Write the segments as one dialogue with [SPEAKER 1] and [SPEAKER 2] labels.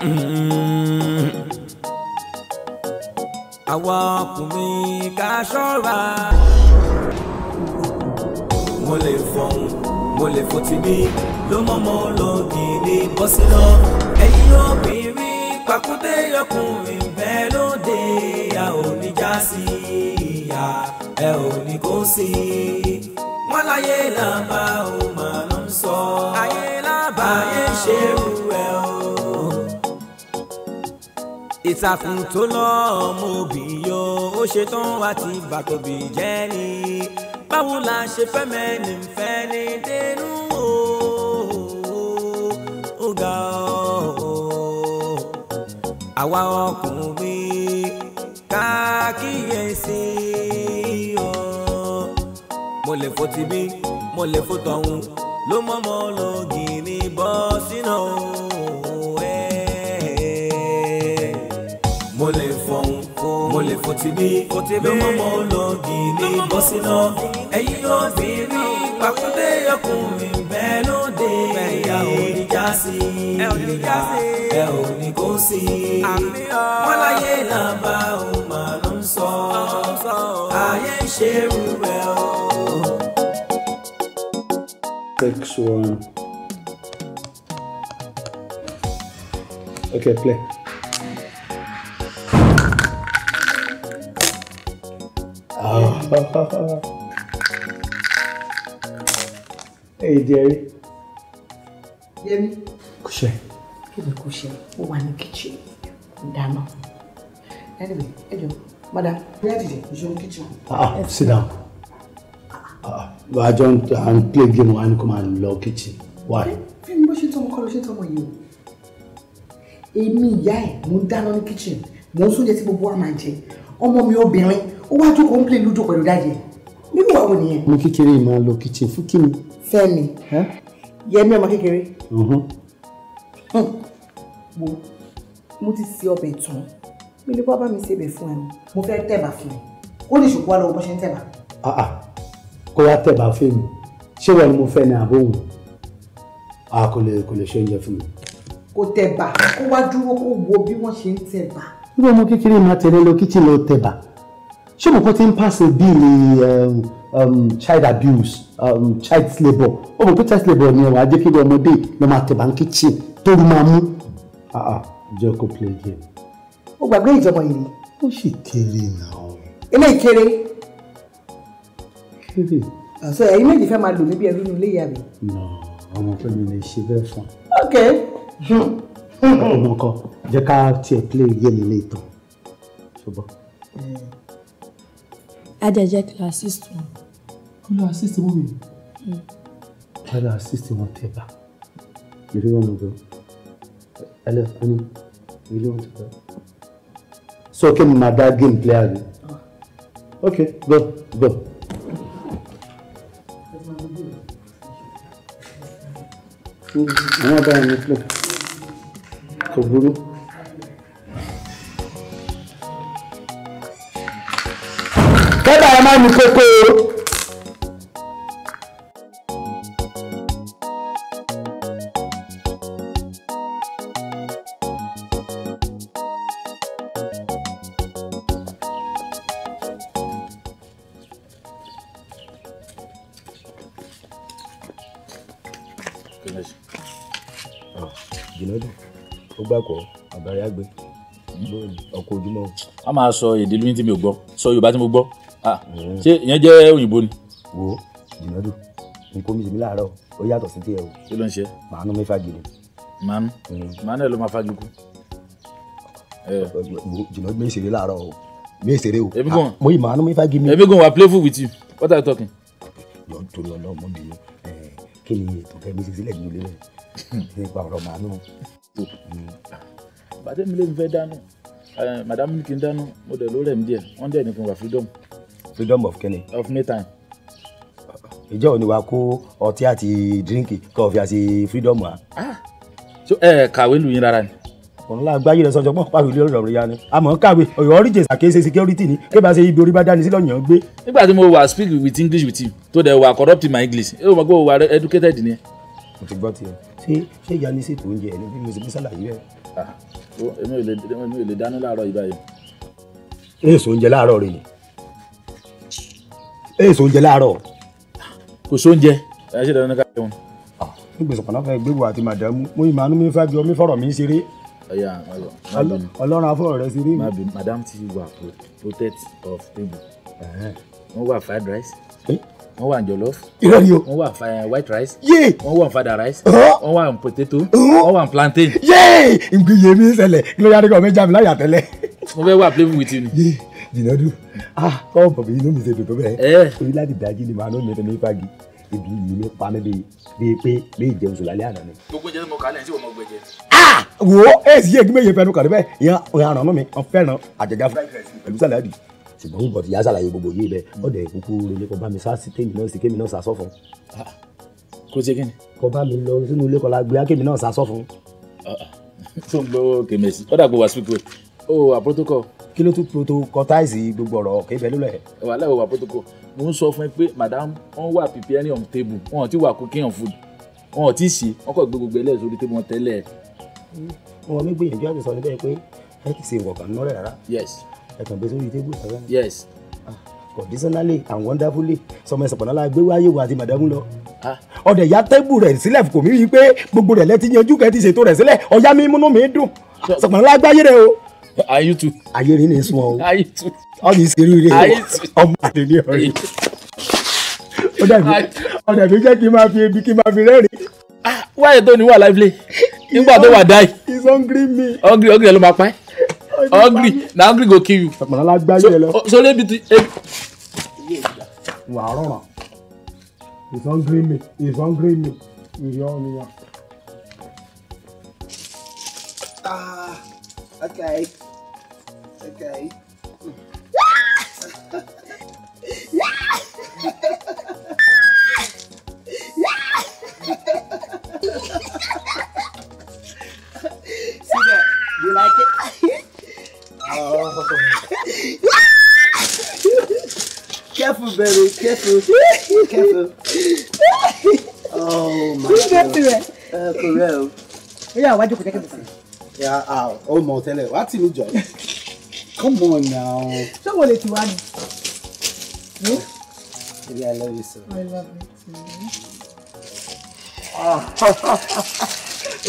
[SPEAKER 1] Mm-hmm. àwa ọkùnrin ká ṣọ́ra. mo lè fọhùn mo lè fò tìbí ló mọ́mọ́ lòdì ní bọ́sí lọ. ẹ̀yin obìnrin pàkúté ọkùnrin bẹ́ẹ̀ lóde ìyá ò já sí ìyá ẹ ò ní sí wọ́n láyé làbá ò máa ń sọ ayé làbá ayé ṣerú. ìtàkùn tó lọ ọmọ òbí yọ ó ṣetán àti bàtòbí jẹ́ ni báwo la ṣe fẹ́ mẹ́ni fẹ́ ni dénú o ó ga ọ́ àwa ọkùnrin ká kíyèsí ọ́ mo lè fò tìbí mo lè fò tọ̀hún ló mọ́ mọ́ lọ́gìnrín bọ́ sínú. fòtìbí ló mọ́ mọ́ ní bọ́sínà ẹ̀yin obìnrin pàkúndé ọkùnrin bẹ́ẹ̀ lóde ẹ̀yà oníjà sí ìyá ẹ̀ òní kò sí wọ́n láyé làbá òun màá ló ń sọ ayé ìṣerú rẹ̀ o.
[SPEAKER 2] Next one. Okay, play. hey Jerry. Yemi. Kò ṣe.
[SPEAKER 3] Kí ni kò ṣe? Ó wà ní kitchen. Dáná. Anyway, ẹ jọ, madam, bóyá dìde, ìṣòro kitchen.
[SPEAKER 2] Ah, ah, sit down. Ah, Bàjọ́ ah, à ń play game wa ni kò máa lọ kitchen. Why?
[SPEAKER 3] Fẹ́mi bó ṣe tọmọ kọ́ ló ṣe tọmọ yìí o. Èmi ìyá ẹ̀ mo ń dáná ní kitchen, mo ń sóúnjẹ tí gbogbo wa máa jẹ. Ọmọ mi obìnrin ó wá jókòó ń play lójú pẹ̀lú dáadé nínú àwọn nìyẹn.
[SPEAKER 2] mo kékeré máa lọ kitchen fún kí ni.
[SPEAKER 3] Fẹ́mi Yẹmí ọmọ kékeré mhm. wo mo ti se ọbẹ̀ tán mi lè wá bá mi ṣe ibẹ̀ fún ẹ mo fẹ́ tẹ̀bà fún ẹ ó lè ṣòkó wa lọ́wọ́ bó ṣe ń tẹ̀bà.
[SPEAKER 2] Ah, ah. kó wá tẹ̀bà fún mi ṣé wọn ni mo fẹ́ ní àbóhùn a ah, kò lè kò lè ṣe oúnjẹ fún mi.
[SPEAKER 3] kò tẹ̀bà kó wá dúró kó wo bí wọ́n ṣe ń tẹ̀bà.
[SPEAKER 2] bí ọmọ kékeré máa tẹ̀lé lọ kíchìn lọ tẹ̀bà ṣé mo kàn ti ń pàṣẹ bíi um, um, child abuse um, child labour ó mọ̀ pé child labour ni ọ̀rọ̀ ajé kí ọmọdé ló máa tẹ̀ bá ń kíchìn máa mú. Ah, ah, jẹ́ kó play game. ó gbàgbé
[SPEAKER 3] ìjọba yìí ni. ó sì
[SPEAKER 2] kéré náà.
[SPEAKER 3] ilé ìkéré. kéré. àṣọ ẹ̀yin méjì fẹ́ máa lò níbi ẹrú ní ilé ìyá mi.
[SPEAKER 2] nà ọmọ fẹ́ mi lè ṣe bẹ́ẹ̀ fún. ok. ọmọ kan jẹ́ ká tiẹ̀ play game ilé ìtàn ṣùgbọ́n.
[SPEAKER 4] Eh
[SPEAKER 5] á dẹ̀ jẹ́ kí n assist wọn. kí assist wọn mi.
[SPEAKER 2] ẹ lọ assist wọn tẹ bá ìrí wọn mọ jọ ẹ lọ kú ní ilé wọn ti bá. sọ kí ni màá dá game player mi. ok go go.
[SPEAKER 6] àwọn ọba yẹn ní play kò burú.
[SPEAKER 2] bá mi kókó o. Ah, gbàkọ àbáyá gbé ọkọ ojúmọ́. a máa sọ èdè lóyún tí mi ò gbọ́ sọ yorùbá tí mo gbọ́ Ah, ṣé ìyẹn jẹ́ òyìnbó ni. wo jìnnàdù nǹkan mi sì mí láàárọ̀ ó yàtọ̀ sí tiẹ̀ o. kí ló ń ṣe. màánú mi fagiri. màánú màánú ẹ ló máa fagi kú. jìnnàdù mi ṣeré láàárọ̀ o mi ṣeré o. ebi gan ah, mo yí màánú mi fagi mi. ebi gan wa playful with you what are you talking. yọ torí ọlọ́mọ mi ni kí ni ètò fẹ́ mi ṣe sílẹ̀ nínú ilé rẹ̀ nípa ọ̀rọ̀ màánú. bàtẹ́ mi lè fẹ́ dáná madame kì í dáná mo dẹ̀ ló rẹ̀ mí díẹ̀ wọ́n dẹ̀ nìkan wà freedom freedom of kini. of me time. ìjọ òní wa kó ọtí àti díríǹkì kọ fi àti freedom wa. Ah, so ẹ eh, kàwé lu yín rárá ni. òun la gbáyé rẹ sọjọ pọ pàwé ilé ọ̀rọ̀ rẹ ya ni àmọ́ kàwé ọyọ rí jèsà kì í ṣe security ni kí bá ṣe ibi orí bá dání sí lọ́yàn gbé. nígbà tí mo wà speak with english with you tó dẹ̀ wà corrupt my english ẹ ò mọ̀ pé wà educated ni. mo ti gbọ́ tiẹ̀ ṣé ṣé ìyá ní ṣètò oúnjẹ ẹni bí mo ṣe gbé sàlàyé rẹ̀. Ah, èmi ò lè dáná láàárọ̀ èso oúnjẹ láàárọ̀. kò sóúnjẹ
[SPEAKER 7] ẹ ṣe dandan ká jẹun.
[SPEAKER 2] Ah, nígbèsè kan náà fẹ́ gbégbó àti màdàmú mo yìí màánú mi fẹ́ jọ mi fọ̀rọ̀ mi ṣeré. ọlọ́run afọ́rọ̀ rẹ ṣeré mi. madam ti wà protect of table wọ́n wà fried rice wọ́n wà jollof irọ́ ni o wọ́n wà eh, white rice yé wọ́n wà fada rice wọ́n wà potato wọ́n wà plantain. yé ìgbìyànjú mi ṣẹlẹ̀ kí ló yára kí ọmọ ìjà mi láyà tẹ́lẹ̀. mo fẹ́ wà play with you ni jìnnàdù ah kọ́ bàbá yìí ló mi ṣe dùn tó bẹ́ẹ̀ eh. orí láti dájí ni màá ló mẹ́tẹ̀ ní fagi ebi yìí ló pa mí bíi pé lè jẹun sùn lálẹ́ àná ni. gbogbo jẹ́
[SPEAKER 7] mo kà á lẹ́yìn tí mo mọ gbẹ̀jẹ̀.
[SPEAKER 2] Ah! wo èsì yẹn gbẹ̀yẹ̀ fẹ́nu kàdé bẹ́ẹ̀ yẹn ọ̀ràn mi wọ́n fẹ́ràn àjẹjá pẹ̀lú sàlẹ́dì ṣùgbọ́n bọ̀dì yà sàlàyé gbogbo yìí bẹ́ẹ̀ ọ̀dẹ̀ kúkú rẹ̀ kọ́ bá mi sá sí tèmi náà sí kémi náà sàsọ́ fún. Ah, kó ṣe kíni. kọ́ bá mi lọ sínú ilé kọ́lá gbé kémi náà sàsọ́ fún. Ah, tó ń lọ kèmẹ̀sì ó dàgbò wá sí kí ló tún protocolize gbogbo ọ̀rọ̀ ọ̀kẹ́ ibẹ̀ ló lẹ̀. ẹ̀wà aláwọ̀ wà protocol mo ń sọ fún ẹ pé madam wọ́n wà preparing on table wọn ò tí wà cooking on food wọn ò tí ì ṣe wọn kò gbé gbogbo ẹlẹ́
[SPEAKER 7] sórí table wọn tẹ́lẹ̀.
[SPEAKER 2] wọn mi gbìyànjú àti sọ níbẹ̀ pé ẹ ti ṣe ìwọ̀kàn náà rẹ̀ rárá. yes. ẹ kàn gbé sórí table rárá. yes. Ah, conditionally and wonderfully sọmọ ẹsẹ̀ pọ̀nlá la gbé wáyé wa àti madam lọ ah. ọdẹ ya tẹ́bù rẹ̀ sílẹ̀ kò mí rí i pé gbogbo rẹ̀ lẹ ti yanjú kẹ́ ti ṣètò rẹ̀ sílẹ̀ ọ̀yá mi múnú mi dùn sọ̀pọ̀nlá lágbáyé rẹ̀ o ayé tu. ayé ni ní sùn ọ. ayé tu. ọ ní ìṣeré rẹ ọmọ àlè ní ọ̀rẹ́. ó dàbí ó dàbí jẹ́ kí n máa fi ebi kí n máa fi rẹ́rìn. wáyé tó ní wà láìpẹ́ nígbà tó wà dáì. he's hungry me. hungry hungry ẹ ló máa pa ẹ́ hungry na hungry go kill you. àpàlà lágbáyé ẹ lọ. sórí ebi tu ebi. wà á rọrùn he's hungry me he's hungry me ìrì ọ̀nìyàn.
[SPEAKER 6] Ah. Okay.
[SPEAKER 4] Okay. See
[SPEAKER 1] that? You like it?
[SPEAKER 2] oh. careful, baby. Careful. careful. oh my God. Who's that? Uh, Pharrell.
[SPEAKER 3] Yeah, why do you protect this?
[SPEAKER 2] Yeah, ah, oh, mo tell you, what's in the job? Come on now.
[SPEAKER 3] Ṣé wo lè ti wá ni?
[SPEAKER 2] Baby, I
[SPEAKER 1] love you so
[SPEAKER 3] much. I love you too.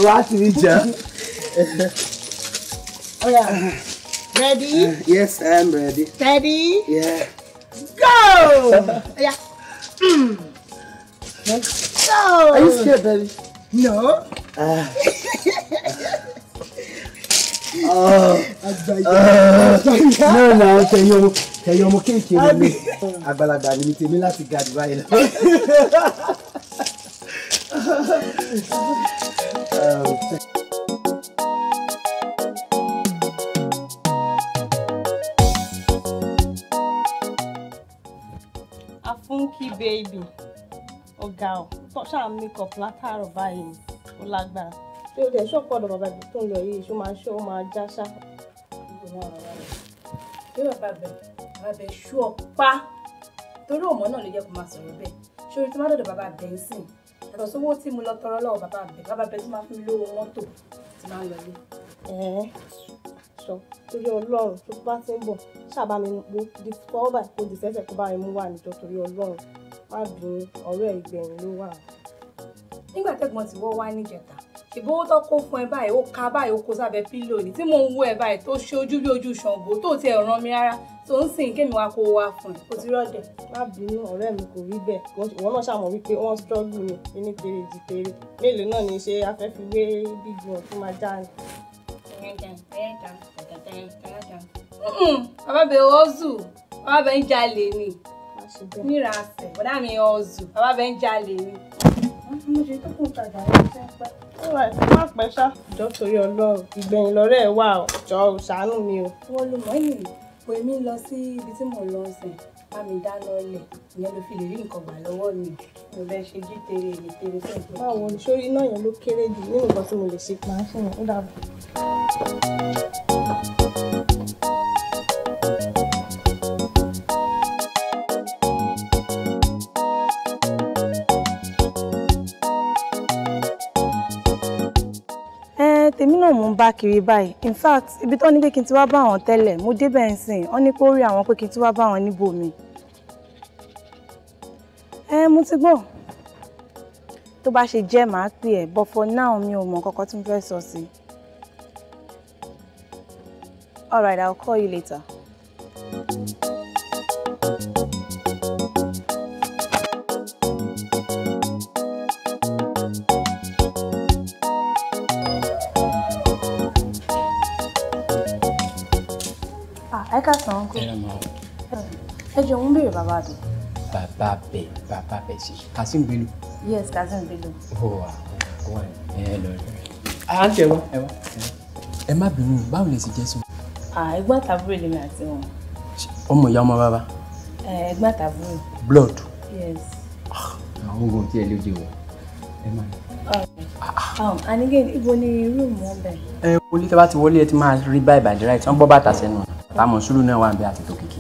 [SPEAKER 1] What's in the job?
[SPEAKER 3] Oh, yeah. Ready? Uh, yes, I'm ready. Ready? Yeah. Go! yeah. Mm. Go! Are you scared, baby? No.
[SPEAKER 4] Uh.
[SPEAKER 2] náà náà tẹ̀yìn ọmọ tẹ̀yìn ọmọ kéèkéèrè mi àgbàlagbà ni mi tèmi láti ga àdúrà yìí lọ.
[SPEAKER 5] Afunki baby ọ̀gá ọ̀ tọ́ṣà makeup látàárọ̀ báyìí ó lágbára pé o tẹ̀ ṣọ́ọ̀pù ọ̀dọ̀ bàbá ibi tó ń lọ yìí ṣó máa ṣó máa já ṣá. ṣé bàbá bẹ bàbá bẹ ṣú ọ pa torí ọmọ náà ló yẹ kó máa sọ̀rọ̀ bẹ́ẹ̀ ṣé orí tí wọ́n dọ̀dọ̀ bàbá bẹ ń sìn yàtọ̀ sówó tí mo lọ tọrọ lọ́wọ́ bàbá bẹ bàbá bẹ tí máa fi lówó mọ́tò tí máa ń lọ yìí. ẹ̀ẹ́ sọ torí ọlọ́run tó bá ti ń bọ̀ ṣàbá mi wo di fọwọ́ báyìí kó di sẹ́sẹ̀ kó bá mi mú wà níjọ torí ọlọ́run má bínú ọ̀rẹ́ ìgbẹ̀yìn ló wà. nígbà tẹ́gbọ́n ti wọ́ wá níjẹta ìbówó tó kó fún ẹ báyìí ó ka báyìí ó kó sábẹ́ pílò ni tí mò ń wò ẹ báyìí tó ṣe ojú bí ojú ṣàngó tó tiẹ̀ ràn mí rárá tó ń sìn kémi wá kó wá fún ẹ kò ti rọ́ọ̀dẹ̀. má bínú ọ̀rẹ́ mi kò rí bẹ́ẹ̀ ìwọ náà ṣàmọ̀ wípé wọ́n struggle ni inú kéré jì kéré mélòó náà ni ṣe afẹ́fi wé gbígbọn tó máa já ni. bàbá bẹ ọ́zù bàbá bẹ ń jalè ni mìíràn àṣẹ bàbá mi ọ̀zù bàbá bẹ ń jalè ni. mo ṣe tó kún tàgbà ẹ̀ ṣe ń pẹ́ alright má pẹ́ ṣá jọ torí ọlọ́run ìgbẹ̀yìn lọ́rẹ́ ẹ̀ wà ó jọ ò ṣàánú mi o. wọ́n ló mọ̀ ẹ́yìn pé mi lọ sí ibi tí mò ń lọ sìn bá mi dáná lẹ̀ ìyẹn you're fi lè I nǹkan gbà lọ́wọ́ mi mo fẹ́ ṣe jí tere èyí tere sẹ́yìn. báwo ni sórí iná yẹn tèmi náà mò ń bá kiri báyìí in fact ibi tó ní pé kí n ti wá bá àwọn tẹ́lẹ̀ mo débẹ̀ ń sìn wọ́n ní pé ó rí àwọn pé kí n ti wá bá àwọn níbòmí. ẹ mo ti gbọ́ tó bá ṣe jẹ́ màá pè ẹ́ but for now mi ò mọ kankan tí mo fẹ́ sọ sí. all right I'll call you later. ẹ ká sàn án kú. ẹ jọ ń béèrè bàbá mi.
[SPEAKER 7] bàbá bẹ bàbá bẹ sí Kazeem Bello.
[SPEAKER 5] yes Kazeem Bello.
[SPEAKER 7] ó wà ó wà ẹ lọ rí à ń tẹ wá ẹ wá ẹ má bínú báwo lè ṣe jẹ sí.
[SPEAKER 5] ẹgbẹ́ àtàbúrò lèmi àti wọn.
[SPEAKER 2] ọmọ ìyá ọmọ bàbá.
[SPEAKER 5] ẹgbẹ́ àtàbúrò. blood. yes.
[SPEAKER 7] Ah, àwọn oògùn tí ẹ lè jẹ wọ ẹ má ní
[SPEAKER 5] ah, um, anigé ibo ni rúùmù ọbẹ.
[SPEAKER 7] ẹ wọlé tí a bá ti wọlé ẹ ti máa rí báyìí bàjẹ́ ráìtì wọ́n gbọ́ bàtà sẹ́nu táwọn sùúrù náà wà ń bẹ àti tó kìkì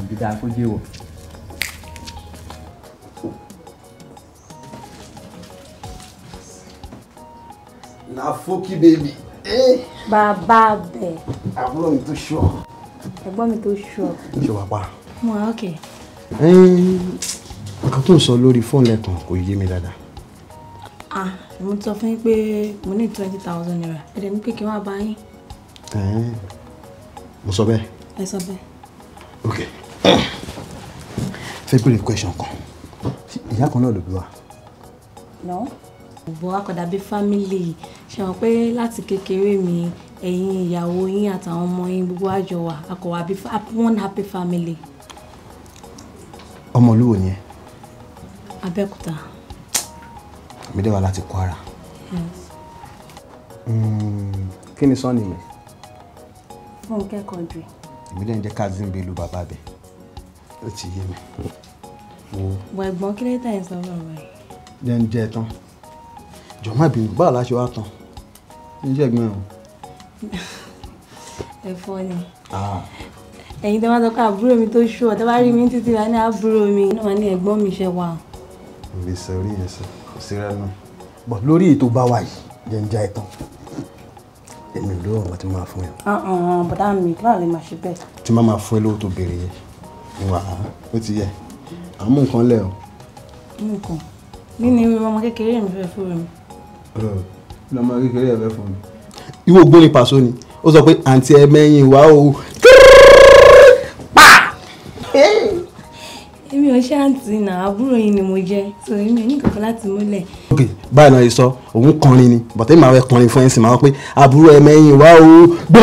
[SPEAKER 7] òbí dáa kó jẹ́ wọ̀.
[SPEAKER 2] na foki baby.
[SPEAKER 5] Eh. bàbá bẹ. àbúrò mi tó ṣọ. ẹ̀gbọ́n mi tó ṣọ. ṣe wàá pa. mo wà ókè.
[SPEAKER 2] Eh, nǹkan tó ń sọ lórí fóònù lẹ́kàn kò yé mi dáadáa.
[SPEAKER 5] ah mo sọ fún yín pé mo ní twenty thousand naira ẹ̀rẹ̀ ní pé kí wọ́n bá yín.
[SPEAKER 2] Eh mo sọ bẹ́ẹ̀.
[SPEAKER 5] ẹ sọ bẹ́ẹ̀. ok
[SPEAKER 2] fẹ́ béèrè question kan ìyá kan náà ló bí wa.
[SPEAKER 5] lọ òbò akọ̀dà bíi fámìlì ṣe wọn pé láti kékeré mi ẹ̀yin ìyàwó yín àtàwọn ọmọ yín gbogbo àjọ wa akọ̀wà bíi one happy family.
[SPEAKER 2] ọmọ olúwo ni ẹ. Abẹ́òkúta. àmì dẹ́wà láti Kwara. Hmm, kí ni sọ́ọ̀nì mi
[SPEAKER 5] fúnkẹ́ kọ́ńdírì.
[SPEAKER 2] èmi dẹ́n jẹ́ kazeem bello bàbá bẹ̀ ó ti yé mi.
[SPEAKER 5] bọ̀ ẹ̀gbọ́n kí ló tẹ̀ ẹ́ sọ́wọ́ rẹ̀.
[SPEAKER 2] jẹ́ ń jẹ́ tán jọ̀mọ́ ìbínú báwo la ṣe wá tán ń jẹ́ gbọ́n o.
[SPEAKER 5] ẹ̀fọ́ ni ah. ẹ̀yin tẹ́ bá sọ pé àbúrò mi tó ṣù ọ́ tẹ́ bá rí mi títí wá ní àbúrò mi náà wá ní ẹ̀gbọ́n mi ṣe wà.
[SPEAKER 2] mi sọ orí yẹn sọ kò sí rẹ náà bọ̀ lórí ètò bá wà yìí jẹ́ ń jẹ́ tán èmi ló ọ̀rọ̀ tí máa fún ẹ.
[SPEAKER 5] Uh-uh, bọ̀dá mi báwo lè máa ṣe bẹ́ẹ̀.
[SPEAKER 2] tí máa máa fún ẹ lówó tó béèrè yẹ ìwà ó ti yẹ à ń mú nǹkan lẹ o.
[SPEAKER 5] mú nǹkan nínú ìwé ọmọ kékeré mi fẹ́ fún mi.
[SPEAKER 2] ọmọ kékeré yẹn fẹ́ fún mi. ìwọ ògbóni pàṣọ ni ó sọ pé àǹtí ẹ mẹ́yìn wá o
[SPEAKER 5] ṣe àǹtí nà àbúrò yìí ni mo jẹ so èmi ò ní kankan láti múlẹ̀.
[SPEAKER 2] ok báyìí náà yìí sọ òun kọrin ni bọ̀tẹ́ màá wẹ̀ kọrin fún ẹ̀sìn màá pé àbúrò ẹ̀ mẹ́yìn wá o gbò.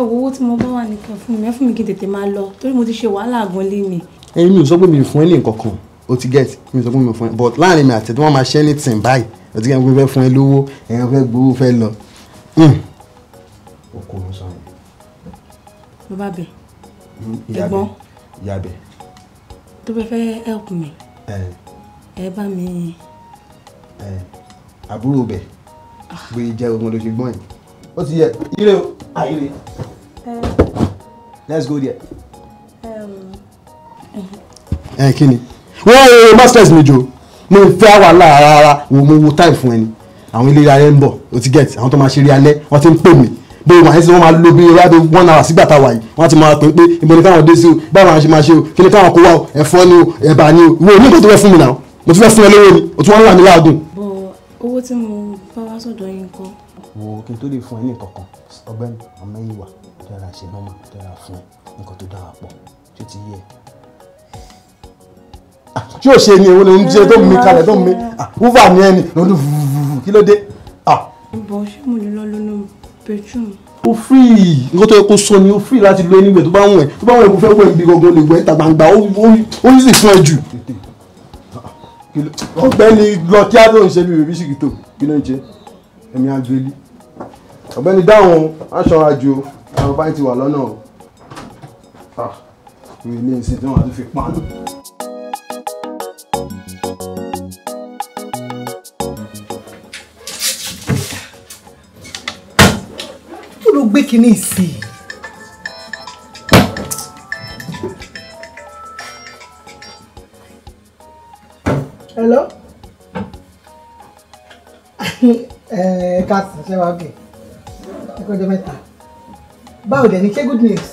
[SPEAKER 5] owó owó tí mo bá wà nìkan fún mi ẹ fún mi kí n tètè máa lọ torí mo ti ṣe wàhálà gan lé mi.
[SPEAKER 2] ẹyin mi ò sọ pé mi ò fún ẹ ní nǹkan kan o ti get mi ò sọ pé mi ò fún ẹ but láàrin mi àtẹ̀tẹ̀ wọn máa ṣẹ́ ní tìǹ báyìí o
[SPEAKER 7] ti gẹ́gẹ́ fẹ́ fún ẹ lówó ẹ̀yàn fẹ́ gbowó fẹ́ lọ.
[SPEAKER 2] ọkọ mi sọ yẹn.
[SPEAKER 5] bàbá bẹ ẹ̀gbọ́n ìyá bẹ tó bẹ fẹ́ help me? ẹ bá mi.
[SPEAKER 2] àbúrò bẹ gbé ah. jẹ ogun ló ṣe gbọ́n yìí ó ti yẹ ire o àìre ah, let's go there. ẹ kí ni wọ́n ń masters mi jò mo ń fẹ́ wàhálà rárá wo mo wo time fún ẹni àwọn eléré alẹ́ ń bọ̀ o ti get àwọn tó máa ṣeré alẹ́ wọ́n ti ń pè mí bí wọn àìsàn wọn máa lo bí yàrá bí one hour sígbà tá a wà yìí wọn ti máa pè é pé ìbọn ní káwọn dé sí o báwo àwọn ṣe máa ṣe o kí ni káwọn kó wá o ẹ̀fọ́ ni o ẹ̀bà ni o wo ní nǹkan tó fẹ́ fún mi náà mo tún fẹ́ fún ẹ lówó ni o tún wọn wà mí láàdùn.
[SPEAKER 5] bọ owó tí mo bá wá sọ́dọ̀ yín kọ.
[SPEAKER 2] wo kí n tó lè fún ẹ ní kankan ọ̀gbẹ́ni ọmọ yìí wà dára ṣe mọ́mọ́ dára fún ẹ nǹkan tó dára pọ̀ tó ti yẹ tí yóò ṣe ni èwo ni oúnjẹ tó mi kalẹ̀ tó mi wúfà ni ẹni lọ́dún kí ló dé.
[SPEAKER 5] ìbọn ṣé mo lè lọ lónà mi bedroom.
[SPEAKER 2] o free nǹkan tó yẹ kó sọ ni o free láti lo anywhere tó bá wọ̀n ẹ̀ tó bá wọ̀n ẹ̀ kó fẹ́ wọ̀ ẹ̀ bí gangan lè wọ̀ ẹ̀ ta gbangba ó yí sì fún ẹ jù. ọ̀gbẹ́ni lọ kí á lóun ṣe bí bèbí ṣìkìtò kí ló ń ṣe ẹ̀mí agbélé ọ̀gbẹ́ni dáhùn aṣọ àjò àwọn báyìí ti wà lọ́nà o ah, ìwé ilé ìsìn tí wọ́n á tún fi pa á.
[SPEAKER 3] kíní ìsì. hello ẹ ẹ eh, káàsán ṣé wàá bì ẹ kọjá mẹ́ta báwo dẹ̀ ni ṣé good news.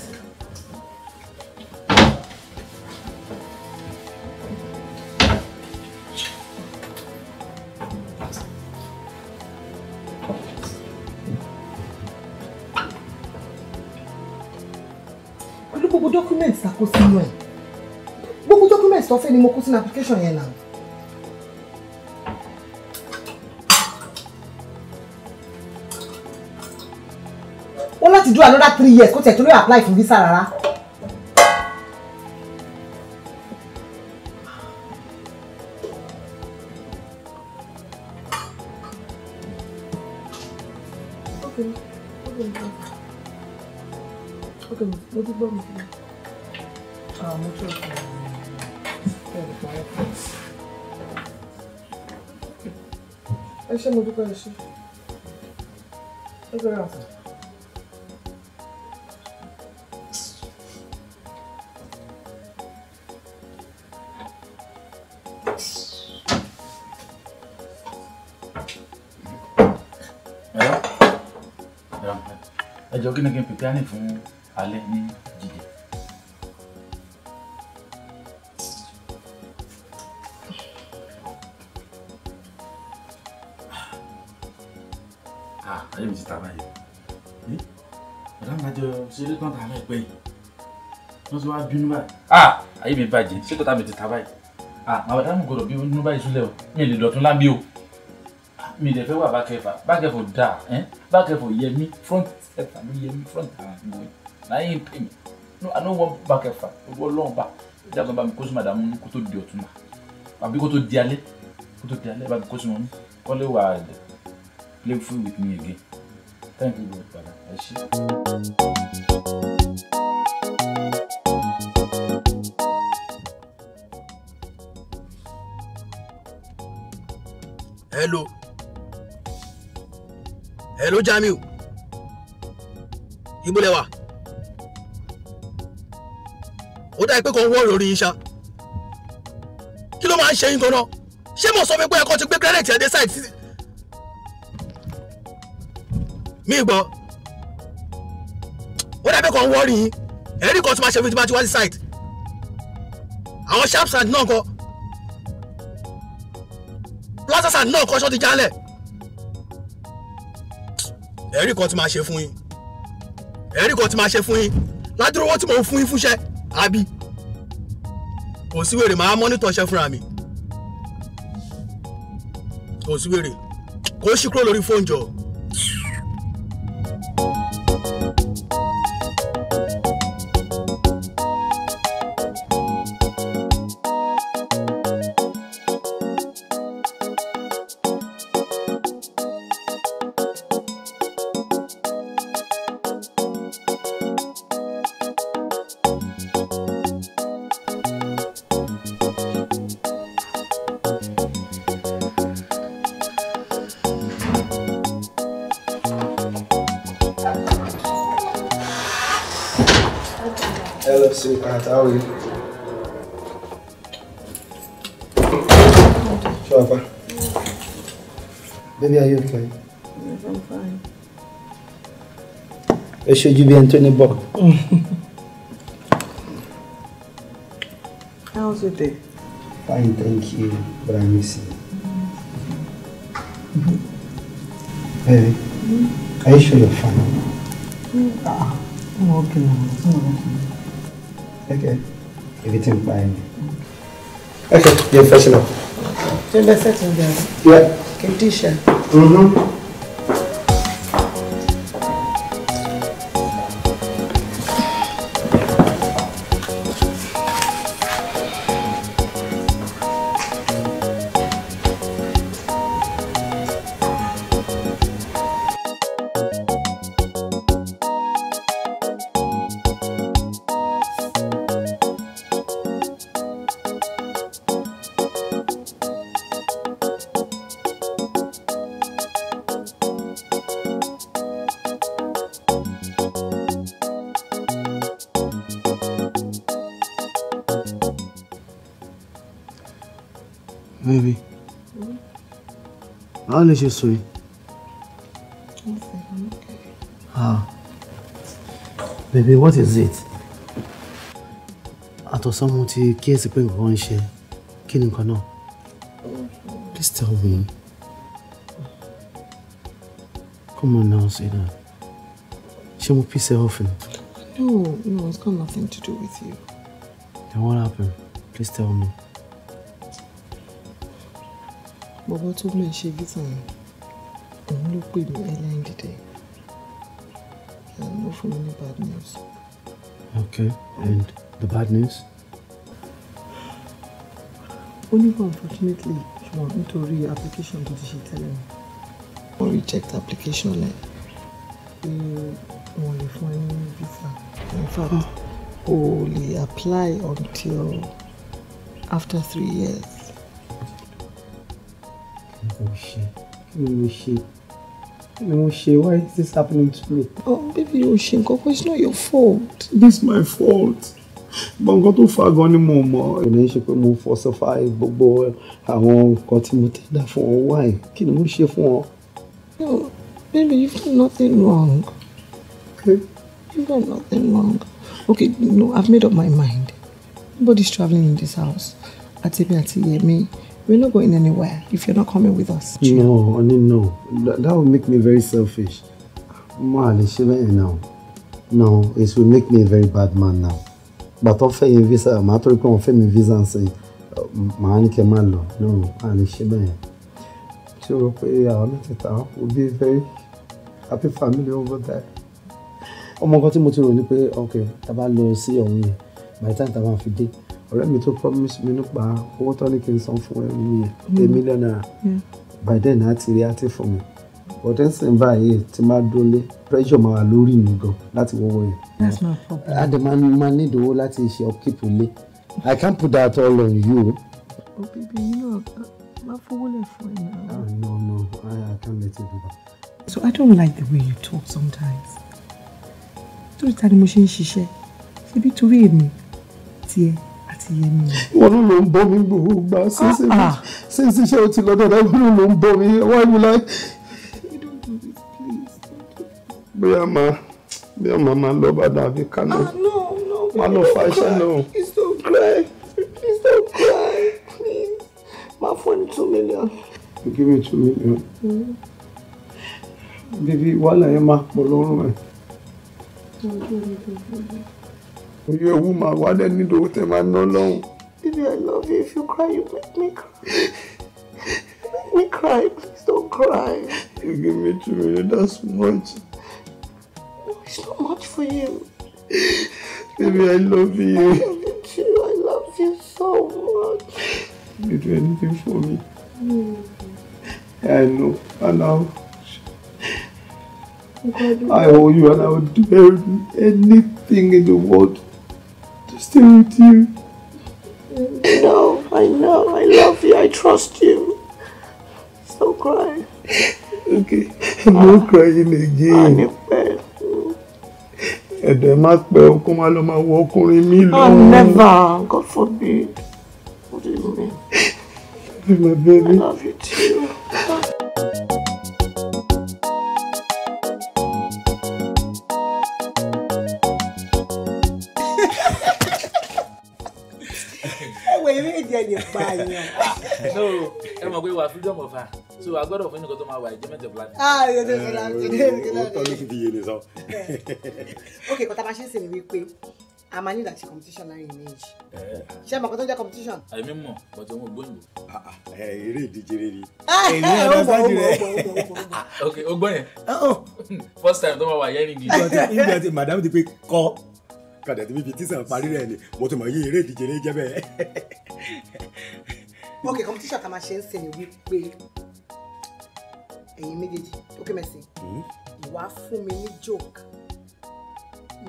[SPEAKER 3] tó fẹ́ ni mo kú sínú application yẹn náà. ó láti do another three years kó tiẹ̀ tó lè apply fún visa rárá. mo dúpẹ́ ẹ ṣe ẹ gbọ́dọ̀ àfọ̀.
[SPEAKER 2] ẹjọ́ kí ni kí ni. pèpè ánì wọ́n ti wá bínú báyìí. ah ayé mi bàjẹ́ ṣé kọ́tà mi ti ta báyìí. ah màá dá mi gbọ́dọ̀ bí inú báyìí súnlẹ̀ o mi lè dọ̀tún lábí o ah, mi lè fẹ́ wà bákẹ́fà bákẹ́fà dáa bákẹ́fà yẹ mí front ẹ̀fà mi yẹ mí front ẹ̀fà mi wọ̀ náà yẹ pè mí no i no wan bákẹ́fà owó ọlọ́run bá ẹ̀dá kan bá mi kó sí màdàmú kó tó di ọ̀tún mà àbí kó tó di alẹ́ kó tó di alẹ́ bá mi kó sí wọn kọ́ lè wà á play with me again thank you very much hello hello Jamiu ibo lẹ wà ó dá ìpè kan wọ́ lórí yín ṣá kí ló máa ń ṣe yín gan-an ṣé mo sọ fún pé ẹ̀kọ́ ti gbé credit ẹ̀ dé site mi gbọ́ ó dá ìpè kan wọ́ rí yín ẹ̀rí kan tí máa ṣe fún ti máa ti wá sí site àwọn sharp side náà kan lásàsà náà kọ́ṣọ́ ti jálẹ̀ ẹ̀rí kan ti máa ṣe fún yín ẹ̀rí kan ti máa ṣe fún yín ládùúrówó tí mò ń fún yín fúnṣẹ́ àbí kò sí wèrè màá mọ́nítọ̀ ṣẹ́ fúnra mi kò sí wèrè kò sí kúrò lórí fóònù jọ̀ọ́. ṣojú bí ẹni tó ní bọ̀. How's your day? Fine, thank you, but I miss you.
[SPEAKER 6] Mm-hmm. Baby,
[SPEAKER 4] mm-hmm.
[SPEAKER 6] are you sure you're fine?
[SPEAKER 4] Mm-hmm. Ah,
[SPEAKER 2] I'm okay now. I'm okay. Okay, everything fine. Okay, you're freshen up.
[SPEAKER 3] You're better than that. Yeah. Condition.
[SPEAKER 2] Mm-hmm. lè ṣe sọ yìí. ah baby what is it. àtọ̀sán mo ti kíyèsí pé nǹkan ń ṣe please tell me. come on now Zena She mo piss ẹ off ni.
[SPEAKER 3] no no it's got nothing to do with you.
[SPEAKER 2] then what happened please tell me
[SPEAKER 3] bọ́bọ́ tó lè ṣe visa yẹn òun ló pè mí airline dìde and ó fún mi ní bad news.
[SPEAKER 2] okay and the bad news.
[SPEAKER 3] ó ní bọ́ unfortunately ṣùgbọ́n nítorí application tó ti ṣe tẹ́lẹ̀ mi wọ́n reject application ẹ̀ pé wọ́n lè fún ẹ ní visa in fact o lè apply until after three years.
[SPEAKER 2] Oshé, ṣe kí ni mo ṣe kí ni mo ṣe why is this happening to me.
[SPEAKER 6] oh baby Oshé, ṣe nǹkan kan it's not your fault. this is my fault gbọ̀ngàn tó fa gan ni mo mọ̀. kò ní ṣe pé
[SPEAKER 2] mo falsify gbogbo àwọn nǹkan tí mo ti dá fún ọ wáyé kí ni mo ṣe fún
[SPEAKER 7] ọ.
[SPEAKER 3] no baby you've done nothing wrong. Okay. you've done nothing wrong. okay no I've made up my mind nobody's traveling in this house àti èmi àti Yẹmi. Yeah, We're not going anywhere if you're not coming with us.
[SPEAKER 6] Chill. No, honey,
[SPEAKER 2] no. That, that would make me very selfish. Mali, she now. No, it will make me a very bad man now. But offer your visa, I'm not going to offer me visa and say, Mani Kemalo. No, Mali, she
[SPEAKER 6] She will pay our
[SPEAKER 2] meeting. We'll be a very happy family over there. ọmọ nǹkan tí mo ti rò ní Okay, ok tá a see lọ sí ọ̀hún by the time tá a bá fi dé ọ̀rẹ́ mi tó promise mi nípa owó tó ní kí n san fún ẹ nìyẹn a million by then á ti rí á ti fún mi but then, sìn báyìí tí máa dólé pressure máa wà lórí mi gan láti wọ́wọ́ yẹn. that's not for me. adé máa máa ní ìdòwò láti ṣe upkeep ilé i can't put that all on you.
[SPEAKER 3] o bíbí yìí náà má fowó lè fún ẹ náà. Ah,
[SPEAKER 7] no no I,
[SPEAKER 2] i can't let you do that.
[SPEAKER 3] so i don't like the way you talk sometimes. torí
[SPEAKER 6] ta ni mo ṣe ń ṣiṣẹ́ ṣebí torí èmi tiẹ̀ ti yé mi. wọn ló ń bọ mi gbogbo gbà since iṣẹ́ o ti lọ dáadáa wọn ló ń bọ mi why you like. bóyá máa bóyá máa máa lọ bá dàbí kánò ah, máa lọ fa iṣẹ́ náà. please don't cry please don't cry please máa fún ẹni two million. give me two million. Mm. bíbí wàhálà yẹn máa pọ̀ lọ́rùn ẹ̀ you a woman wà dẹ̀ nílò owó tẹ̀ máa ná lọ́hùn. baby i love you if you cry you make me cry you make me cry please don't cry. you give me two million that's much. no it's not much for you. baby i love you. i love you too i love you so much. you do anything for me. Mm. Yeah, I know and now, I owe you and I would do anything in the world stay with you. No, I know. I love you. I trust you. Stop crying. Okay, I'm not crying again. Ẹ̀dẹ̀ má pẹ́ okun má lọ máa wọ ọkùnrin mi lọ. Oh never, God forbid.
[SPEAKER 4] What do you mean?
[SPEAKER 6] My baby. I love you
[SPEAKER 4] too.
[SPEAKER 2] yẹ ni pa àyàn. no ẹ mọ̀ pé wà freedom of her so a gbọ́dọ̀ fún ẹnìkan tó máa wà ìjẹ́ mẹ́tẹ̀ fúlàní. ah yóò dé fúlà tó dé fúlà tó dé. ok
[SPEAKER 3] kọ́tà máa ṣe é sè ní wípé a máa ní ìdàtí competition láàrin méjì. Eh. ṣé ẹ mọ̀ kó jẹ́ competition.
[SPEAKER 2] àìmí ah, mọ̀ bọ̀tọ̀ wọn ò gbóyìnbó. Ah, ah, eh, eré ìdíje rẹ ni. ẹ eh, lọ sáájú rẹ. ok o yẹn oh. first time tó máa wà yẹn ní English. ìgbà tí madam ti pe kọ́ kàdé tí fífi tíṣàn parí rẹ̀ ni mo ti mọ̀ yí eré ìdíje ní jẹ́ bẹ́ẹ̀.
[SPEAKER 3] ok competition tá a ṣe ń sìn ní wípé ẹ̀yin méjèèjì tókè mẹ́sìn hmm? wàá fún mi ní joke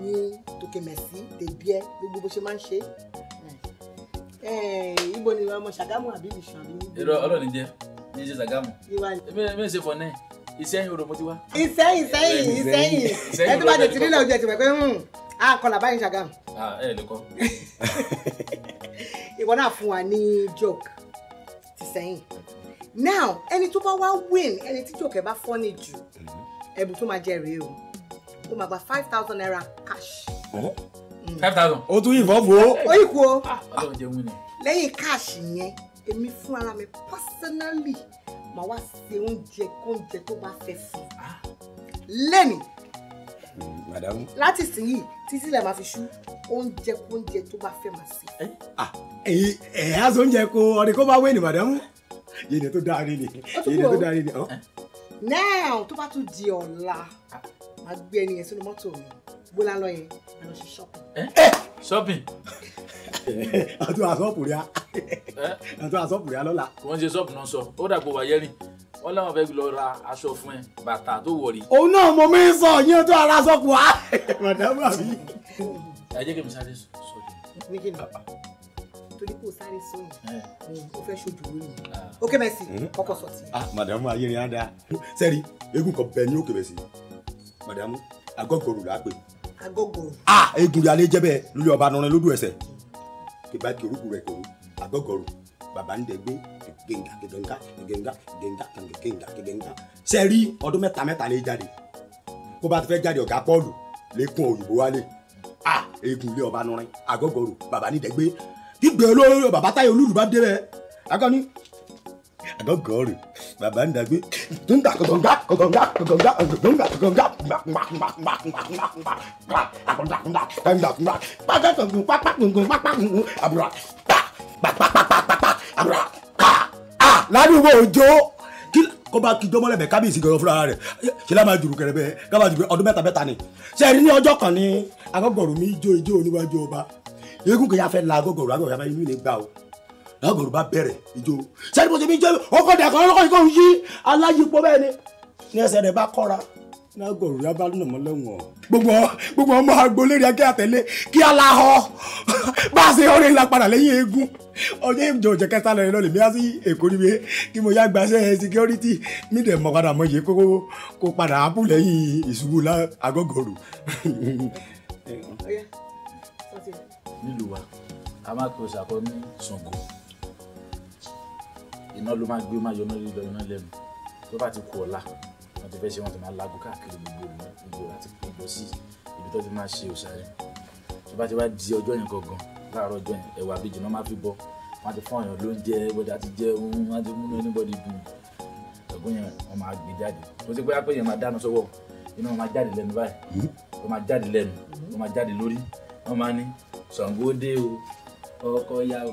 [SPEAKER 3] ní tókè mẹ́sìn tèbí ẹ gbogbo bó ṣe máa ń ṣe ibo ni ọmọ ṣàgámù àbí ìṣàn àbí. ọlọ́ọ̀ni
[SPEAKER 2] jẹ́ ní ṣe ṣàgámù.
[SPEAKER 3] ìwà
[SPEAKER 7] ṣe fọ
[SPEAKER 2] náà. Ìṣẹ́yìn odò mo ti wá.
[SPEAKER 3] Ìṣẹ́yìn Ìṣẹ́yìn Ìṣẹ́yìn ẹ tó bá tètè nílẹ̀ ojú ẹ̀ ti mọ̀ pé hmm, a kọlà báyìí ṣàgàm. ẹ lè kọ. ìwọ náà fún wa ní joke ti sẹ́yìn now ẹni tó bá wá win ẹni tí joke ẹ bá fọ́ ni jù mm-hmm. ẹ̀bùn tó máa jẹ rèé o ó máa gba five thousand naira cash.
[SPEAKER 2] Hmm. five thousand. o tún yìnbọn bò ó. o yìí kú o ah,
[SPEAKER 3] lẹ́yìn cash yẹn èmi fún ara mi personally màá wá ṣe oúnjẹ kóúnjẹ tó bá fẹ́ fún ah. lẹ́nu
[SPEAKER 2] hmm, madam.
[SPEAKER 3] láti sìn yìí títí lè máa fi ṣú oúnjẹ kóúnjẹ tó bá fẹ́ máa ṣe.
[SPEAKER 2] Eh? Ah, ẹ ẹ aṣọ oúnjẹ kó ọdẹ kó bá wé ni madam yìnyín tó dáa rí ni yìnyín tó dáa rí ni. Oh.
[SPEAKER 3] now tó bá tún di ọ̀la ah. màá gbé ẹni yẹn sínú mọ́tò mi bó lọ yẹn
[SPEAKER 2] a lọ ṣe shopping. Eh? Eh! shopping. àtúntò àsọ̀pù rí a àtúntò eh? àsọ̀pù rí a lọ́la. wọ́n ṣe ṣọ́ọ̀pù náà sọ ó dàgbò wáyé rìn wọ́n láwọn fẹ́ lọ ra aṣọ fún ẹ bàtà tó wọ̀rí. òun náà mo mi ń sọ yín tó ara sọ wa. màdàmú àbí. ẹ jẹ́ kí mi sáré sọ yìí. torí kò sáré sọ
[SPEAKER 3] yìí o fẹ́ ṣojú ló yìí
[SPEAKER 2] ókè mẹ́sì kọ́kọ́ sọ ti. Ah, màdàmú ayé ni á dáa sẹ́ẹ̀rì eégún kan bẹ ní òkè mẹ́sì màdàmú agọ́gọ́rù làá agogoro. a egun yàrá jẹ bẹ́ẹ̀ lórí ọba nọrin lójú ẹsẹ̀ kíba kí orúkú rẹ kòrò agogoro baba ń dẹgbẹ gẹngà gẹngà gẹngà gẹngà gẹngà gẹngà sẹẹri ọdún mẹ́ta mẹ́ta lè jáde kó bá ti fẹ́ jáde ọ̀gá pọ́ọ̀lù lẹ́kùn òyìnbó wálé a egun lé ọba nọrin agogoro baba ń dẹgbẹ gbígbé olóró baba táyé olúlu bá dé bẹ́ẹ̀ akọni àgọ́gọ́rù bàbá ń dàgbé tó ń dà kọ̀dọ̀ǹgá kọ̀dọ̀ǹgá kọ̀dọ̀ǹgá kọ̀dọ̀ǹgá kọ̀dọ̀ǹgá pátákọ̀gùn pápákùngùn pápákùngùn àbúrò pàpàpàpàpà àbúrò ká á ládùúgbò òjò kí kó bá kí jọmọlẹ bẹ kábíyèsí gẹrọ fúnra rẹ ṣe lá máa jùrù kẹrẹbẹ ká máa jùrù ọdún mẹ́ta mẹ́ta ni ṣe rí ní ọjọ́ kan ní agọgọrù mi jó lágọ̀rọ̀ bá bẹ̀rẹ̀ ìjó sẹ́ni bó ti fi jẹ́ ọkọ̀ dàkọ̀ ọlọ́kọ̀ yìí kò yí aláyípo bẹ́ẹ̀ ni ní ẹsẹ̀ rẹ̀ bá kọ́ra lágọ̀rọ̀ yá bá nà mọ́ lẹ́wọ̀n. gbogbo gbogbo ọmọ agbolérí akẹ́ àtẹ̀lé kí ala họ bá a ṣe ọ̀rẹ́ ńlá padà lẹ́yìn eégún ọjọ́ ìjọ òjẹ́ kẹta lẹ́yìn lọ́lẹ̀ mìíràn sí èkó níbi kí mo yá gbaṣẹ́ security mi dẹ̀ mọ̀ padà mọ̀ yìí kó kó padà ápù lẹ́yìn ìṣubú agọ́gọ̀rù. nílùú wa a máa kó ṣàkóso ní Ṣàngó iná ló máa gbé ó máa yọ iná lílọ iná lẹ́nu tó bá ti kú ọ̀la wọn ti fẹ́ ṣe wọn ti máa lago káàkiri gbogbo gbogbo àti gbogbo sí ibi tó ti máa ṣe òṣàrẹ tó bá ti wá di ọjọ́ yẹn gangan láàárọ̀ ọjọ́ yẹn ẹ̀wà àbíjì náà máa fi bọ́ wọn ti fún ọ̀yàn lóúnjẹ bọ́dà ti jẹ ohun wọn ti múnú anybody dùn ẹ̀gbọ́n yẹn wọn máa gbé jáde mo ti pé á pé yẹn máa dáná sọ́wọ́ iná wọn máa jáde lẹ́nu báyìí wọn máa jáde lẹ́nu wọn máa jáde lórí wọn máa ní Ṣàngó dé o ọkọ yá o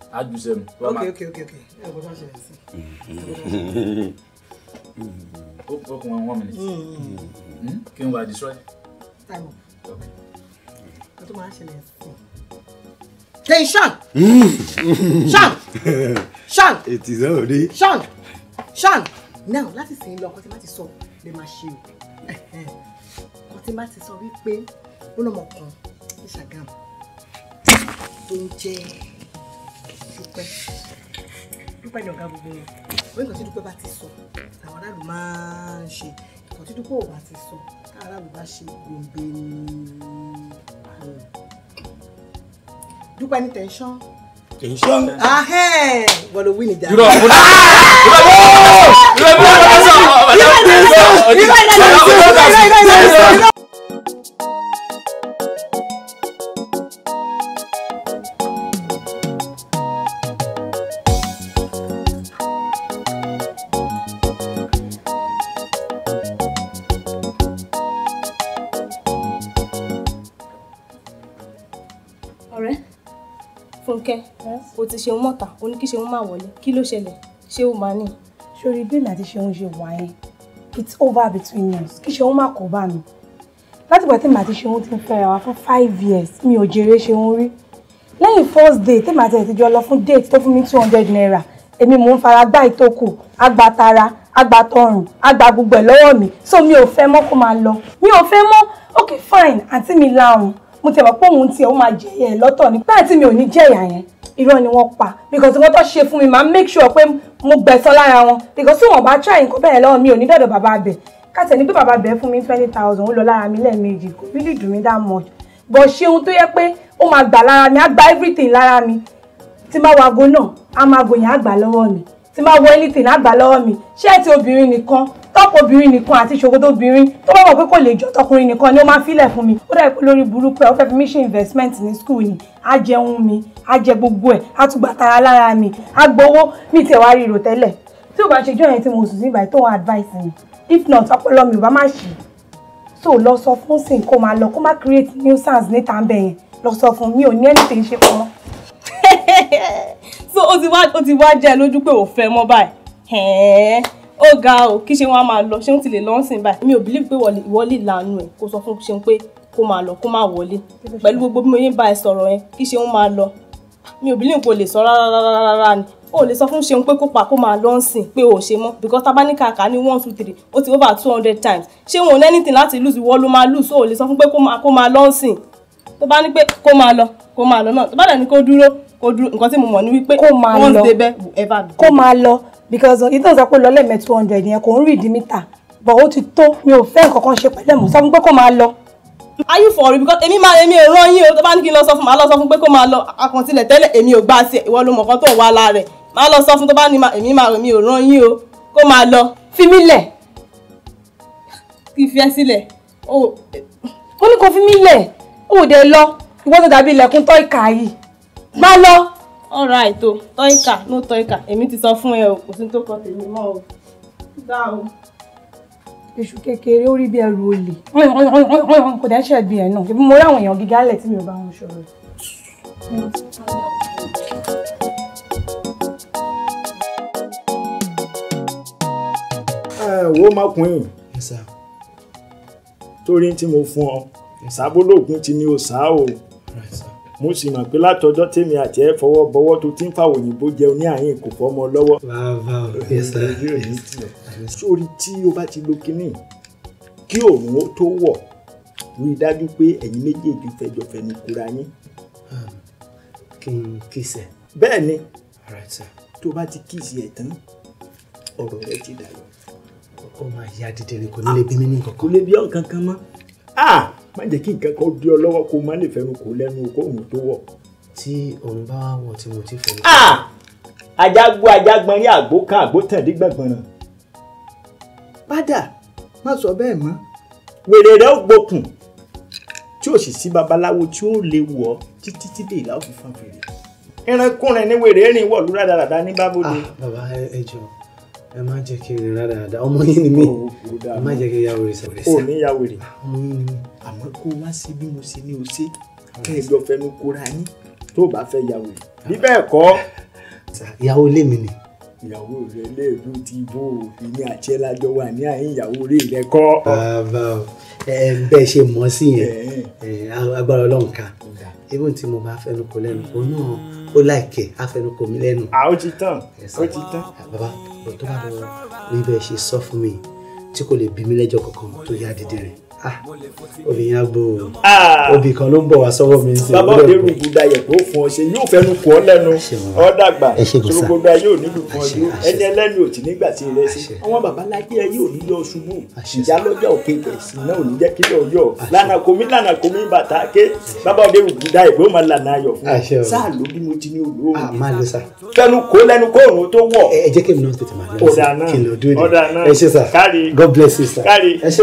[SPEAKER 2] àjùṣe mi. ok ok ok ok ẹ kò tó ṣẹlẹ̀ sí. ó kún ọkùnrin one minute hmm, hmm, hmm. kí n wà destroy. time up kó tó máa ṣẹlẹ̀ sí. Hey, Sean! Sean! Sean! It is already. Sean! Sean!
[SPEAKER 3] Now, láti sìn lọ, ọkọ tí má ti sọ, lè máa ṣe o. Ọkọ tí má ti sọ wípé ó lọ́mọ kan ní Ṣàgámù tó ń jẹ́ dúpẹ́ dúpẹ́ ní ọ̀gá gbogbo wọn wọ́n nǹkan tí dúpẹ́ bá ti sọ àwọn aráàlú máa ń ṣe nǹkan tí dúpẹ́ ò bá ti sọ káwọn aráàlú bá ṣe gbòǹgbè ní
[SPEAKER 4] dúpẹ́ ní tẹ̀sán tẹ̀sán. ahẹ́ wọ́n ló wí ní ìjà. yúrọ̀ fúnra yúrọ̀ fúnra yúrọ̀ fúnra yúrọ̀ fúnra yúrọ̀ fúnra.
[SPEAKER 5] Ṣeun mọ́ta ó ní kí Ṣeun má wọlé kí ló ṣẹlẹ̀ ṣé ó máa ní. sori bí èmi àti Ṣeun ṣe wà yẹn it's over between us kí Ṣeun má kó bá mi látìgbà tí èmi àti Ṣeun ti ń fẹ́ra wa fún five years mi ò jèrè Ṣeun rí lẹ́yìn first date tèmi àti ẹ̀tìjọ lọ fún date tó fún mi two hundred naira èmi mò ń fara gbá ìtókù agbatara agbatọrùn agba gbogbo ẹ̀ lọ́wọ́ mi so mi ò fẹ́ mọ́ kó máa lọ mi ò fẹ́ mọ́ ok fine àǹtí mi lahùn mo tẹ̀wọ́ pé òun tiẹ̀ ó máa jẹ̀yẹ̀ lọ́tọ̀ ni pé àǹtí mi ò ní jẹ̀yà yẹn irọ́ ni wọ́n pa because wọ́n tó ṣe fún mi máa make sure pé mo gbẹ̀san lára wọn because tí wọ́n bá try nǹkan bẹ́ẹ̀ lọ́wọ́ mi ò ní dọ̀dọ̀ bàbá abẹ káṣẹ̀ ní pé bàbá abẹ fún mi twenty thousand ó lọ lára mi lẹ́ẹ̀mejì kò really dùn mí that much but ṣé ohun tó yẹ pé ó máa gbà lára mi á gba everything lára mi tí má wago náà á máa gòyìn á gbà lọ́wọ́ mi tí máa wọ anything àgbà lọ́wọ́ mi ṣẹ́ẹ̀tì obìnrin nìkan tọ́pù obìnrin nìkan àti ṣòkòtò obìnrin tó bá mọ̀ pé kò lè jọ tọkùnrin nìkan ni ó máa filẹ̀ fún mi ó dàbí pé lórí burúkú ẹ̀ ó fẹ́ fi mí ṣe investment ní school ni á jẹun mi á jẹ gbogbo ẹ̀ á tún gbàtara lára mi á gbowó mi tiẹ̀ wá rí ìrò tẹ́lẹ̀ tí ò bá ṣe jọ́yẹn tí mo sùn sí tó ń advice mi if not ọpọlọ mi ò bá má ṣì so lọ sọ fún sin kó máa lọ kó má create nuisance níta ń bẹ̀yẹn lọ sọ fún mi ò ní anything ṣe fún so ó ti wá ó ti wá jẹ́ lójú pé ò fẹ́ mọ́ báyìí ó ga o kí ṣe wọn á máa lọ ṣé wọn ti lè lọ́nsìn báyìí mi ò believe pé ìwọ lè lanu ẹ̀ kó sọ fún ṣe pé kó máa lọ kó máa wọlé pẹ̀lú gbogbo bí mo yín bá ẹ sọ̀rọ̀ yẹn kí ṣe wọn máa lọ mi ò believe kó lè sọ rárá ni o lè sọ fún ṣeun pé kó pa kó máa lọ́nsìn pé ò ṣe mọ́ because tabaníkà kà one two three ó ti over two hundred times ṣé wọn ò ní anything láti lose ìwọ ló máa lose o lè sọ fún pé kó máa lọ́nsìn tó bá ní pé kó máa lọ kó máa lọ náà tó bá dẹ̀ ní kó dúró kó dúró nǹkan tí mo mọ̀ ni wípé kó máa lọ once débẹ̀ ever be. kó máa lọ because ìtàn sọ pé lọ́lẹ́mẹ̀ two hundred yẹn kò ń rí ìdí mítà but ó ti tó mi ò fẹ́ nǹkan kan ṣe pẹ̀lẹ́ mo sọ fún pé kó máa lọ ayé fọ̀rí because èmi máa èmi ò rán yín o tó bá ní kí n lọ sọ fún màá lọ sọ fún pé kó máa lọ àkàntilẹ̀ tẹ́lẹ̀ èmi ò gbà sí ìwọ ló mọ̀ọ́kọ́ tó wà lára rẹ̀ màá lọ sọ fún tó bá ní èmi máa èmi ò rán yín o kó máa lọ. fi mí lẹ̀. kí fi ẹ́ sílẹ̀. mo oh. ní kó fi mí lẹ̀ ó dé lọ ìwọ́n tó dàbí ilẹ̀kùn tọ́ ìka yìí má lọ. alright o tọ́ìkà no tọ́ìkà èmi ti sọ fún ẹ o kò sí tó kọ tèmi mọ́ o. dá o. èṣù kékeré ó rí bí ẹrù olè kò dá ṣe ẹgbin ẹ náà ibi mo rí àwọn èèyàn gíga lẹ tí mi ò bá wọn sọ̀rọ̀.
[SPEAKER 2] ẹ wo mákùnrin torí tí mo fún ọ sábólógún ti ní o sáà o. Right, mo sì mọ̀ pé látọjọ́ tèmi àti ẹ̀ fọwọ́ bọwọ́ tó ti ń fa òyìnbó jẹun ní àyìn kò fọmọ lọ́wọ́. sórí tí o bá ti lo kínní kí òun ó tó wọ̀ rí i dájú pé ẹ̀yin méjèèjì fẹjọ́fẹ́ ní kura yín. Hmm. kí n kíṣẹ. bẹ́ẹ̀ ni tó bá ti kíṣẹ ẹ̀ tán ọ̀rọ̀ rẹ ti dàrú. ọkọ máa ya dídẹ̀rẹ̀ kò ní lè bí mi ní nǹkan kan. kò lè bí ọ̀n kankan mọ́. Ah! má jẹ́ kí nǹkan kan dí ọ lọ́wọ́ kó má lè fẹnu kò lẹ́nu kó òun tó wọ̀. tí òun bá wọ tí mo ti fẹ́ lọ. àjàgbó ah! àjàgbọ́n rí àgbo kan àgbo tẹ̀lé gbẹ̀gbọ̀n náà. padà má sọ bẹ́ẹ̀ mọ́. wèrè rẹ̀ ó gbókùn tí ò sì sí babaláwo tí ó lè wọ̀ ọ́ títí tí dè ìlà òfin fan fèrè. irinkunrin ni wèrè rìn wọ̀lú rádaràda ní bábòde. Ah, bàbá ẹ jọ ẹ má jẹ́ kí n rìn rárá ọmọ yín ni mí ẹ má jẹ́ kí n ya wèrè sá. o ní ya wèrè ọmọ yín ni mí. àmọ́ kó wá sí bí mo ṣe ní o ṣe kẹ́ẹ̀dọ̀ fẹnu kóra yín tó o bá fẹ́ ya wèrè bí bẹ́ẹ̀ kọ́. ìyàwó ilé mi ni. ìyàwó rẹ léèrú ti bó ìní àṣẹ lájọ wà ní àyín ìyàwó rẹ rẹ kọ́. bàbá o bẹ́ẹ̀ ṣe mọ̀ sí yẹn agbára ọlọ́run ká even tí mo bá fẹnu kò lẹ́nu òun náà ó láìkẹ́ afẹnukò mi lẹ́nu. àwọn ti tán ó ti tán ṣùgbọ́n tó bá lọ rí bẹ́ẹ̀ ṣe sọ fún mi tí kò lè bí mi lẹ́jọ́ kankan tó yá dídí rẹ̀ Ah, obìnrin agbo ah. obì kan ló ń bọ̀ wá sọ́wọ́ mi sí i. bàbá òde rúgbù dayẹ̀ kó fún ọ ṣe yóò fẹnu kọ́ lẹ́nu ọ dàgbà ṣòrogbogbo ayé ò nílùú kan yó ẹni ẹlẹ́nu ò tí nígbà tí ì rẹ sí. àwọn bàbá láyé ayé ò ní lọ ṣubú ìyálọ́jà òkè ìbẹ̀sì náà ò ní jẹ́ kí lọ́ọ́ yọ̀ lànà komi lànà komi bàtà ké bàbá òde rúgbù dayẹ̀ pé ó máa lànà ayọ̀ fún ọ sáà ló bí mo ti ní olóòrùn ah, fẹnu kó lẹ́nu kó òun tó wọ̀. ẹ jẹ́ kí èmi náà tètè máa lọ sí kí n God bless you sà ẹ ṣé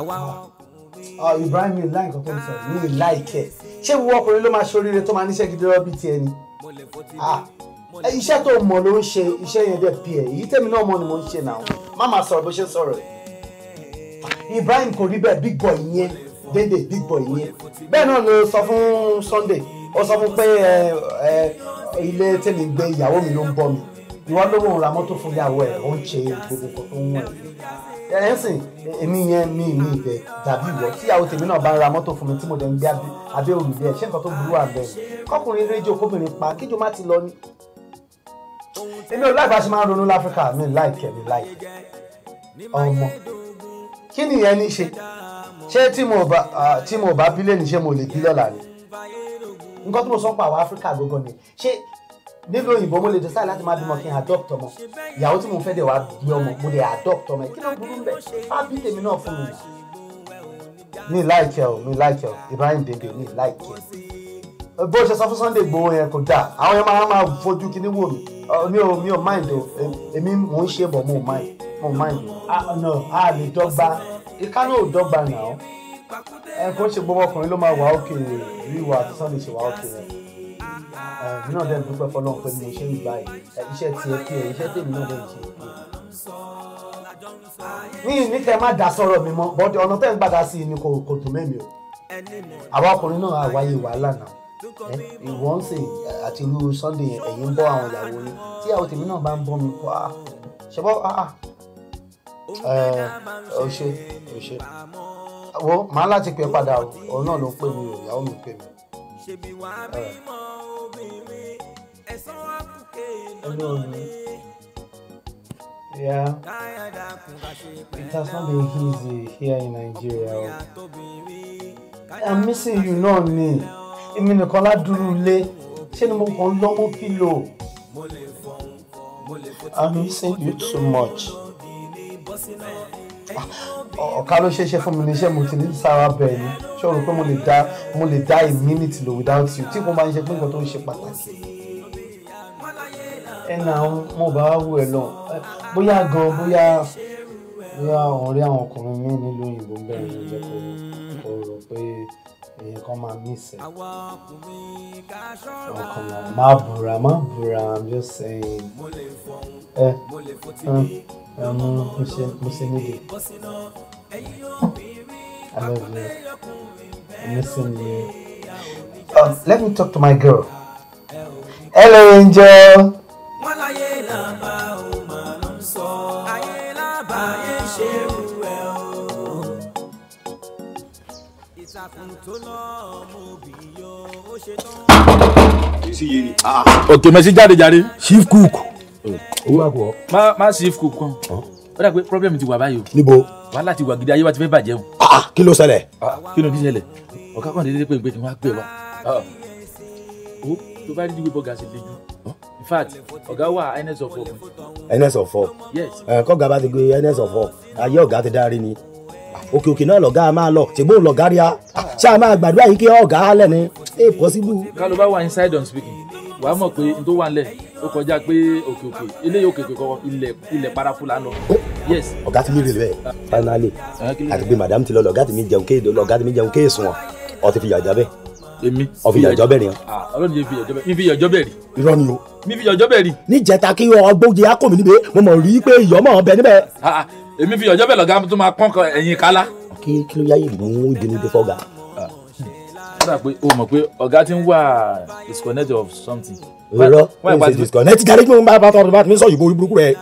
[SPEAKER 2] àwa ọkùnrin. Ah, Ibrahim mi láì nǹkan tó ń sọ mi láì kẹ ṣé ìwọ ọkùnrin ló máa ṣoríire tó máa níṣẹ́ gidi lọ́wọ́ bíi tiẹ̀ ni ah, iṣẹ́ tó mọ̀ ló ń ṣe iṣẹ́ yẹn dẹ̀ pí ẹ̀ èyí tèmi náà mọ̀ ni mo ń ṣe náà má máa sọ̀rọ̀ bó ṣe sọ̀rọ̀ Ibrahim kò rí bẹ́ẹ̀ big boy yẹn dédé big boy yẹn bẹ́ẹ̀ náà ló sọ fún Sunday ó sọ fún pé ilé tèmi gbé ìyàwó mi ló ń bọ́ mi ìwọ ló ń ra mọ́tò fún ìyàwó ẹ̀ ó ń ṣe gbogbo nǹkan tó ń wọ̀ ẹ̀sìn èmi yẹn mi mi ìfẹ́ dàbí ìwọ tí àwọn tèmi náà bá ń ra mọ́tò fún mi tí mo dẹ̀ ń gbé abẹ́ òrùlé ẹ̀ ṣé nǹkan tó burú àbẹ̀ kọkùnrin rédíò kóbìnrin pa kíjọ má ti lọ ni. èmi ò láìpẹ́ aṣọ máa ń ronú láfíríkà mi láìkẹ́ mi láìkẹ́ ọmọ kí nìyẹn ní ṣe ṣé tí mo bá bílẹ̀ ní ṣé mo lè bílẹ̀ làrí nǹkan tó mo sọ pa àwọn áfíríkà gbogbo ni ṣé nílùú òyìnbó mo lè decide láti má bímọ kí n adopt ọmọ ìyàwó tí mo fẹ́ dẹ̀ wá gbé ọmọ mo lè adopt ọmọ kí ló burú bẹ́ẹ̀ má bí tèmi náà fún mi nà. mi láìkẹ́ o mi láìkẹ́ o Ibrahim Dèdè mi láìkẹ́ bó ṣe sọ fún Sunday Igboho yẹn kò dáa àwọn yẹn máa máa fojú kíní wò mí mi ò mi ò mind o èmi mò ń ṣe bọ̀ mo ò mind mo ò mind o no a lè dọ́gba ìkánú ò dọ́gba nà ó ṣe gbogbo ló máa wà ókè wíwà àti Sunday ṣe wà ókè rẹ̀ èmi náà dẹ̀ dúpẹ́ fọlọ́n pé mo ṣe ń gba iṣẹ́ tiẹ̀ tiẹ̀ iṣẹ́ tèmi náà dẹ̀ ń ṣe ní ní kẹ́ má dá sọ̀rọ̀ mi mọ́ bọ́dẹ ọ̀nà tẹ́ ń gbàdá sí i ni kò tó mẹ́mi o àwa ọkùnrin náà àwáyé wàhálà náà ìwọ ń sìn àti irú Sunday ẹ̀yìn ń bọ́ àwọn ìyàwó ni tí àwọn tèmi náà bá ń bọ́ mi kọ́ a ṣẹ́bọ́ a ọ ṣe ọ ṣe wo màá láti pè padà òun náà ló ń pè mí o ìyàwó mi pè mí
[SPEAKER 1] obìnrin ẹ̀sán wá kúkè lọ́dọ̀ ni.
[SPEAKER 2] Yeah, it has not been
[SPEAKER 6] easy here in Nigeria. I'm missing you náà ni.
[SPEAKER 2] Èmi nìkan ládùúrú ilé. Ṣé ni mo kàn ń lọ́mú pílò? I'm missing you too much. Ah, ọ̀ká ló ṣeé fún mi níṣẹ́ mo ti ní sára bẹ́ẹ̀ ni ṣọ́ọ̀rù pé mo lè dá mo lè dá a minute lò without you tí kò máa ń ṣe pé nǹkan tó ń ṣe pàtàkì. ẹnà mo bá wù ẹ lọ bóyá gan bóyá bóyá àwọn àwọn ọkùnrin mi nílùú òyìnbó ń bẹ̀rẹ̀ ló jẹ́ kó rò pé èèyàn kan máa mí sẹ́
[SPEAKER 1] ọkàn máa búra máa
[SPEAKER 2] búra i'm just saying.
[SPEAKER 1] Eh, eh àmọ́ mo ṣe mo I love you. I'm missing you.
[SPEAKER 2] Um, let me talk to my girl. Hello, Angel. Ah. Okay, láyé Jari Jari, chief cook owó àpò. má má sí ifko kan ó dà pé problem ti wà báyìí o. níbo. wàhálà ti wà gidi ayé wa ti fẹ́ bàjẹ́ o. Ah, ah, kí ló ṣẹlẹ̀. Ah, kí ló ti ṣẹlẹ̀ ọ̀ká kan dédé pé n pé kí n wá pè wá. o tó bá dídí wípé ọ̀gá ṣe lè in fact ọ̀gá wà ns of four. ns of four. yes. kọ́gà bá ti gbé ns of four ayé ọ̀gá ti dárí ni òkè òkè náà lọ̀gá máa lọ ṣègbó lọ̀gá rí a ṣáà máa gbàdúrà yìí kí ọ̀gá lẹ́ni. ẹ possible. kálọ̀ bá wà inside on speaking wàá mọ̀ pé n tó wà nílẹ̀ ó kọjá pé òkè òkè eléyìí òkè òkè kọ ilẹ̀ ilẹ̀ paraku là oh, yes. ọ̀gá tí mi rè bẹ́ẹ̀ finally àti pé madam ti lọ lọ ọ̀gá tí mi jẹun kéèdè lọ ọ̀gá tí mi jẹun kéèsùn wọn ọ ti fi yàjọ bẹ́ẹ̀. èmi ọ fi yàjọ bẹ́ẹ̀ ni. Ah, ọlọ́run yẹn fi yàjọ bẹ́ẹ̀ mi fi yàjọ bẹ́ẹ̀ rí. irọ́ ni o. mi fi yàjọ bẹ́ẹ̀ rí. níjẹta kí ọgbóje á kò mí níbẹ̀ mo mọ̀ rí pé ìyọ́mọ̀ bẹ níbẹ̀. Ah, ah, èmi fi yàjọ bẹ́ẹ̀ lọ́gá tó máa pọ́n ẹ̀yìn kálá. kí kí ló yá yìí mú ó dà pé o mọ̀ pé ọ̀gá ti ń wà disconnect of something. irọ́ wọ́n ìpàdé disconnect gari gbọ́n bá bàtà ọ̀dọ̀ bá mi sọ yìí borí burúkú rẹ̀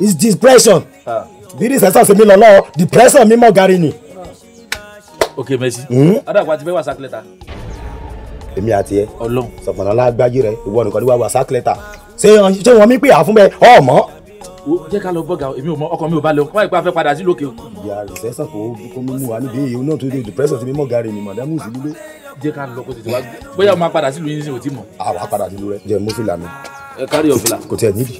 [SPEAKER 2] it's depression dídí sẹ́sà sí mi lọ́lọ́ depression mímọ́ gari ni. ok merci. Hmm? adàpọ̀ àti fẹ́ wà sákìlẹ̀ta. èmi àti ẹ sọ̀pọ̀nà alágbájú rẹ ìwọ nìkan ni wàá wà sákìlẹ̀ta ṣé wọn mi pè á fún bẹ ọmọ jẹ́ ká lọ bọ́gà èmi ò mọ ọkọ mi ò bá lọ wọ́n ìpá fẹ́ padà sí lókè o. ìyá rẹ̀ sẹ́sàn kò kó mímú wa níbi èyí náà tó dé depression ti mímọ́ gàrí ni màdámù sí lílé jẹ́ ká lọ kó tètè wá bóyá o máa padà sílùú yín sí òtí mọ̀. àwa padà sílùú rẹ jẹ mú fìlà mi. ẹ kárí ọ fìlà. kò tiẹ̀ níbi.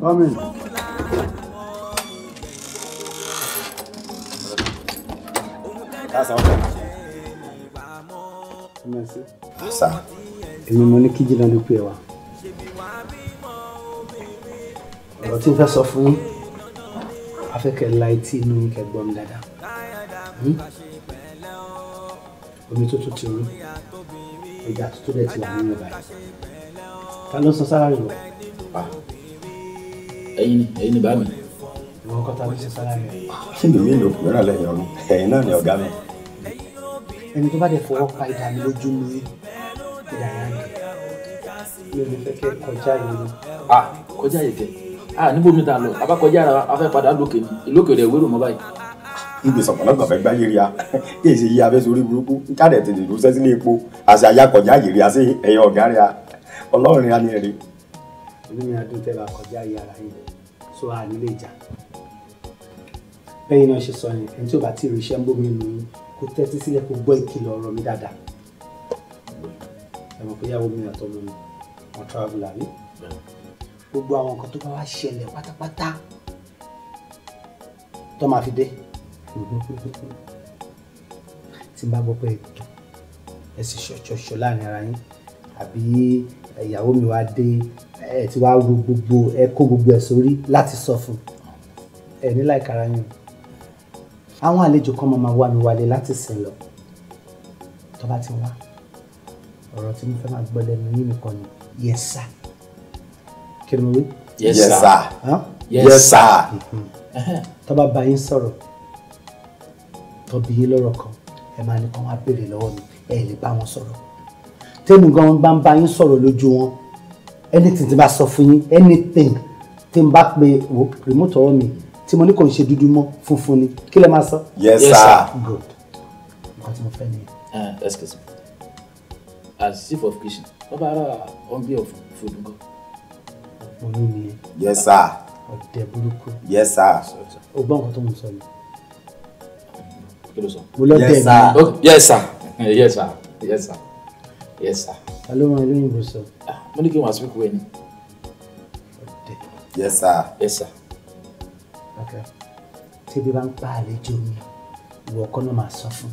[SPEAKER 7] Come That's all. Merci
[SPEAKER 2] sá emi mo ní kí jìnnà ló pè wá ọ̀rọ̀ tí n fẹ́ sọ fún yín afẹ́kẹ́ la etí inú kẹ́ gbọ́ hmm? omi tuntun ti rú ìjà tuntun dẹ̀ ti wà nínú báyìí ta ló sọ sára rẹ̀ wọ̀ ah. pa ẹ̀yin ẹ̀yin ni bá mi. ìwọ kọ́ta ló sọ sára rẹ̀. Ah, ṣé mi ò ní lò kúrẹ́rà lẹ́yìn ọ̀run ẹ̀yin náà ni ọ̀gá mi ẹni tó bá dẹ̀ fọwọ́ pa ìdá mi lójú mi ìdá yẹn á dùn mi ò lè fẹ́ kẹ́ kọjá yìí lọ. a kọjá yìí kẹ a níbo mi ta lọ abá kọjá ara afẹ́ padà lókè ni ìlókè rẹ̀ wérò mọ́ báyìí. ibi sọ̀mọ́nà gbàgbẹ́ gbá yé ria kí èsì yí abẹ́ sórí burúkú káàdì tètè ló sẹ́sí ní epo àti àyà kọjá yìí ria sí ẹ̀yìn ọ̀gá ria ọlọ́run ria ni ẹ̀rí. ìlú mi adùn tẹ́ bá kọjá yìí ara yìí so a nílé ìjà bẹ́ẹ̀ náà ṣe sọ yẹn ẹni tí ò kó tẹ́tí sílẹ̀ kó gbọ́ ìkìlọ̀ ọ̀rọ̀ mi dáadáa ẹ mọ̀ pé ìyàwó mi àtọ́ mi wọn travel àbí gbogbo àwọn nǹkan tó bá wá ṣẹlẹ̀ pátápátá tó máa fi dé tí n bá gbọ́ pé ètò ẹ sì ṣọ̀ṣọ̀ṣọ̀ láàrin ara yín àbí ìyàwó mi wá dé ẹ ti wá ro gbogbo ẹ kó gbogbo ẹ sórí láti sọ fún ẹ ní láìka ara yín o àwọn àlejò kan máa wá mi wálé láti sìn lọ tó bá ti wá ọ̀rọ̀ tí mo fẹ́ máa gbọ́ lẹ́nu yín nìkan ni yes sir kí ni mo wí. yes sir yes sir mm-hmm. tó bá bá yín sọ̀rọ̀ tó bí yín lọ́rọ̀ kan ẹ máa ní kán wá béèrè lọ́wọ́ mi ẹ lè bá wọn sọ̀rọ̀ tẹ́mi gan bá ń bá yín sọ̀rọ̀ lójú wọn anything tí bá sọ fún yín anything tí n bá pe remote ọwọ́ mi tí mo ní kò ń ṣe dúdú mọ́ funfun ni kí lẹ máa sọ. yes sir. good nǹkan tí mo fẹ́ nìyẹn. Eh, excuse me as chief of kitchen bàbá ara ọ̀nbí ọ̀fun food nǹkan. òun ni. yes sir. ọ̀dẹ̀ burúkú. yes sir. o gbọ́ nǹkan tó ń sọ ni. kí ló sọ. mo lọ dẹ̀ mi. Oh, yes sir eh, yes sir yes sir yes sir. ta ló máa lóyún bó sọ. mo ní kí n wá sí kú ẹni. yes sir. yes sir pátá tẹ́bí bá ń pa àlejò mi ìwọ ọkọ náà máa sọ fún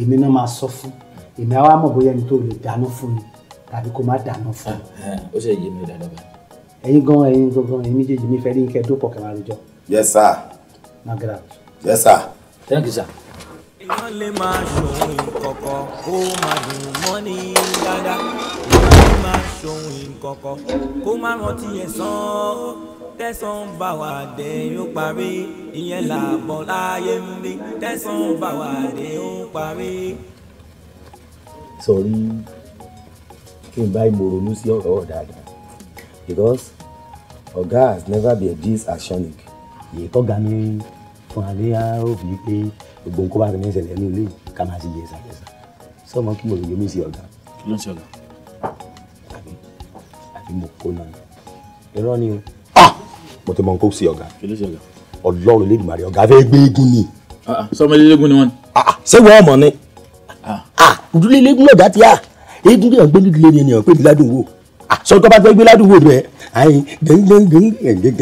[SPEAKER 2] èmi náà máa sọ fún èmi àwa mọ̀ bóyá tó lè dáná fún mi tàbí kó má dáná fún mi.
[SPEAKER 7] ó ṣe yé mi dáadáa báyìí.
[SPEAKER 2] ẹ̀yin gan ẹ̀yin gangan ẹ̀yin méjèèjì mi fẹ́ rí kẹ́ dópọ̀ kẹ́ máa yes sir. now get yes sir.
[SPEAKER 7] thank you sir. èèyàn lè máa ṣòwò ìkọ̀kọ̀
[SPEAKER 1] kó máa dùn mọ́ ní dáadáa èèyàn lè máa ṣòwò ìkọ̀kọ̀ kó máa rántí ẹ̀san tẹ̀sán bá wà dé ó parí ìyẹn làbọ̀ láyé ń rí tẹ̀sán bá wà dé ó parí.
[SPEAKER 2] sọrí kí n bá ìmọ̀ ronú sí ọ̀rọ̀ ọ̀ because ọ̀gá has never been this actionic. èyí tó ga mi fún aléyà ó fi pé gbogbo nǹkan bá ti ní ìṣẹ̀lẹ̀ ní ilé ká máa ṣe yẹsà yẹsà sọmọ kí mo lè yomi sí ọ̀gá. kí ló ń ṣe ọ̀gá. àbí àbí mo kó náà irọ́ ni o mo ti mọ nǹkan ó sí ọ̀gá ọlọ́run lè dùmarè ọ̀gá fẹ́ gbé eégún ni. Ah, ah, sọmọ eléégún ni wọn. Ah, ṣé wọ́n mọ̀ ni ojúlé eléégún lọ́gá tí a eégún yàn gbé nídìí lẹ́ni ènìyàn pé ládùn wò sọ tó bá fẹ́ gbé ládùn wò rẹ̀ ayin gẹ́gẹ́gẹ́gẹ́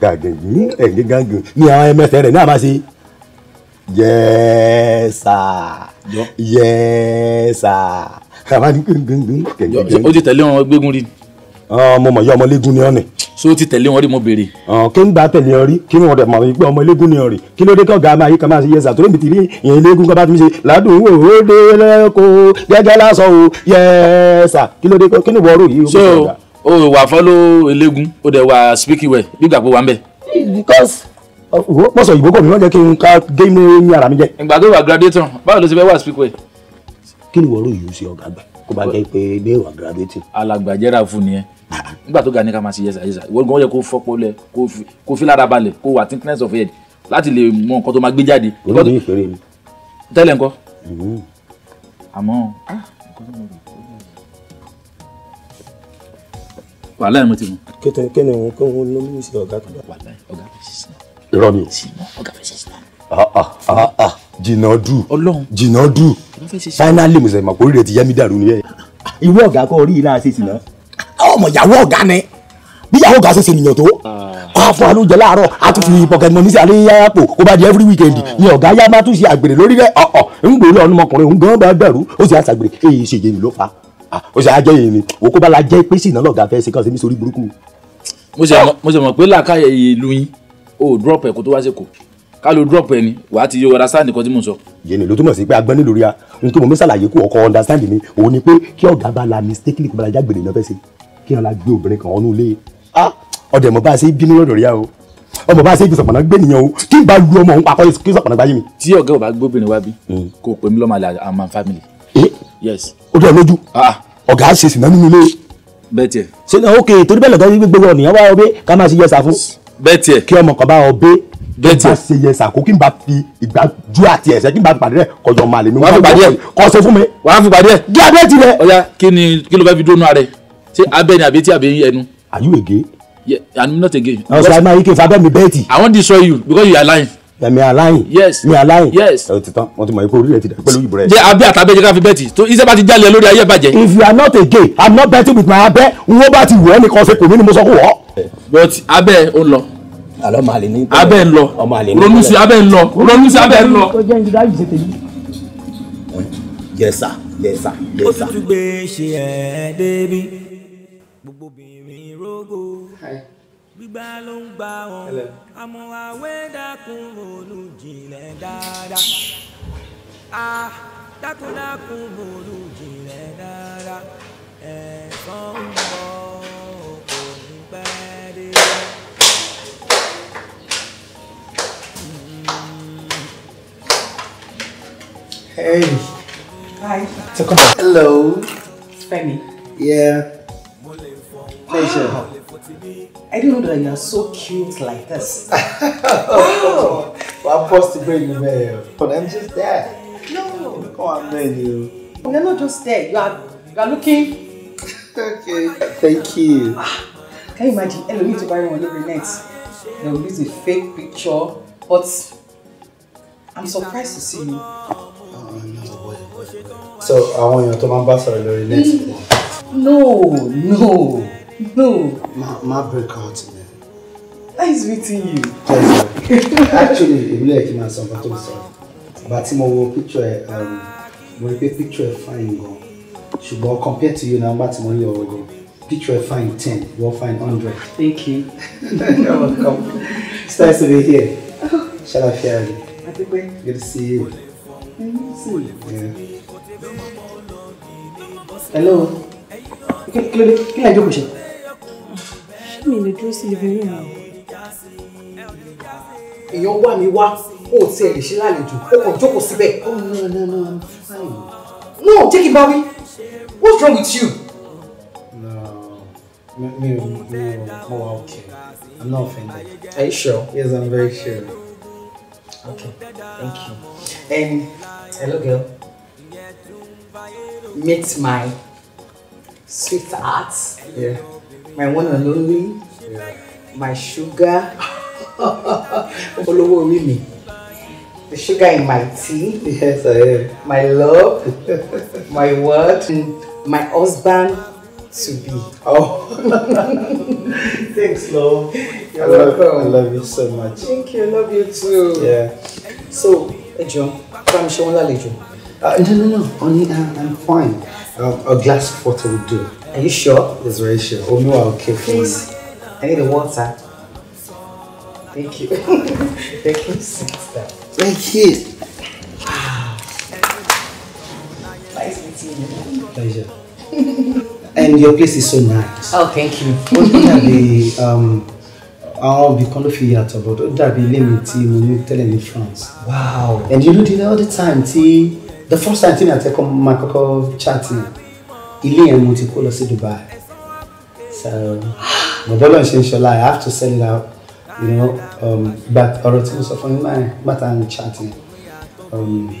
[SPEAKER 2] gẹ́gẹ́gẹ́gẹ́ ni àwọn ẹmẹsẹ̀ rẹ̀ náà máa ṣe yẹ́sà yẹ́sà. ó ti tẹ̀lé wọn gbégún rí ni. Ah, mo mọ̀ yá ọmọ eléégún ni ọ́ nì. so ti tẹ̀lé wọn rí mo béèrè. Ah, kí n bá tẹ̀lé ọ rí kí wọ́n rẹ̀ mọ̀ wípé ọmọ eléégún ni ọ rí kí ló dé kọ́ga máa yí kan máa ṣe yẹsà mi ti rí ìyẹn eléégún kan bá ti ṣe ládùn wò ó dé lẹ́kọ̀ọ́ gẹ́gẹ́ lásọ o yẹsà kí ló dé kí ni wọ́ọ́rọ̀ yìí. so o wà fọ́lọ́ eléégún o dẹ̀ wà speaking well bí gbàgbọ́ wa ń bẹ̀. because wọ́n sọ ìgbókò mi wọ́n jẹ́ kí n ká gé inú ara mi jẹ. ìgbà tó wà graduation báwo ló ti speaking well. kí ni wọ́ọ́rọ̀ yìí ó ṣe ọ̀gá kó bá jẹ́ pé ilé ìwà gravity. alàgbàjẹ́ra fún nìyẹn nígbà tó ga ní ká máa ṣe yẹsà yẹsà ìwọ gan yẹ kó fọpọ lẹ kó fi lára balẹ̀ kó wà thickness of head láti lè mọ nǹkan tó máa gbé jáde. èmi ní ìfèrè mi. tẹ́lẹ̀ ńkọ́. Mm-hmm. àmọ́ ah, wàhálà ẹ̀mú ti mú. kéte kéne òun kó òun ló mú sí ọ̀gá kan. wàhálà ọ̀gá fẹ́ ṣe sí ọ̀gá fẹ́ ṣe sí náà. Ah, ah, jìnàdù Jinadu. finally mo sẹ ma kórìíra ti yá mi dàrú nìyẹn. ìwé ọ̀gá kọ́ orí ìlànà ṣe ìsìnà. ọmọ ìyàwó ọ̀gá ni bí ìyàwó ọ̀gá ṣe ṣe nìyàn tó. a fún alóúnjẹ láàárọ̀ a tún fi pocket money sí alẹ́ yáyà pò kó bá di every weekend ni ọ̀gá yá má tún ṣe àgbèrè lórí rẹ̀ ọ̀ọ̀ ń gbòòrò ọ̀nùmọkùnrin òun gan bá dàrú ó sì àṣàgbèrè èyí ṣèjì ni ló fa ó sì àjẹ́ yìí ni òkú bá la jẹ́ pé sì náà lọ́gàá fẹ́ ṣe kàn sí mi sórí burúkú. mo ṣe mọ̀ pé làákàyè ìlú yín ò drop ẹ̀ kó tó wá sí kò ká ló drop ẹni wàá ti yọ understand nǹkan tí mò ń sọ. yéèni ló túmọ̀ sí pé agbọ́n nílò ríra ohun tó mọ̀ mí ṣàlàyé kó ọkọ̀ understand mi òun ni pé kí ọ̀gá bá la mistakenly kọ́ba lajá gbèrè lọ́fẹ́ sí kí ọ̀la gbé obìnrin kan ọ̀nù ilé ọ̀dẹ̀ mọ̀ bá a ṣe bínú lọ́dọ̀ ríra o ọmọ bá a ṣe ibi sọ̀pọ̀nà gbé nìyẹn o kí n bá lu ọmọ òun pa akọ́yẹ kí sọ̀pọ̀nà gbáyé mi. tí ọ̀gá ò bá gbóbìnrin wá bí hmm. kò pè mí lọ́mọ àlẹ́ àmà family. Eh? yes. ó dọ̀ lójú ah, ah. ọ̀gá ṣe sì náà nínú ilé. bẹ́ẹ̀ tiẹ̀. ṣe ok torí bẹ́ẹ̀ lọ́gá gbogbo ọ̀nìyàn wá ọbẹ̀ ká máa ṣe yẹsà fún. bẹ́ẹ̀ tiẹ̀. kí ọmọ kan bá ọbẹ̀ bẹ́ẹ̀ ṣe yẹ sàkó kí n bá fi ìgbà ju àti ẹ̀sẹ̀ kí n bá pàdé rẹ̀ kọjọ máa lè mi. wàá fi pàdé ẹ̀ kọ́ ṣe fún mi. wàá fi pàdé ẹ̀. gí abẹ́ ti rẹ̀. ọ̀ya kí ni kí ló fẹ́ fi dónú ara rẹ̀ ṣé abẹ́ ni àbí tí àbí ẹnu. are you again. yeah i'm not again. ọ̀sẹ̀ àná yìí kì í fa abẹ́ mi bẹ́ẹ̀ tì. i wan destroy you because you are lying. ẹ̀mí aláìn. yes mi aláìn. yes ẹ̀ ti tán wọ́n ti mọ̀ ikú orí rẹ̀ ti dàgbẹ́ lórí ìbúrẹ́. jẹ́ abẹ́ àtàbẹ́ jẹ́ ká fi bẹ́ẹ̀tì tó iṣẹ́ bá ti jálẹ̀ lórí ayé bàjẹ́. if you are not a gay i'm not betting with my abẹ́ n wo bá ti wọ̀ ẹ́ nìkan ṣe kò ní ni but abẹ́ ò àlọ́ máa lè ní. abẹ́ ń lọ ronú sí abẹ́ ń lọ ronú sí abẹ́ ń lọ. yẹsà yẹsà yẹsà. ó tún gbé ṣe ẹ́ débi
[SPEAKER 1] gbogbo obìnrin rogo gbígbá ló ń gbà wọn àmọ́ àwẹ̀ dákun ronú jinlẹ̀ dáadáa a dákun dákun ronú jinlẹ̀ dáadáa ẹ̀san ń bọ̀. Hey. Hi.
[SPEAKER 3] So come on. Hello. It's Femi. Yeah. Pleasure. Wow. I didn't know that you are so cute like this.
[SPEAKER 2] Oh. well, I'm supposed to bring you here. but I'm just there. No. Come on, I you.
[SPEAKER 3] You're not just there. You are, you are looking. okay.
[SPEAKER 6] Thank you. Ah,
[SPEAKER 3] can you imagine? Hello, need to buy one every next. They will use a fake picture, but I'm surprised to see you.
[SPEAKER 2] so àwọn èèyàn tó máa ń bá sọ̀rọ̀ lórí net. no no no. ma ma break out mi. nice meeting you. actually ìbílẹ̀ kí n máa sọ nǹkan tó sọ bá tí mo wo picture ẹ um, mo rí pé picture ẹ fine gan ṣùgbọ́n compared to you na nígbà tí mo rí ọ̀rọ̀ gan picture ẹ fine ten you fine hundred. thank you. you're welcome. it's nice to be here. ṣàlàfíà rẹ. a ti pẹ́. good to see you.
[SPEAKER 4] Mm
[SPEAKER 5] -hmm.
[SPEAKER 2] yeah
[SPEAKER 3] hello kí ló dé kí lè jókòó ṣe.
[SPEAKER 5] ṣé mi lè dúró sí living room mi.
[SPEAKER 3] èèyàn wá mi wá ó tiẹ̀ lè ṣe lálejò ó kàn jókòó síbẹ̀. oh no
[SPEAKER 4] no no i'm fine. no jẹ́ kí n bá wí
[SPEAKER 3] what's wrong with you.
[SPEAKER 2] no mi ò mi ò mo wà okay i'm not offended. are you
[SPEAKER 3] sure. yes i'm very sure. okay thank you. And hello girl meet my sweetheart, yeah. my one and only, yeah. my sugar, olówó orí mi, the sugar in my tea, yes, I am. my love, my word, my husband to
[SPEAKER 6] be. Oh, thanks, love. You're I love, welcome. I love you
[SPEAKER 3] so much. Thank you, I love you too. Yeah.
[SPEAKER 2] So, Ẹ jọ̀ọ́, bá mi ṣe wọ́n lálejò. Uh, no, no, no, Only I'm, I'm fine. Um, a glass of water would do. Are you sure? Yes, very sure. Oh no, I'll keep Please, I need the water. Thank you. Thank you, sister. Thank you. nice meeting you. Pleasure. and your place is so nice. Oh, thank you. I be? Um, I'll be fi yàtọ̀ bọ̀ ó dàbí ilé mi tí mo ní tẹ́lẹ̀ ní France. Wow. And you do it all the time tí. the first time tí mi àti ẹkọ máa kọ́kọ́ chat ni ilé yẹn mo ti kó lọ sí Dubai so gbọdọlọ ṣe ń ṣọlá I have to send out you know um, but ọ̀rọ̀ tí mo sọ fún mi máa bàtà ń chat ni um,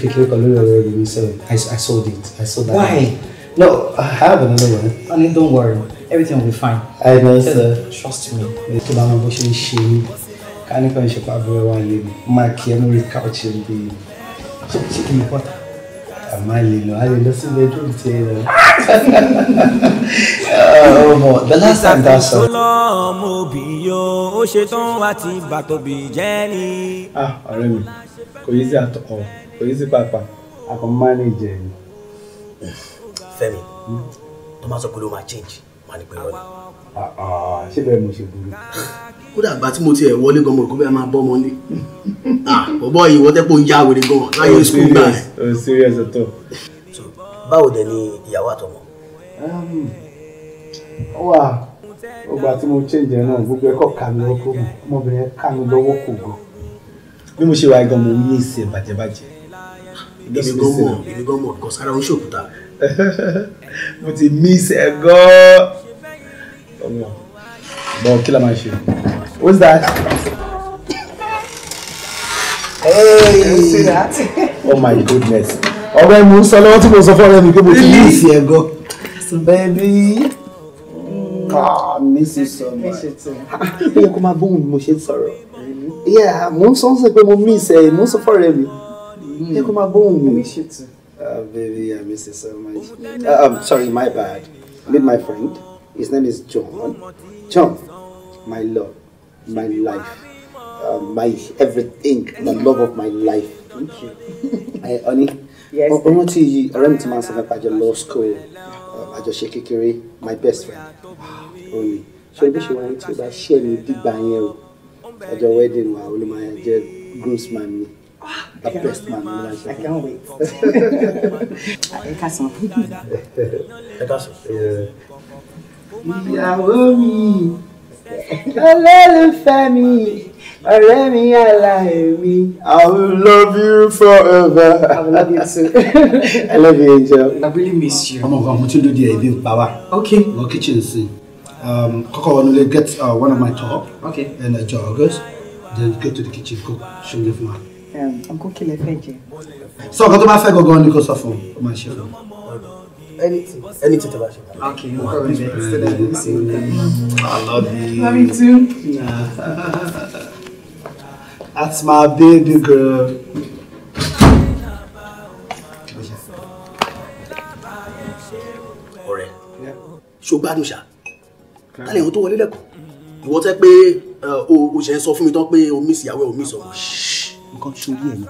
[SPEAKER 2] kékeré kan lórí ọ̀rọ̀ ìlú so I, I sold it I sold that. Why? No, I have another one. Honey, don't worry. Everything will be fine. I know, sir. Trust me. Ní tó bá máa bó ṣe ń ṣe mí, ká ní kàn ṣe pàbẹ́rẹ́ wa lè máa kí ẹ lórí couch ẹ bíi ṣé kí n the last time that
[SPEAKER 1] mi kò yí sí àtọkọ kò yí sí pàápàá
[SPEAKER 2] àkọ́ mánéjẹ ni.
[SPEAKER 1] Fẹ́mi tó
[SPEAKER 2] máa sọ pé ló máa change máa ní pé wọ́n Ah, ah, ṣé bẹ́ẹ̀ mo ṣe burú. kódà àgbà tí mo ti ẹ̀ wọlé gan mo rò kó bẹ́ẹ̀ máa bọ́ ọmọ ní. Ah, bọ́bọ́ yìí wọ́n tẹ́pọ̀ ń yá wèrè gan láyé oh, skul gbà. o serious ọtọ. Oh, báwo dẹ̀ ni ìyàwó àtọmọ. Um, wà ọgbà tí mo change náà gbogbo ẹ̀kọ́ kà mí lọ́kọ́ mi ọmọbìnrin ẹ̀ kà mí lọ́wọ́ kò gan. bí mo ṣe wà gan mo ní ìsẹ̀ bàjẹ́bàjẹ́ èmi gan mọ̀ èmi gan mo ti mí ìsẹ̀ gan bọ kí la máa ṣe that. Hey. oh my goodness ọ̀rẹ́ mi ń sọ lọ́wọ́ tí mo sọ fún ọ̀rẹ́ mi pé mo ti ní ìsìn ẹ̀gọ́ bẹ́ẹ̀bí mi sì sọ mọ́ ẹ̀ pé kó máa bóun ni mo ṣe ń sọ̀rọ̀ mo ń sọ pé mo mí ìsẹ̀ mo sọ fún ọ̀rẹ́ mi pé kó máa bóun ni. Uh, baby, I miss you so much. Ah, um, sorry, my bad. Meet my friend. His name is John. John, my love, my life, uh, my everything, the love of my life. Thank you. I, honey, yes, ọmọ oh, tí ọ̀rẹ́ mi ti máa ń sanfẹ́ pàjọ law school àjọṣe uh, kékeré my best friend Only. So o bí ṣe wáyé tí o share ṣe mi dìgbà yẹn o ọjọ́ wedding wa o lè máa jẹ́ groomsman mi the best man mi la ṣe. I can't wait. ẹ ká sàn ìyàwó
[SPEAKER 3] mi olólùfẹ́ mi ọ̀rẹ́ mi aláì mi. I will love you forever.
[SPEAKER 2] I will love you too. I love you angel. I really miss you. ọmọ nǹkan mo ti lóde ẹ̀ ibi pa wá. okay. wọ kitchen sí. kọ́kọ́ wọn lè get uh, one of my top. okay. and a joggers then go to the kitchen cook ṣoúnjẹ fún wa.
[SPEAKER 3] ọkọ kìlẹ̀ fẹ́ jẹ.
[SPEAKER 2] sọ ọkọ tó bá fẹ́ gangan ni kò sọ fún ọ máa ṣe fún ọ anything anything to bash okay you are very good i love you. love you too.
[SPEAKER 6] that's my baby girl.
[SPEAKER 1] ọ̀rẹ́
[SPEAKER 2] yeah. àdùnṣà tálẹ̀ ìwọ tó wọlé lẹ́kọ̀ọ́ ìwọ tẹ́ pé o ṣe ń sọ fún mi tán pé miss ìyàwó ẹ̀ o miss ọmọ. shh. ṣorí ẹ̀ ni ṣé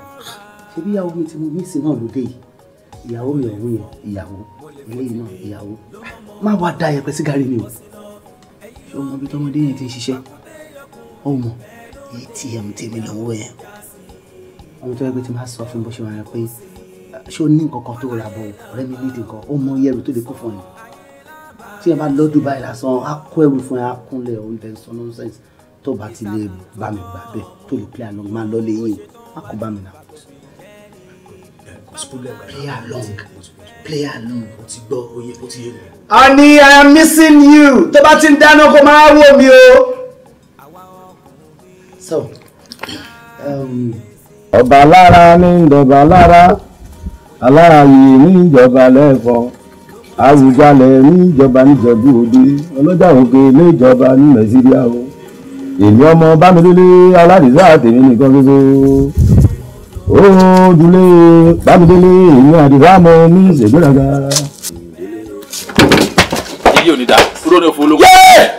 [SPEAKER 2] you ìyàwó mi ti mo miss náà lóde yìí ìyàwó mi ọ̀hún yẹn are lẹ́yìn náà ìyàwó má wàá da yẹpẹ sí gàrí o ṣé o mọ tọmọdé yẹn ti ń ṣiṣẹ́ o mọ atm tèmi lọ́wọ́ yẹn ọmọ tó yẹ pé ti máa sọ fún bó ṣe wà yẹn pé ṣé o ní nǹkan tó rà bọ̀ ọ̀rẹ́ mi ní nǹkan ó mọ iye ẹrù tó lè kó fún ẹ tí ẹ bá lọ Dubai lásán á kó ẹrù fún ẹ á kúnlẹ̀ oúnjẹ sọ nonsense tó bá ti lè bá mi gbà bẹ́ẹ̀ tó lè play along máa lọ lẹ́yìn má kó bá mi nà play along player náà o ti gbọ́ oyè o ti yé mi. i am missing you tó bá ti ń dáná kó máa wò mí o. so. Um, ọba lára ní ìjọba lára alára yìí ní ìjọba lẹ́ẹ̀kan àwùjalè ní ìjọba níjọba òde ọlọ́jà òkè ní ní nàìjíríà o èmi ọmọ bámidélé aládìsá tèmi nìkan ṣoṣo ojúlé bámidélé ìyún àdìrá mọ mi ṣègbéraga. ayé òní da kúrò ní òfin ológun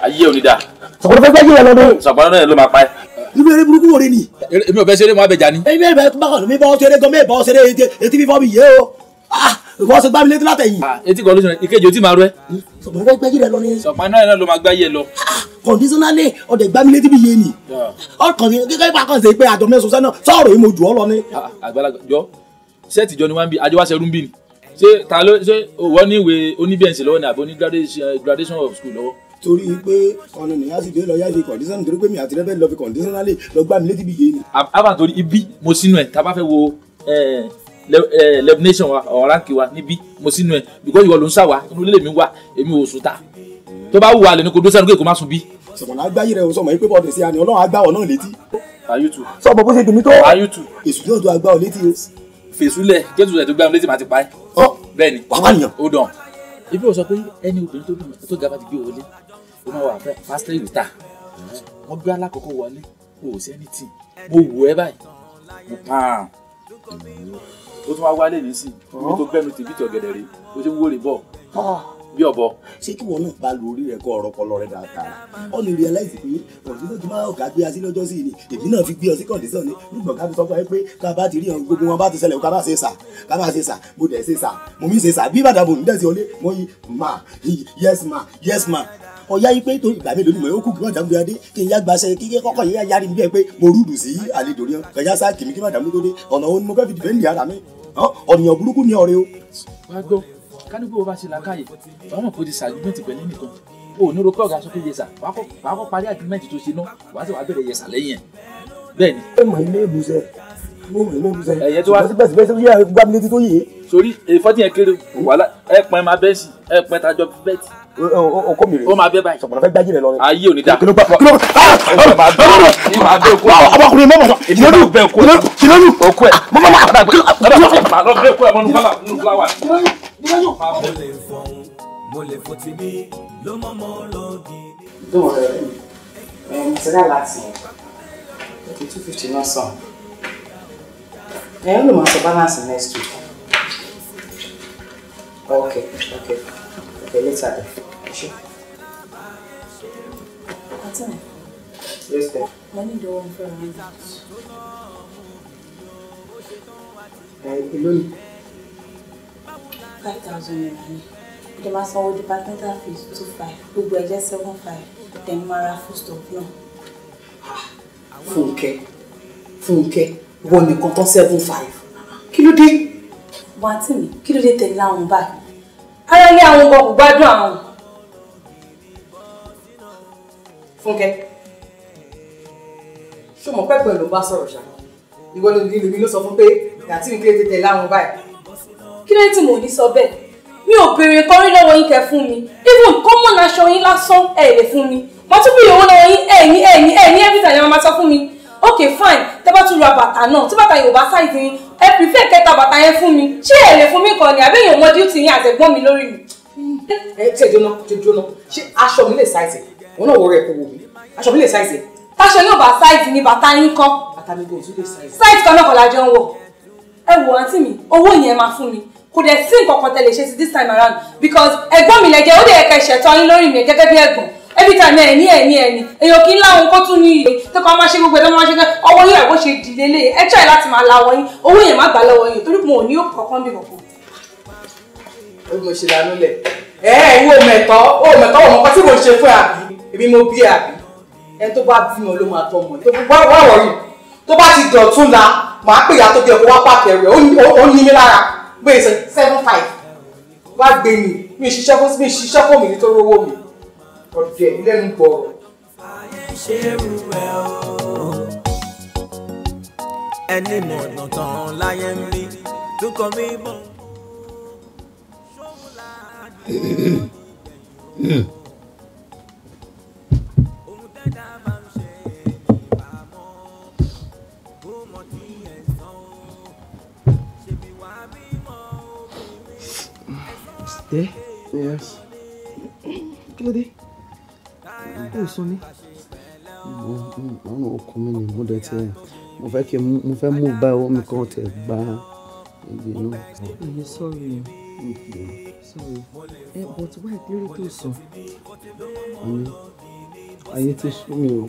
[SPEAKER 2] ayé òní da. sọ̀kòtò fẹ́ fẹ́ yé ẹ lọ́dún. sọ̀kòtò náà ló máa pa ẹ́ irú eré burúkú wo re ni. èmi ò fẹ́ ṣeré mọ́ abẹ́jà ni. èmi ò fẹ́ bákan mi bọ́ ṣeré gan mi bọ́ ṣeré etí fífọ́ mi yé o. Ah! ìwọ ṣe gbá mi létí látẹ̀yìn. Ah, etí kan ló ṣe ìkejì ó ti máa rú ẹ. sọ̀pọ̀ náà gbẹ́jì rẹ lọ ni. sọ̀pọ̀ náà ló máa gbáyé lọ. kọ̀ndísọ́nálì ah, ọ̀dẹ̀ gbá mi létí bí yé ni. ọkàn ah. kíkẹ́ bá kàn sí pé àjọ mẹ́sàn-án sẹ́nà sọ̀rọ̀ yìí mo jù ọ́ lọ ni. àgbàlagbà jọ sẹ́ẹ̀tì jọ ni wọ́n ń bi àjọ wá ṣerú ń bì ni ṣé ta ló ṣé wọ́n ní ìwé oníbẹ̀ǹsì lọ́wọ́ ni àbí oní eh, graduation of school lọ́wọ́ torí pé ọ̀nà nìyá sì dé lọ yáyé condition torí pé mi àti rẹ́bẹ̀ lọ fi conditionally lọ gbá mi létí bí yé ni. àbá torí ibi mo sínú ẹ̀ tá a bá fẹ́ wo eh, levination wa ọ̀ránkì wa níbí mo sínú ẹ̀ because ìwọ ló ń sà wá inú ilé mi wá èmi ò sùn ta tó bá wù wá lẹ́nu kó dó sẹ́nu kó má sùn bí. sọ̀mọ̀lá agbáyé rẹ̀ o sọ̀mọ̀ yìí pé bọ́ọ̀dù sí àná ọlọ́run agbáwọ̀ náà létí. ayutu. sọ̀bọ̀ bó ṣe dùn mí tó. ayutu. èsù yóò tó agbáwọ̀ létí o. fèsù lẹ jésù rẹ tó gbá mi létí màá ti pa ẹ. ọ bẹ́ẹ̀ ni. wàá wàníyàn. dàn. ibi ó tún wá wálé nísìn ibi tó gbẹnu tìbí tí ọ̀gẹ̀dẹ̀ rè ó ti ń wórè bọ̀ bí ọ̀bọ. ṣé kí wọn náà bá lu orí rẹ kọ ọ̀rọ̀ kọ lọrẹ dáadáa ọ lè realize pé ọ̀rọ̀ náà ti máa ọ̀gá gbé así lọ́jọ́ sí ni èmi náà fi gbé ọ sí condition ni nígbà ká fi sọ fún ẹ pé ká bá ti rí ọ̀hún gbogbo wọn bá ti ṣẹlẹ̀ ká bá ṣe sà ká bá ṣe sà mo dẹ̀ ṣe sà mo mi ṣe sà bí bàdà ń dẹ̀ ọlé mo yí ma yes ma yes ma ọ̀yá yìí pé tó ìgbà mélòó ni mo yóò kú kí màdàmú yá dé kí n yá gbaṣẹ́ kíkẹ́ kọ́kọ́ yẹ yá yára níbi ẹ pé mo rúdù sí àlejò rí ọ kẹjá sá kìmí kí màdàmú tó dé ọ̀nà òun ni mo fẹ́ fi dìbẹ́ ní yàrá mi ọ̀nìyàn burúkú ni ọ̀rẹ́ o. wá gbọ́ kálíkù bó bá ṣe làákàyè wàá mọ̀ kó ti ṣàgbéǹtì pẹ̀lú nìkan o ò ní ro kọ́ọ̀gá sọ pé yẹsà wàá kọ́ parí àgbẹ̀mẹ̀tì tó ṣe náà wàá sì wàá bẹ̀rẹ̀ yẹsà lẹ́yìn ẹ̀ bẹ́ẹ̀ ni. ẹ mọ̀ ilé ìbùsẹ̀ ẹyẹ tó wá bẹsibẹsi yẹ gbàmílétí tó yé. sori èyí fọ́tí yẹn kéré wàhálà ẹ pẹ́ máa bẹ́ẹ̀ sí ẹ pẹ́ tajọ bẹ́ẹ̀ tì ọkọ mi rè ó máa bẹ báyìí sọpọlọ fẹ gbájú rẹ lọ. ayé ò ní dá kìlọ̀ gbàgbọ́ kìlọ̀ gbàgbọ́ ní ma bẹ kú àwọn ọmọkùnrin mọ́mọ́ sọ kìlọ̀lù kìlọ̀lù òkú ẹ̀ mọ́mọ́ ma padà gbé lọ
[SPEAKER 1] bẹ kú ẹ̀ mọ́nu fúláwà. mo lè fò tí mi ló mọ́ mọ́ lọ́ọ̀dì. dùn rẹ ẹ ń tẹ́lá láti
[SPEAKER 2] ẹ̀ two fifty náà sàn ẹ̀ ń lò mọ́ sọ balance next week. okay okay. Okay, let's have it.
[SPEAKER 5] Sure. Attorney. Yes, sir. I need for a minute.
[SPEAKER 3] alone. Eh,
[SPEAKER 5] five thousand naira. The master of departmental fees two five. Gbogbo ẹ jẹ́ seven five. Then Mara full stop No.
[SPEAKER 3] Funke. Funke. wọ nìkan tán seven five.
[SPEAKER 5] Kilo ló dé? Bọ́n àti mi, kí ló dé tẹ̀lé àwọn ara ní àwọn kan kò gbádùn àwọn. fúnkẹ́ ṣó mọ̀ pẹ́pẹ́ ló bá sọ̀rọ̀ ṣá ìwọ ló ní lèmi ló sọ fún pé gàtí mi kéde tẹ̀lé àwọn báyìí. kí ló tí mò ń sọ bẹ́ẹ̀ mi ò béèrè kan rí lọ́wọ́ yín kẹ́ fún mi even common aṣọ yín lásán ẹ̀ lè fún mi mo tún bí ìyòwò lọ́wọ́ yín ẹ̀ ní ẹ̀ ní ẹ̀ ní everything ẹ̀ máa sọ fún mi ok fine tẹ́ bá tún ra bàtà náà tí bàtà yóò bá ṣáìdì yín ẹ prefer kẹta bàtà yẹn fún mi ṣé ẹ lè fún mi kan ni àbí èèyàn mọ duty yín àtẹ̀gbọ́n mi lórí mi. ẹ tí ẹ jóná jóná ṣé aṣọ mi lè ṣáìsì òun náà wọ rẹ kó wò mí aṣọ mi lè ṣáìsì. táṣọ yóò bá ṣáìsì ni bàtà yín kọ́. bàtà mi kò tún lè ṣáìsì. ṣáìsì kan náà kọ́ la jọ ń wọ̀ ẹ wò àǹtí mi owó yẹn máa fún mi kò dẹ̀ sí nǹkan kan tẹ̀lé ṣe ti this time around because ẹ̀gbọ́n mi lẹ jẹ́ ó dẹ̀ ẹ̀ka ìṣẹ̀tọ́ yín lórí mi gẹ́gẹ́ bí ẹ̀gbọ́n every ta ẹ̀ ní ẹ̀ ní ẹ̀ ní èèyàn kì í láwọn kó tún ní iye tẹ́kọ̀ọ́ máa ṣe gbogbo ẹ̀ lọ́wọ́ máa ṣe gbẹ́ ọwọ́ yóò ẹ̀wọ́ ṣe dìde lé ẹ try láti máa lawọ́ yín owó yẹn má gbà lọ́wọ́ yín torí mo ò ní òkú kankan bí kankan.
[SPEAKER 3] ó mo ṣe lanú lẹ ẹ ẹ ìwọ mẹtọ ó mẹtọ ọmọ kan tí mo ṣe fún àbí èmi mo bí àbí ẹni tó bá bímọ ló máa tọ́ ọmọ tó bá wà wọ̀nyí tó bá ti dọ̀tún la màá pè yàtọ̀ bí ọkọ̀ wá pàkẹ́ rẹ̀ ó ní mi lára bẹ́ẹ̀ sẹ́ seven five wá gbé mi mi ṣiṣẹ́ mi ṣiṣẹ́ fún mi nítorí
[SPEAKER 1] owó mi ọ̀dẹ̀ lẹ́nu pọ̀. ẹni mọ̀
[SPEAKER 6] Yes.
[SPEAKER 5] Kí ló kò sún mi.
[SPEAKER 2] àwọn ọkọ mi ni mo dẹ tiẹ mo fẹ́ kí mo fẹ́ mú bá ọwọ́ mi kàn tẹ gbá ibi
[SPEAKER 1] náà.
[SPEAKER 6] èyí sọ̀rọ̀ yẹn sọ̀rọ̀
[SPEAKER 3] ẹ bọ tí wàá ìlérí tó sọ.
[SPEAKER 1] àmì ayé ti sú mi o.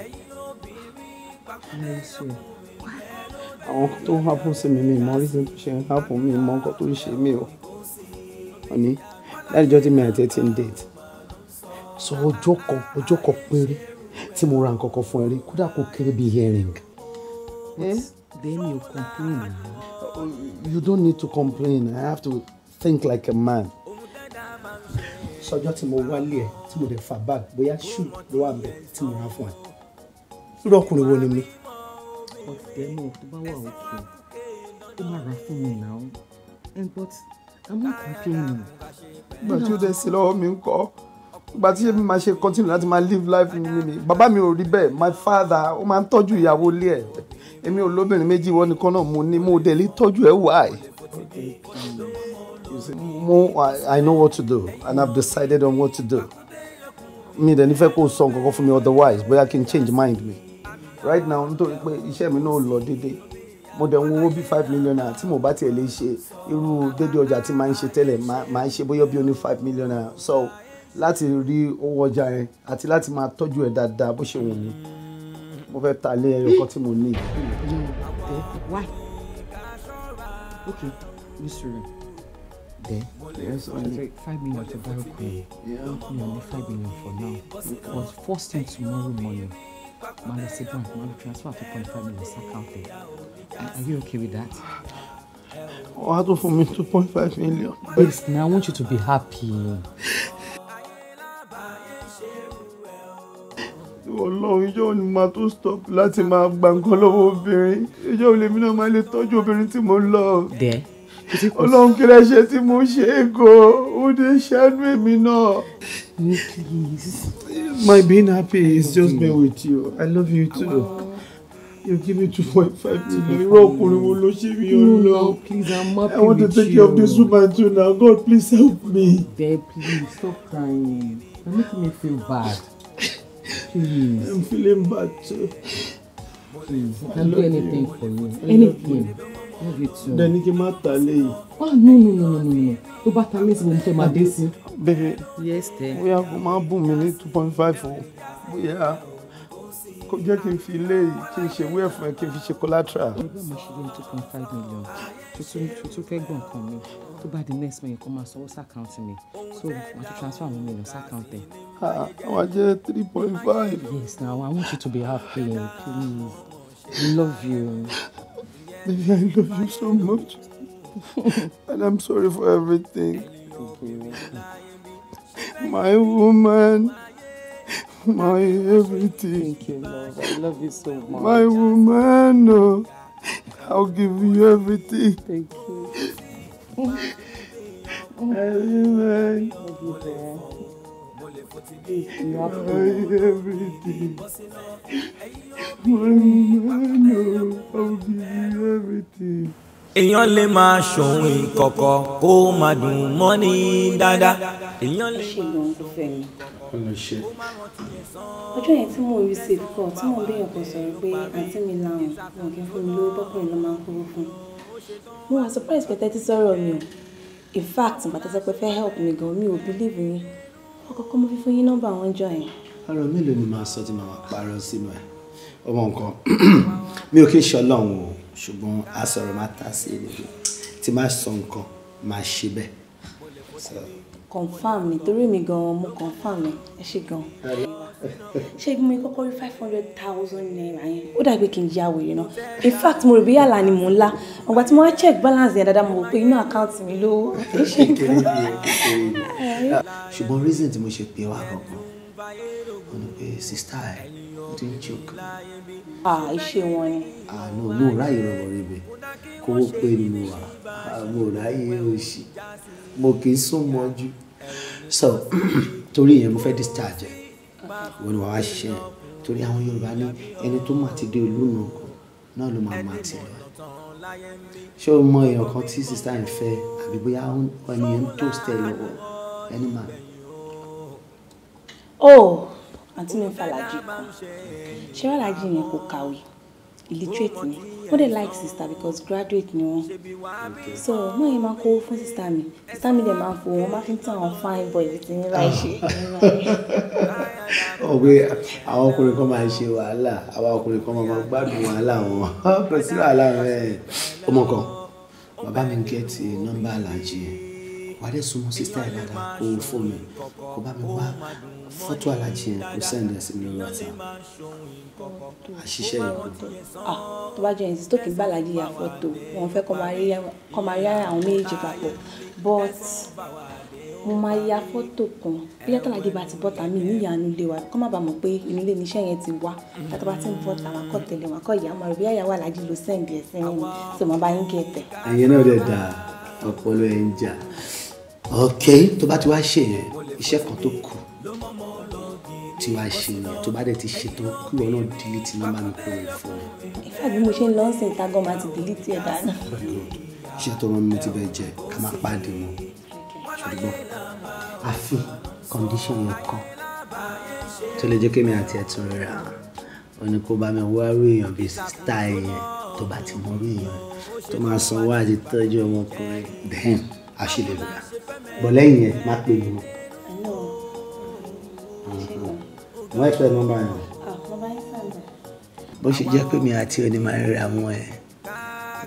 [SPEAKER 6] ayé sọ àwọn tó ń hápọ̀ sí mi mi mọ reason tó ṣe ń hápọ̀ mi
[SPEAKER 2] mọ nǹkan tó ń ṣe mí o. láti jọ́ tí mi àti ẹ ti ń date sọ ọjọ́ kan ọjọ́ kan péré tí mo ra nǹkan kan fún ẹ e rí kódà kó kéré bíi hearing. bẹ́ẹ̀ eh? mi complain. Uh, you don't need to complain i have to think like a man. sọjọ́ tí mo wálé ẹ̀ tí mo dẹ̀ fà bag bóyá ṣù ló wà bẹ̀ tí mo ra fún ẹ. irú ọkùnrin wo ni mi.
[SPEAKER 7] ọ̀tẹ̀ náà tó bá wà òkè
[SPEAKER 2] ó má ra fún mi náà
[SPEAKER 6] eh, but i'm not complaining. ìgbà tí ó dẹ̀ sí lọ́wọ́ mi ń kọ́ ìgbà tí èmi ṣe continue láti máa live life mi ni bàbá mi ò rí bẹ́ẹ̀ my father ó máa ń tọ́jú ìyàwó ilé ẹ̀ èmi ò lóbìnrin meji. wọ́n nìkan náà mo ní mo dẹ̀ lè tọ́jú ẹ̀ wá
[SPEAKER 2] mo I know what to do and I've decided on what to do mi dẹ̀ nífẹ̀ẹ́ kó sọ nǹkan kan fún mi otherwise bóyá kí n change mind mi right now nítorí pé iṣẹ́ mi náà lọ déédéé mo dẹ̀ ń wo bí five million naira tí mo bá tiẹ̀ lè ṣe irú déédéé ọjà tí màá ń ṣe tẹ́lẹ̀ màá ń ṣe bóyá bí o ní five million naira so láti rí owó ọjà yẹn àti láti máa tọ́jú ẹ̀ dáadáa bó ṣe wù mí mo fẹ́ ta ilé ẹyọ kan tí mo ní.
[SPEAKER 3] why okay nisiri then only five million to buy okun mi only
[SPEAKER 1] five million for now but first thing tomorrow morning ma lọ sí bank ma transfer two point five million sí account ẹ are you okay with that.
[SPEAKER 2] What tún fún mi two point five million. please na i want you to be happy.
[SPEAKER 6] Ọlọ́run ìjọ ò ní tó stop láti máa gba nǹkan lọ́wọ́ obìnrin ìjọ ò lèmi náà máa lè tọ́jú obìnrin tí mo lọ. bẹ́ẹ̀ Ọlọ́run kí lẹ ṣe tí mo ṣe é go ó dé ṣàánú èmi náà. My being happy is just me with you. I love you too. Aww. You give me 2.5 million. Irọ́ ọkùnrin wo ló ṣe mí ọlọ? Please, I'm happy I want to take care of this woman too now. God, please help me. Babe, please stop crying. You're making me feel bad. Please. I'm feeling bad too. Please. I I'll do anything you. for you. Anything. too. Then you can tell me.
[SPEAKER 3] Oh, no, no, no, no, no. You better miss mí sí mo
[SPEAKER 6] Yes, dear. We have máa bùn mí ní two point five o. Bóyá kò jẹ́ kí n fi ilé yìí kí n ṣe wí ẹ̀fọn kí collateral. Ẹgbẹ́ mi ṣe bí two point five million. Tuntun fẹ́ gbọ̀n
[SPEAKER 5] kan mi tó bá the next month kó máa sanwó sàkáǹtì me. so want to transfer money, àwọn mílíọ̀nù sàkáǹtì.
[SPEAKER 6] àwọn jẹ́ three point five. yes now i want you to be happy please i love you. baby i love you so much and i'm sorry for everything. my woman. My everything. Thank you, love. I love you so much. My woman, oh, I'll give you everything. Thank you everything. everything.
[SPEAKER 1] èèyàn lè máa ṣòwò ìkọ̀kọ̀ kó máa dùn mọ́ ní dáadáa. èèyàn lè ṣe gan tó fẹ́ mi.
[SPEAKER 5] ọjọ́ yẹn tí mò ń receive call tí mò ń béèyàn kan sọ̀rọ̀ pé àǹtí mi làwọn wọn kì í fún mi lówó bọ́kùnrin ló máa ń kówó fún un mo wà surprise pé tẹ́tí sọ̀rọ̀ mi o in fact màtá sọ pé fẹ́ help mi gan mi ò believe yín ọkọ̀ọ̀kọ́ mo fi fún yín nọ́mbà wọn jọ yẹn.
[SPEAKER 2] ọ̀rọ̀ mélòó ni màá sọ tí màá parọ́ sínú ẹ̀ ọmọ nǹkan mi ò kí ń ṣe ọlọ́run o ṣùgbọ́n asọ̀rọ̀ máa ta sí i nìyí tí máa sọ nǹkan máa ṣe bẹ́ẹ̀.
[SPEAKER 5] confam nítorí mi gan-an mo confam ẹ ṣe gan-an ṣẹ́gun mi kọ́kọ́ rí five hundred thousand naira yẹn ó dàbí kí n ya wèrè náà in fact mo rò bí yàrá ni mò ń la ọgbà tí mo wá check balance yẹn dáadáa mo rò pé inú account mi ló ṣẹ́gun.
[SPEAKER 2] ṣùgbọ́n reason tí mo ṣe pè wá gangan wọn ni pé sista ẹ mo ti ń joke.
[SPEAKER 5] ah iṣẹ́ wọn ni.
[SPEAKER 2] àánú mo ráyè rọrọ rẹ kó o pè mí wá mo ráyè òṣì mo kì í sún mọ́jú so torí ìyẹn mo fẹ́ discharge ẹ wọn ni wàá wá ṣiṣẹ́ yẹn torí àwọn Yorùbá ní ẹni tó mà ti dé olúna kan náà ló máa mà ti lọ ṣé o mọ èèyàn kan tí sista yẹn fẹ́ àbí bóyá ẹni yẹn ń toast ẹ lọ́wọ́ ẹni mà.
[SPEAKER 5] ó oh, àǹtí mi ń falàjì kan ṣé falàjì yẹn kò kàwé illiterate ni wọ́n dẹ̀ like sister because graduate ni wọ́n so náà yẹn máa kó fún sister mi sister mi dẹ̀ máa fò wọ́n máa fi ń àwọn fine boys ti ní láì ṣe. Ah.
[SPEAKER 2] ọ̀gbẹ́ àwọn ọkùnrin kan máa ń ṣe wàhálà àwọn ọkùnrin kan máa gbádùn wàhálà wọn pẹ̀sí wàhálà rẹ̀ eh. ọmọ kan bàbá mi ń gẹ́tì eh, nọ́mbà làjẹ́ wàá dẹ̀ súnmọ́ sísítà ẹ̀ dáadáa kó o fún mi kó bá mi wá fọ́tò alájí yẹn kó sẹ́ndì ẹ̀ sí mi a ọ̀tá àṣìṣe yẹn a ah,
[SPEAKER 5] tó. tó bá jẹ́ ẹ̀yìn tó kì í gbàlàjì ya fọ́tò wọn fẹ́ kọ́ máa rí àwọn méjèèjì papọ̀ but mo máa ya fọ́tò kan bí látàládé bá ti bọ́ta mi níyàánu ilé wa kọ́ má bàa mọ̀ pé inú ilé níṣẹ́ yẹn ti wá látà bá ti ń bọ́ta wọn kọ́ tẹ̀lé wọn kọ́ ìyá ọmọ rẹ̀ bí àyàwó alájí ló sẹ́ǹdì ẹ̀ sẹ́yìn tí mo bá ń kẹ́ tẹ̀.
[SPEAKER 2] ẹ̀yin náà dẹ̀ dáa ọpọlọ ẹ̀ ń jà ok tó bá ti wá ṣe yẹn iṣẹ́ kan tó kù tí wàá ṣe yẹn tó bá dẹ̀ ti ṣe tán kí wọn náà delete nọ́mbà mi kúrò fún mi.
[SPEAKER 5] ìfà bí mo ṣe ń lọ ìta gan máa ti delete ẹ̀ dáná.
[SPEAKER 2] iṣẹ́ tó rán mi ti bẹ́ẹ̀ jẹ́ ká má pàdé mọ́ ṣùgbọ́n àfi condition yẹn kọ́ tó lè jẹ́ kémi àti ẹ̀tún rẹ̀ hàn òní kó bá mi wá rú èèyàn bíi sísítà yẹn tó bá ti mọ rú èèyàn tó máa sanwó àti tọ́jú ọmọkùnrin bẹ́ẹ̀ àṣìlè lọ́la bọ̀ yẹn má pè mí mọ́. mo ẹ pẹ́ nọ́mbà yẹn. Ah, bó ṣe jẹ́ pé mi àti òní máa ń ríra mọ́ ẹ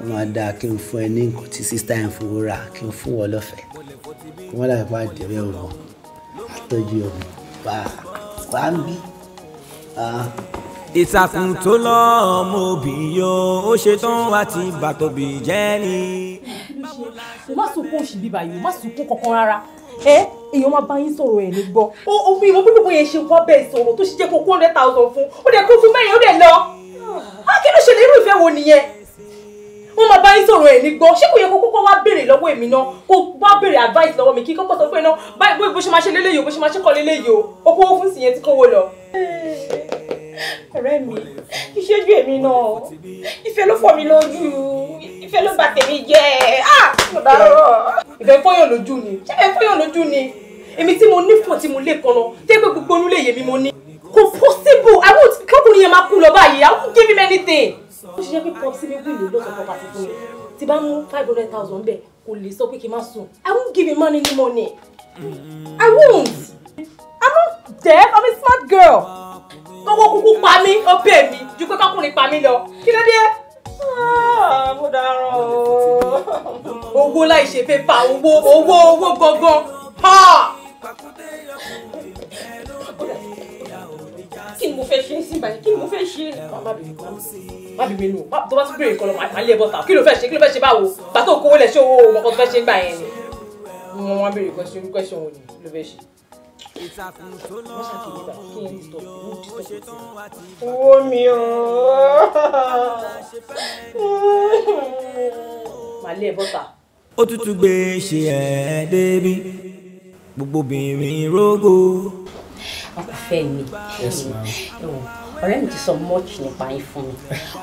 [SPEAKER 2] wọ́n máa dáa kí n fún ẹ ní nǹkan tí sísá yẹn fowó rà kí n fún ọ lọ́fẹ̀ẹ́ wọ́n dàbí pa àdẹ̀rẹ́ ọ̀rọ̀ àtọ́jú ọ̀rọ̀
[SPEAKER 1] bá a ń bí ìtàkùn tó lọ ọmọ òbí yóò ó ṣetán àti bàtòbí jẹ́ ni
[SPEAKER 5] ṣe má sunkún òṣì bíbà yìí má sunkún kankan rárá ẹ èèyàn máa bá yín sọ̀rọ̀ ẹ̀ ní gbọ́. o o mi ìwọ bíbí yẹn ṣe wọ́n bẹ́ẹ̀ sọ̀rọ̀ tó ṣe jẹ́ kó kó hundred thousand fún ó dẹ̀ kó fún mẹ́rin ó dẹ̀ lọ. á ah, kí ló ṣẹlẹ̀ irú ìfẹ́ wo nìyẹn. wọ́n máa bá yín sọ̀rọ̀ ẹ̀ ní gbọ́ ṣé kò yẹ kó kókó wá béèrè lọ́wọ́ èmi náà kó wá béèrè advice lọ́wọ́ mi kí kókó sọ fún ẹ náà báyìí bó ṣe máa ṣe léléyìí o bó ṣe máa ṣe kọ́ léléyìí o ó kówó fún sìyẹn tí kówó lọ ọ̀rẹ́ mi kì í ṣojú èmi náà ìfẹ́ ló fọ́ mi lójú ìfẹ́ ló bà tèmi jẹ́ ah mo dárò. ìfẹ́ fọ́yàn lójú ni ṣé ìfẹ́ fọ́yàn lójú ni èmi tí mo nífọ̀ọ́ tí mo lè kan lọ jẹ́ pé gbogbo onúlé yèmí mo ní. kò possible i won't kọkùnrin yẹn máa kú lọ báyìí i won't give him anything. ó ṣe jẹ́ pé pọ́psí mi wíìlì lọ́sọ̀ pọ́pàtì fún mi tí bá mú five hundred thousand bẹ́ẹ̀ kò lè sọ pé kí n má sùn i won't give him money any money i won't i'm not deaf i'm a smart girl kọ́wọ́ kúkú pa mí ó bè mí ju pé kọ́kùnrin pa mí lọ kí ló dé ah, mo dáràn o. owó láì ṣe pépà owó owó owó gangan. kí ni mo fẹ́ ṣe sí báyìí kí ni mo fẹ́ ṣe. má bìbí nù má bìbí nù tó bá tún béèrè kọlọ má lé bọ́tà kí ló fẹ́ ṣe kí ló fẹ́ ṣe báwo bàtà òkú owó lẹ̀ ṣé owó mọ̀kọ́ tó fẹ́ ṣe gbà yẹn ni. wọ́n wá béèrè kọ́ṣẹ́ orí kọ́ṣẹ́ òun ni kí ló fẹ́ ṣe ìtàkùn tó lọ́ọ̀rùn yọ ó owó mi o. màlẹ́ ẹ̀ bọ́tà.
[SPEAKER 1] ó tútù gbé ṣe ẹ̀ débi gbogbo obìnrin rógó. ọkọ fẹ́ mi
[SPEAKER 5] ọ̀rẹ́ mi ti sọ much nípa yín fún mi.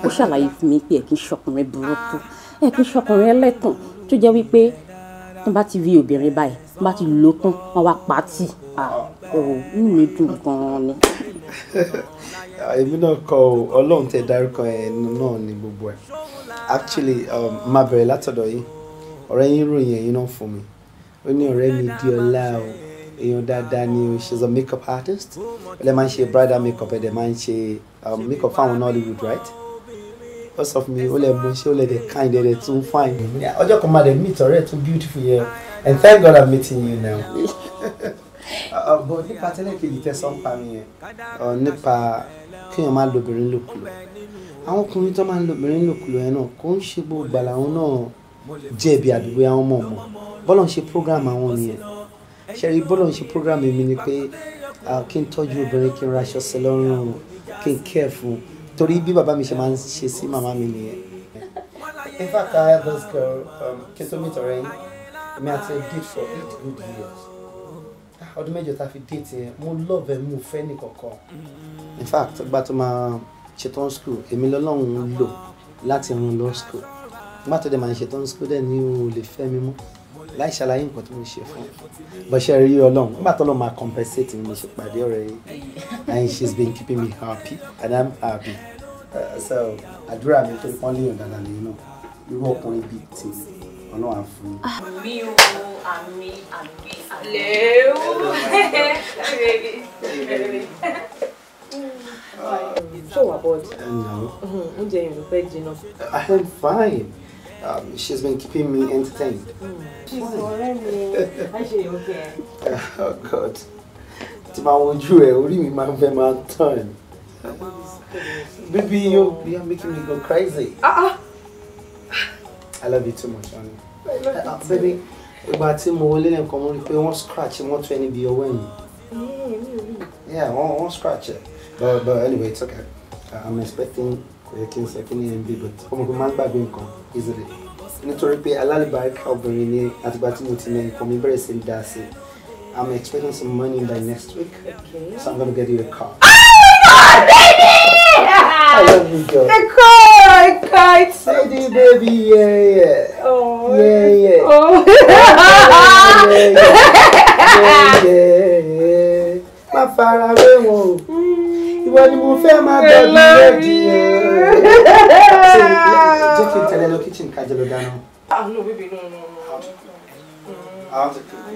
[SPEAKER 5] ó ṣàlàyé fún mi pé ẹ kì í ṣọkùnrin burúkú ẹ kì í ṣọkùnrin ẹlẹ́tàn tó jẹ́ wípé tó bá ti rí obìnrin báyìí tó bá ti lókun wọn wá pa á tì í kò ah, inú
[SPEAKER 7] mi dùn gan-an ni.
[SPEAKER 2] èmi náà kọ ọlọ́run tẹ dárúkọ ẹ náà ní gbogbo ẹ actually um, máa bẹ̀rẹ̀ látọ̀dọ̀ yìí ọ̀rẹ́ yín ròyìn ẹ̀yin náà fún mi ó ní ọ̀rẹ́ mi di ọlá o èèyàn dáadáa ni o she's a makeup artist ó lè máa ń ṣe bridal makeup ẹ̀ dẹ̀ máa ń ṣe um, makeup fáwọn Nollywood right ó sọ fún mi ó lè mọ ṣé ó lè dẹ̀ kind ẹ̀ dẹ̀ tún fine. ọjọ́ kan máa dẹ̀ meet ọ̀rẹ́ tún beautiful yẹn and thank God I'm meeting you now. Ah, ah, bọ̀ nípa tẹ́lẹ̀ kejì tẹ̀sán pa mi yẹn nípa kéèyàn máa lo lòkulò àwọn ọkùnrin tó máa ń lòkulò yẹn náà kò ń ṣe gbogbo ìgbà náà jẹ̀bi àdúgbò àwọn ọmọ ọmọ bọ́lọ̀ ń ṣe program àwọn nìyẹn ṣẹ́rí bọ́lọ̀ ń ṣe program mi ni pé kí n tọ́jú obìnrin kí n raṣọ sí lọ́rùn kí n kẹ́ fún torí bí bàbá mi ṣe máa ń ṣe sí màmá mi nìyẹn. in fact i had this girl um, kí n tó meet ọ̀rẹ́ yín èmi àti a date for eight good years ọdún mẹ́jọ tá fi déètì yẹn mo love mo fẹ́ ní in fact gba tó máa ṣetán school èmi lọ́lọ́run lò láti run lọ school gba tó dẹ̀ máa ṣetán school dẹ̀ ni o lè fẹ́ mi mú láì ṣàlàyé nǹkan tó ń ṣe fún un bó ṣe rí ọlọ́run nígbà tó lọ́ọ́ máa compensate mi mo ṣe pàdé ọ̀rẹ́ yìí and she's been keeping me happy and i'm happy. Uh, so àdúrà mi tó pọ́n léèyàn dáadáa lèyìn náà irú ọkùnrin bíi tèmi ọlọ́wà fún.
[SPEAKER 5] àmì o àmì àmì àlẹ́ o ṣé wà bọ́ọ̀dù hm, oúnjẹ yẹn ló fẹ́ jiná.
[SPEAKER 2] Ah, I am fine. Um, she's been keeping me entertained.
[SPEAKER 5] Hm,
[SPEAKER 1] she's ọ̀rẹ́ mi, a ṣe okay.
[SPEAKER 2] Oh God, tí máa wojú ẹ̀ orí my máa Baby, you, you are making me go crazy. Uh-uh. I love you too much, honey
[SPEAKER 6] bẹ́ẹ̀ni
[SPEAKER 2] ìgbà tí mo wọlé nìkan mo rí i pé wọ́n scratch wọ́n tún ẹni bí ọwọ́ ẹ̀yìn. yeah wọ́n wọ́n scratch ẹ̀ but but anyway it's okay uh, I'm expecting kò yẹ kí n sọ kí ní mb but ọmọ pé máa ń gbàgbé nǹkan easily nítorí pé alálùbáríkà obìnrin ni àtìgbà tí mo ti mẹ nǹkan mi bẹ̀rẹ̀ sí ń dá sí I'm expecting some money by next week. Okay. So I'm gonna get you a car. Oh my god,
[SPEAKER 4] baby! I
[SPEAKER 2] love you, girl. A
[SPEAKER 3] car, I car, it's baby, yeah, yeah yeah, yeah. Oh. yeah, yeah, yeah, yeah, yeah. Má
[SPEAKER 2] fara wé wọn o. Ìwọ ni mo fẹ́ máa bẹ̀ bí rẹ́ẹ̀dì yẹn. Ṣé jẹ́ kí n tẹ̀lé lọ kíchìn ká
[SPEAKER 5] Ah, no, baby, no, no, no. I want
[SPEAKER 2] to cook. I'm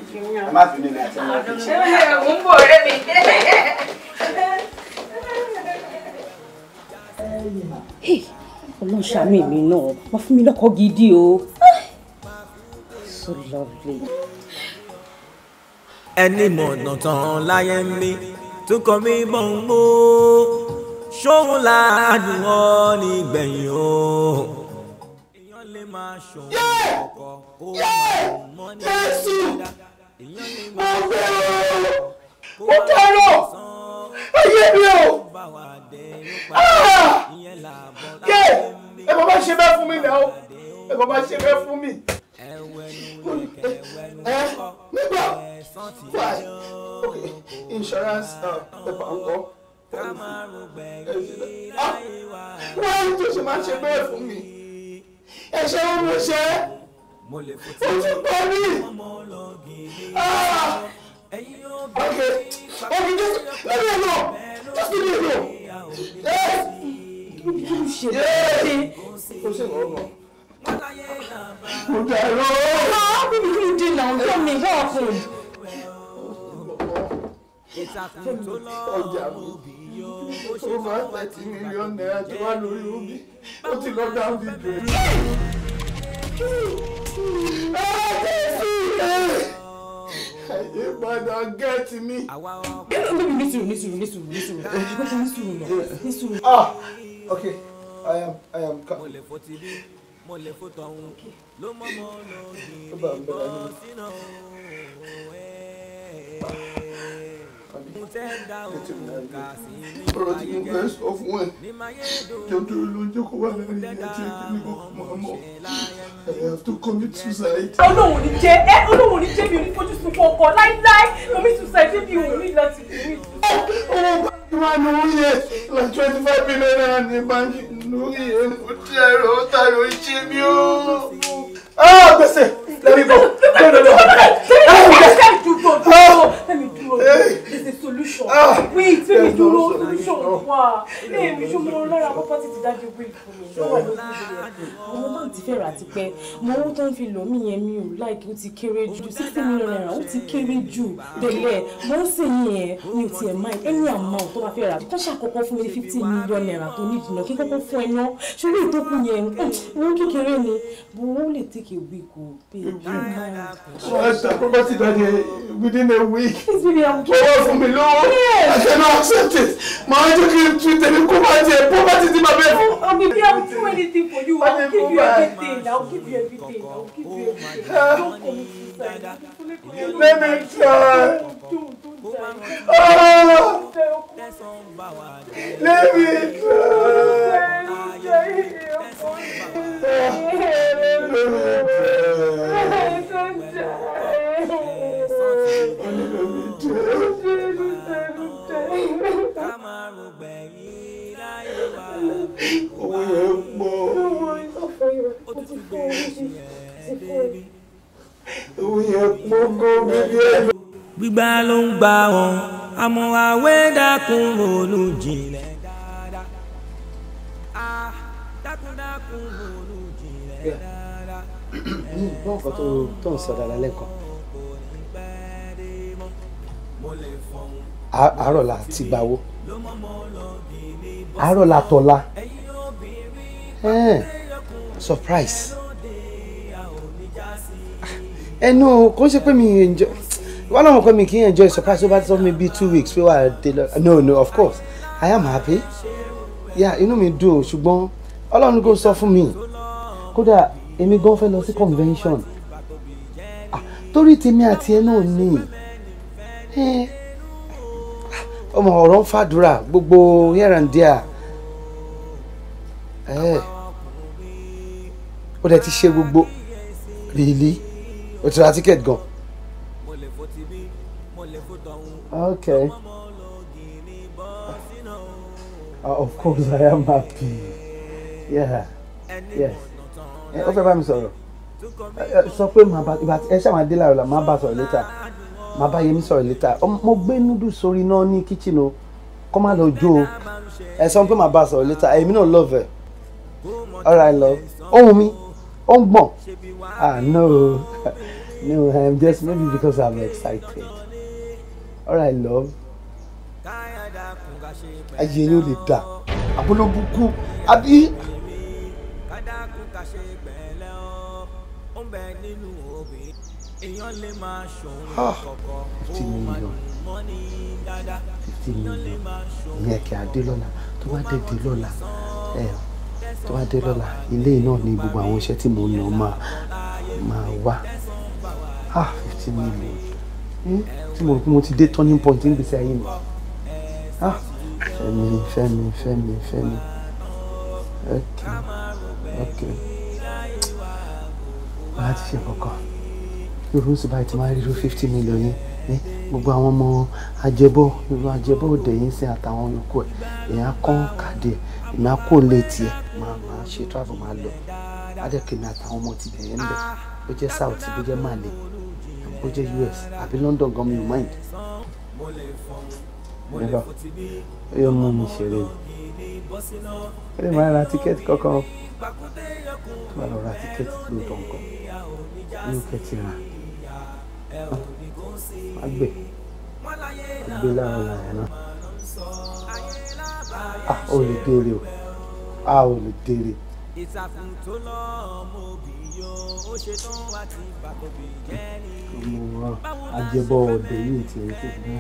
[SPEAKER 2] not doing that. I'm not doing
[SPEAKER 5] that. I'm not doing that. Hey, ọlọ́run ṣàánú èmi náà, wọ́n fún mi lọ́kọ gidi o. Ah, so
[SPEAKER 1] lovely. ẹni mọ̀nà tán láyé ń mí tó kọ́ mi bọ̀ ń gbó ṣóhun láàánú ọ nígbẹ̀yìn o. èèyàn lè máa ṣòwò ọkọ kó máa mọ́ ní ìdá èèyàn lè máa ṣòwò ọkọ kó máa mọ́ sán ayé mi o ah! yé
[SPEAKER 6] ẹ bàbá ṣe bẹ́ẹ̀ fún mi náà ẹ bàbá ṣe bẹ́ẹ̀ fún mi nígbà why okay insurance pẹpà ń kọ wọ́n tó
[SPEAKER 1] ṣe máa ṣe bẹ́ẹ̀ fún mi ẹ̀ṣẹ̀ wọn mo ṣe ó ti pọ̀ mí okay okay
[SPEAKER 4] just let me know just let me know.
[SPEAKER 1] kò sí ìrànlọ́wọ́.
[SPEAKER 6] Mudaro! Ah, what will you do now? Tell me, help him. ọjà mi ó máa ń tẹ̀tí mílíọ̀nù náírà tó wà lórí omi ó ti lọ dáhùn bí bèrè. àyípadà gẹ́ẹ̀tì mi.
[SPEAKER 2] nísùrù nísùrù nísùrù nísùrù nísùrù nísùrù náà nísùrù.
[SPEAKER 1] ah okay i am i am calm mọ̀lẹ́ fò tọ̀hún ló mọ́mọ́ lọ́ọ́ gbìn bọ́ sínú ẹ̀ ọ̀rọ̀ tí mo fẹ́ sọ fún ẹ
[SPEAKER 6] jọ dúró ló ń jẹ́ kó
[SPEAKER 5] wà láàrin ìyá tí èké ní No mọ̀ ọ́ mọ̀
[SPEAKER 6] I have to commit suicide.
[SPEAKER 5] olóhùn ní jẹ ẹ olóhùn ní jẹ mi ò ní fojú sunkún ọkọ láíláí commit suicide bí òun ní láti commit. ọmọ bá mi wà ní oyè like twenty five million naira ní báńkì lórí
[SPEAKER 6] èèmù tí ẹ̀rọ tààrà ń ṣe mí ó. ah gbèsè let me go. let me go.
[SPEAKER 5] let me go. let me go dúró this is solution ah. wait fẹ́mi dúró solution oh. wà ẹ̀ mi ṣùgbọ́n lára property ti dájú wí fún mi lọ́wọ́ ló fi ṣe ọmọ náà ti fẹ́ rà ti pẹ́ mo owó tó ń fi lò mí yẹn mi ò láìkí ó ti kéré jù sixty million naira ó ti kéré jù délẹ̀ mo ń sè yẹn mi ò tiẹ̀ mind any amount tó bá fẹ́ rà kọ́ ṣàkọ́kọ́ fún mi ní fifty million naira tó ní ìdùnnà kí kọ́kọ́ fún ẹ ná ṣùgbọ́n ìtókù yẹn hm, owó kékeré ni bó wọ́n lè take a week o pé ojú ẹ̀
[SPEAKER 6] máa ń. within a week owó fún mi lówó I cannot accept
[SPEAKER 5] it màá jẹ́ kí n tún tèmi kó má jẹ poverty ti máa bẹ fún. ọmọ ibi àwọn fún anything for you I will give you everything
[SPEAKER 1] I will give you everything I will give you everything don't let me try. Oh,
[SPEAKER 4] let me try. Let me try owó yẹn pọ̀
[SPEAKER 1] owó yẹn pọ̀ gómi bí ẹnu. gbígbá ló ń gbà wọn àmọ́ dákun ronú jinlẹ̀ dáadáa ah, dákun dákun ronú jinlẹ̀ dáadáa. bọ́ọ̀ kan tó tó ń sọ
[SPEAKER 2] dáadáa lẹ́kọ̀ọ́. àárọ̀ la ti gbà wo àárọ̀ tọ̀la surprise ah, ẹnu kò ń ṣe pé mi enjoy wọn náà mọ̀ pé mi kì í enjoy surprise over the ti sọ two weeks pé wà á dé lọ no no of course I am happy yeah inú mi dùn ṣùgbọ́n ọlọ́run kò sọ fún mi kódà èmi gan fẹ́ lọ sí convention ah, torí tèmi àti ẹ náà ní ẹ ọmọ ọ̀rọ̀ ń fàdúrà gbogbo here and there ẹ̀ ó dẹ̀ ti ṣe gbogbo really ó ti ra ticket gan. okay uh, of course I am happy yeah yes ó fẹ́ bá mi sọ̀rọ̀ sọ pé màá bá ẹ ṣáà máa dé láàrọ̀ là máa bá sọ̀rọ̀ later màá bá Yẹmí sọ̀rọ̀ létà mo gbé núdù sórí náà ní kíchìn o kọ́ má lọ jó o ẹ sọ pé màá bá sọ̀rọ̀ létà èmi náà love ẹ all right love ohun mi ó ń gbọ̀n ah no no i'm just maybe because i'm excited all right love ayé yóò lè dà abúlé bukú àbí.
[SPEAKER 1] fifty million fifty million
[SPEAKER 2] ìyẹn kí a dé lọ́la tó bá dé dé lọ́la tó bá dé lọ́la ilé náà ni gbogbo àwọn iṣẹ́ tí mo nà máa máa wá fifty million hm? tí mo rò pé mo ti dé turning point nígbèsè ayé mi fẹ́mi fẹ́mi fẹ́mi fẹ́mi ok ok láti ṣe kankan irú sì báyìí ti máa rí irú fifty million yẹn gbogbo àwọn ọmọ ajẹbọ irú ajẹbọ òde yín sí àtàwọn olùkọ ẹ èèyàn kàn kàdé èmi á kó létí ẹ máa máa ṣe travel máa lọ adẹkẹmi àtàwọn ọmọ ti bẹ̀rẹ̀ ńbẹ bó jẹ́ south bó jẹ́ mali bó jẹ́ us àbí london gan mi ò mind. nígbà
[SPEAKER 1] ó yọ mú mi ṣeré ni
[SPEAKER 2] ó lè máa ra tíkẹ́ẹ̀tì kankan
[SPEAKER 1] ó máa lọ ra tíkẹ́ẹ̀tì lóòótọ́ nǹkan ní ó kẹ́ ti rà á àgbẹ̀ àgbẹ̀ láwọn làyàn náà a ah, ò lè dèrè o
[SPEAKER 2] a ò lè dèrè.
[SPEAKER 1] ìtàkùn tó lọ ọmọ òbí yóò ó ṣe tán wá ti bàkọ́bí jẹ́ ni. ọmọ ajẹbọ ọdẹ yìí ti ń tẹ̀lé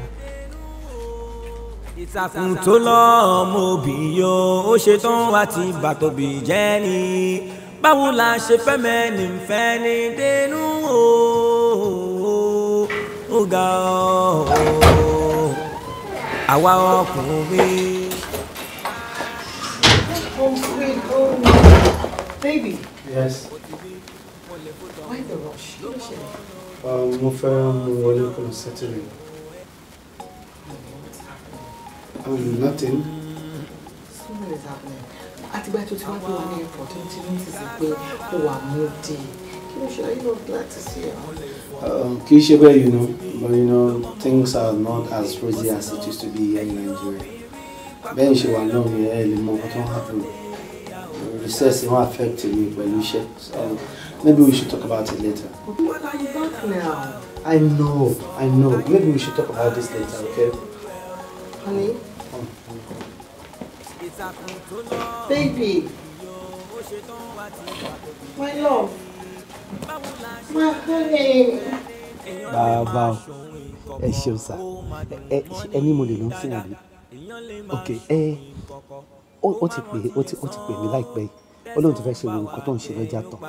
[SPEAKER 1] ìtàkùn tó lọ ọmọ òbí yo ó ṣe tán wá ti bàtòbí jẹ́ ni báwo la ṣe fẹ́ mẹ́ni fẹ́ ni dénú o ó ga ọ́ àwa ọkùnrin.
[SPEAKER 2] Baby. Yes. Why the rush? Mo fẹ́ mú wọlé kò sẹ́tìrì.
[SPEAKER 6] Um, nothing.
[SPEAKER 3] Àtìgbà tó ti wá pé wọ́n ní ẹ̀pọ̀ tó ti ní sísè pé ó wà mú dé. I'm um,
[SPEAKER 2] you know, but you know, things are not as rosy as it used to be here in Nigeria. Bẹ́ẹ̀ she was náà ni ẹ lè mọ ọkàn tó ń happen. Recess won't affect me pẹ̀lú So maybe we should talk about it later.
[SPEAKER 4] What are you
[SPEAKER 3] back now?
[SPEAKER 2] I know, I know. Maybe we should talk about this later, okay?
[SPEAKER 3] Honey? Oh,
[SPEAKER 1] Baby!
[SPEAKER 3] My love!
[SPEAKER 2] bàbá o ẹ ṣeun sá ẹ ẹ ní mo lè lọ fún wọn ok ẹ ó ti pè ó ti ó ti pè mí láìpẹ́ yìí ó lóun ti fẹ́ ṣe orúkọ tó ń ṣe lọ́jà tán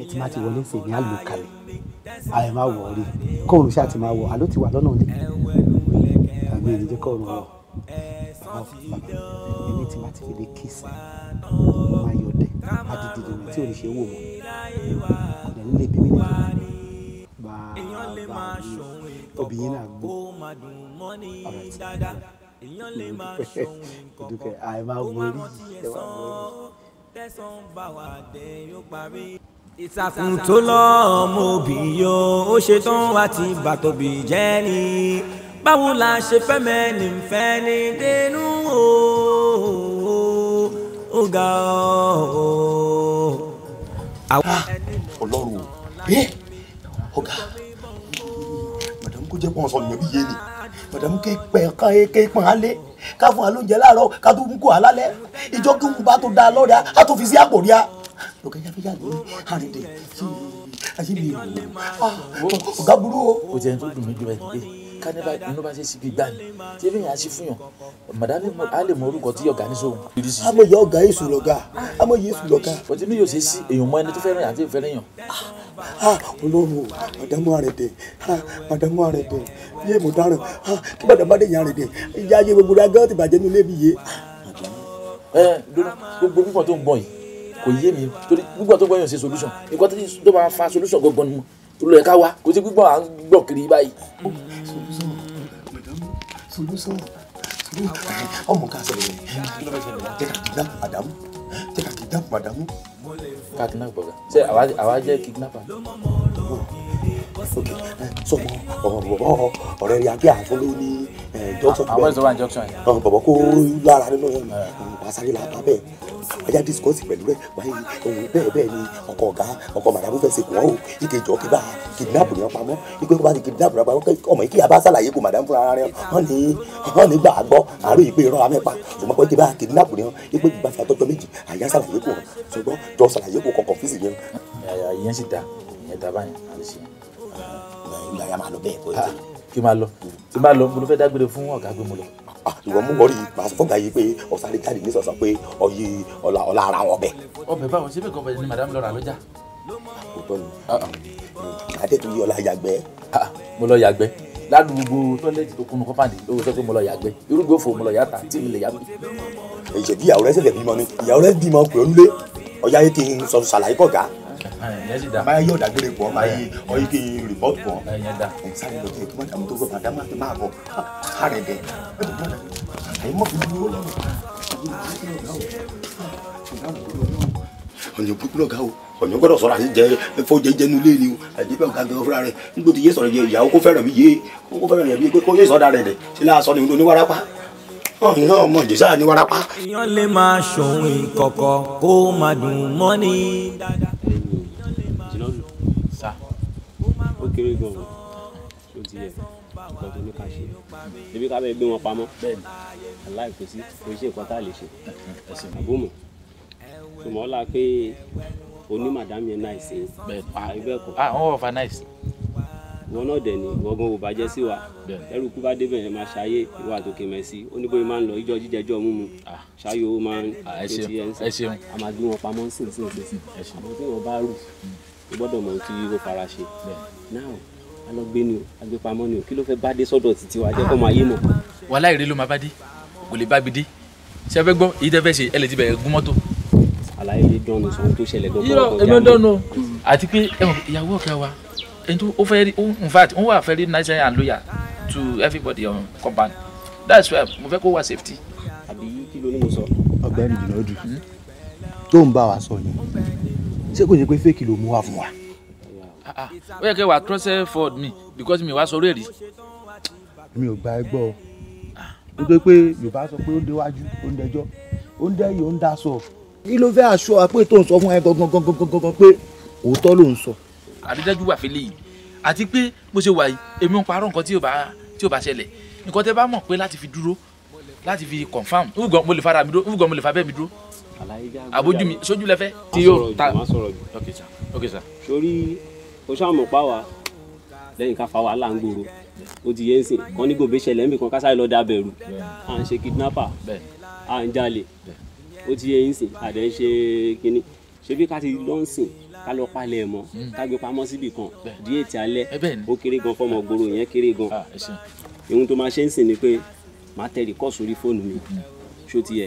[SPEAKER 2] ẹ ti máa ti wọlé ṣe ní àlòkalẹ̀ àyè máa wọ̀ rí kóòrùn ṣáà ti máa wọ̀ àló ti wà lọ́nà òde àmì ìdíje kóòrùn wọ̀ bàbá bàbá ẹni tí máa ti fi lè kí sí i máa yọ̀ dé àdìdì rẹ̀ tí ò ní ṣe wò mọ́ kò dẹ̀ nílé bí mi nìkan bàbá mi obìnrin náà gbó ọ̀rọ̀ tí àì máa wọrí ẹ
[SPEAKER 1] wà wọrí. ìtàkùn tó lọ ọmọ òbí yo ó ṣetán wá ti bàtòbí jẹ́ ni báwo la ṣe fẹ́ mẹ́ni fẹ́ ni dénú o ó ga ọ́. ọlọ́run o bẹ́ẹ̀
[SPEAKER 2] ọ̀gá màdàmú kó jẹ́ pọ́n sọ ìyẹn iye ni màdàmú ké pẹ́ ká ké pọ́n alẹ́ ká fún alóúnjẹ láàárọ̀ ká tó mú kó ìjọ kí wọn bá tó da lọ́ọ̀dà á tó fi sí àpò rí a. lókè jáfe jáde àrídè àti mi ah, ọ̀gá burú o. o jẹ́ ní tó dùn mí jù bẹ́ẹ̀ kánibà inú bá ṣe sí gbígbà ni tí ebi yàn á sí fún yàn madame a lè mọ orúkọ tí ọ̀gá ní sóhun. àmọ́ ìyá ọ̀gá yìí sùn lọ́gà àmọ́ yìí sùn lọ́gà. bọ́tí mi yóò ṣe sí èèyàn mọ ẹni tó fẹ́ràn àti ìfẹ́ràn yàn. olóhùn madamu arẹdẹ madamu arẹdẹ yé mo dáràn ah, kí madamu adé yàn arẹdẹ ìyá ayé gbogbo rẹ agán ti bàjẹ́ ní ilé mi yé. ẹ eh, gbogbo púpọ̀ tó ń bọ̀ yìí kò yé mi torí púpọ̀ tó ń bọ̀ yìí ò ṣe solution nǹkan tó máa fa solution gbọ̀ngbọ̀n ni mo tó lọ yẹ ká wá kò sí gbígbọ́n à ń gbọ̀ kiri báyìí sùúrù sọ sùúrù ọmọ ká sẹlẹ jẹ ká kidnap madamu jẹ ká kidnap madamu. ká kidnap bọ̀gà ṣé àwa jẹ́ kidnapper sọmọ ọ̀rọ̀ uh, uh, uh, ọ̀rẹ́ rẹ̀ àbí àfún ló ní junction bẹ́ẹ̀ àwọn ìṣòro junction yẹn. Ah, bọ̀bọ̀ kó lára nínú yẹn wàá sáré làbá bẹ́ẹ̀ ajá discourse pẹ̀lú rẹ̀ wáyé ohun bẹ́ẹ̀ bẹ́ẹ̀ ni ọkọ̀ ọ̀gá ọkọ̀ màdàmú fẹ́ ṣe kù wọ́n o ike jọ kí bá kidnap ni wọ́n pamọ́ ipe kó bá ti kidnap rẹ̀ pamọ́ ọmọ ike yaba sàlàyé kò màdàmú fúnra rẹ̀ wọ́n ní wọ́n ní gbà gbọ́ àárò ìpè irọ́ amẹ́pa ṣùgbọ́n pé ike bá kidnap ni wọ́n ipe gbà fi àtọ́jọ́ méjì àyà sàlàyé kò ṣùgbọ́n jọ sàlàyé kò kọ̀ọ̀kan fíìsì ni. ìyẹn sì dá ìyẹn dá báyìí àti ṣe ìgbà yà máa lọ bẹ́ẹ̀ bọ́ ẹ̀ kí n máa lọ tí n bá lọ mo ló fẹ́ dágbére fún ọ̀gá gbé mo lọ. Ah, ìwọ mú wọrí màá sọ fọgà yìí pé ọ̀sán lè jáde ní pé ọyí ọ̀la ara wọn bẹ̀. ọbẹ̀ báwo ṣé bẹ́ẹ̀ kọ́ bẹ̀ ni madame lọ́ra lọ́jà. òótọ́ ni àdètò yìí ọ̀la yàgbẹ́. mo lọ yàgbẹ́ ládùúgbò tọ́lẹ́tì tó kúnnú kọ́pàdé lówó sọ pé mo lọ yàgbẹ́ irúgbó fò mo lọ yàtà tí mi yàgbẹ́. ìṣèdí ìyàwó rẹ ṣẹ̀ṣẹ̀ bímọ ni ìyàwó rẹ bímọ pẹ̀lú lé ọ̀yá yìí ti sọ ṣàlàyé kọ̀ọ̀gá yẹn sì dá. máa yọ̀ dàgbére pọ̀ máa yí ọyí kí n rìpọ́t pọ̀. yẹn lọ kí ẹ tó tó gbọ́ bàdá máa fi máa bọ̀ kárẹ dẹ ẹ bọ̀ mọ̀ fi ní lọ́wọ́ ọ̀nà burúkú lọ́gà o ọ̀nà gbọ́dọ̀ sọ̀rọ̀ àti jẹ fọ́ jẹjẹ nu lé ni o àti bẹ́ẹ̀ ọ̀gá gan fúnra rẹ̀ nígbà tí yé sọ̀rọ̀ yẹ ìyàwó kó fẹ́ràn mi yé kó fẹ́ràn rẹ̀ bí pé kó yé sọ̀dà rẹ̀ dẹ̀ ṣe láà sọ ni ní warapa ọ̀nà ọmọ ìjẹsà ni
[SPEAKER 1] warapa. èèyàn lè máa ṣòwò ìkọ̀kọ̀ kó máa dùn mọ́ ni dáadáa. ó
[SPEAKER 7] kéré gan o ó ti yẹ nǹkan tó ní ká ṣe ebi ká bẹ gbé wọn pamọ́ bẹ́ẹ̀ni aláìkó sí kò ṣe nǹkan a lè ṣe àbúmọ ṣùgbọ́n ọlá pé oní màdàmú yẹn náà ṣe pa ibẹ̀ kọ. àwọn ah, ọ̀fà náà ṣe. wọn náà dẹ̀ ni gbọ̀ngàn ò bàjẹ́ sí wa ẹrù kú bá débẹ̀ yẹn máa ṣayé ìwà àtòkè mẹ́sì ó ní bóyá máa ń lọ ìjọ jíjẹjọ́ mímu ah. ṣáyé ó máa ń ṣe ti ẹ̀ ń a máa gbé wọn pamọ́ ń sìn sìn sìn àmọ́ tí wọ́n bá rù mm o gbọ́dọ̀ mọ ohun tí o fara ṣe now a lọ gbé ni o a gbé pamọ́ ni o kí ló fẹ́ bá dé sọ́dọ̀ títí wa jẹ́ kó máa yé mọ̀.
[SPEAKER 2] wàhálà ìrè ló máa bá dé kò lè bá bi dé ṣé ẹ fẹ́ gbọ́ èyí tẹ́ fẹ́ ṣe ẹ lè gún mọ́tò. àlàyé lè dán ọ̀nà
[SPEAKER 7] sọ̀rọ̀ tó ṣẹlẹ̀ dọ́gbọ́n ọ̀gá mi. èmi ń dánú
[SPEAKER 2] àti pé ìyàwó ọ̀gá wa ẹni tó ó fẹ́ rí in fact ó wà very nice and loyal to everybody on company that's why mo fẹ́ kó wà safety. àbí kí ló ní mo sọ. ọ̀gbẹ́ni jùlọ dùn hmm? tó ń bá wa sọ yẹn ṣé kò jẹ́ pé fake ló mú wá fún wa. ó yẹ kẹ́ wà cross forward mi because mi wá sọ rẹ́ẹ̀rí. mi ò gba ẹgbọ́ o ah. nítorí pé yorùbá sọ pé ó ń déwájú ó ń dẹjọ́ ó ń dẹ́yìn ó ń daṣọ. kí ló fẹ́ aṣọ àpè tó ń sọ fún ẹ gangan gangan gangan pé òótọ́ ló ń sọ. àrídájú wà fẹ́lẹ́ yìí àti pé bó ṣe wà yìí èmi ń parọ́ nǹkan tí ò bá tí ò bá ṣẹlẹ̀ nǹkan tẹ́ bá mọ̀ pé láti fi dúró láti fi confam ń gbọ́n mo lè fara mi dúró ń gbọ́n mo lè fa bẹ́ẹ̀ mi dúró àbójú mi sójú
[SPEAKER 7] lẹfẹ. tí yóò ta má sọ̀rọ̀ jù ok sir ok sir. sori o ṣàmù pa wa lẹ́yìn ká fa wàhálà ń gbòòrò o ti yé ń sìn kàn ní gòbè ṣẹlẹ̀ níbi kan kásáré lọ́ọ́ dábẹ̀ rú à ń ṣe kidnapper à ń jalè o ti yé ń sìn àdé ń ṣe kínní ṣé bí ká ti lọ́ọ́ ń sìn ká lọ palẹ̀ mọ́ hmm. ká gbé pamọ́ síbì kan di ètí alẹ́ eh, ó kéré gan fọmọ gbòòrò yẹn kéré gan ohun ah, tó máa ṣe ń sìn ni pé màá tẹ rìkọ́ọ̀sì orí fóònù mi. Mm ṣó ti yẹ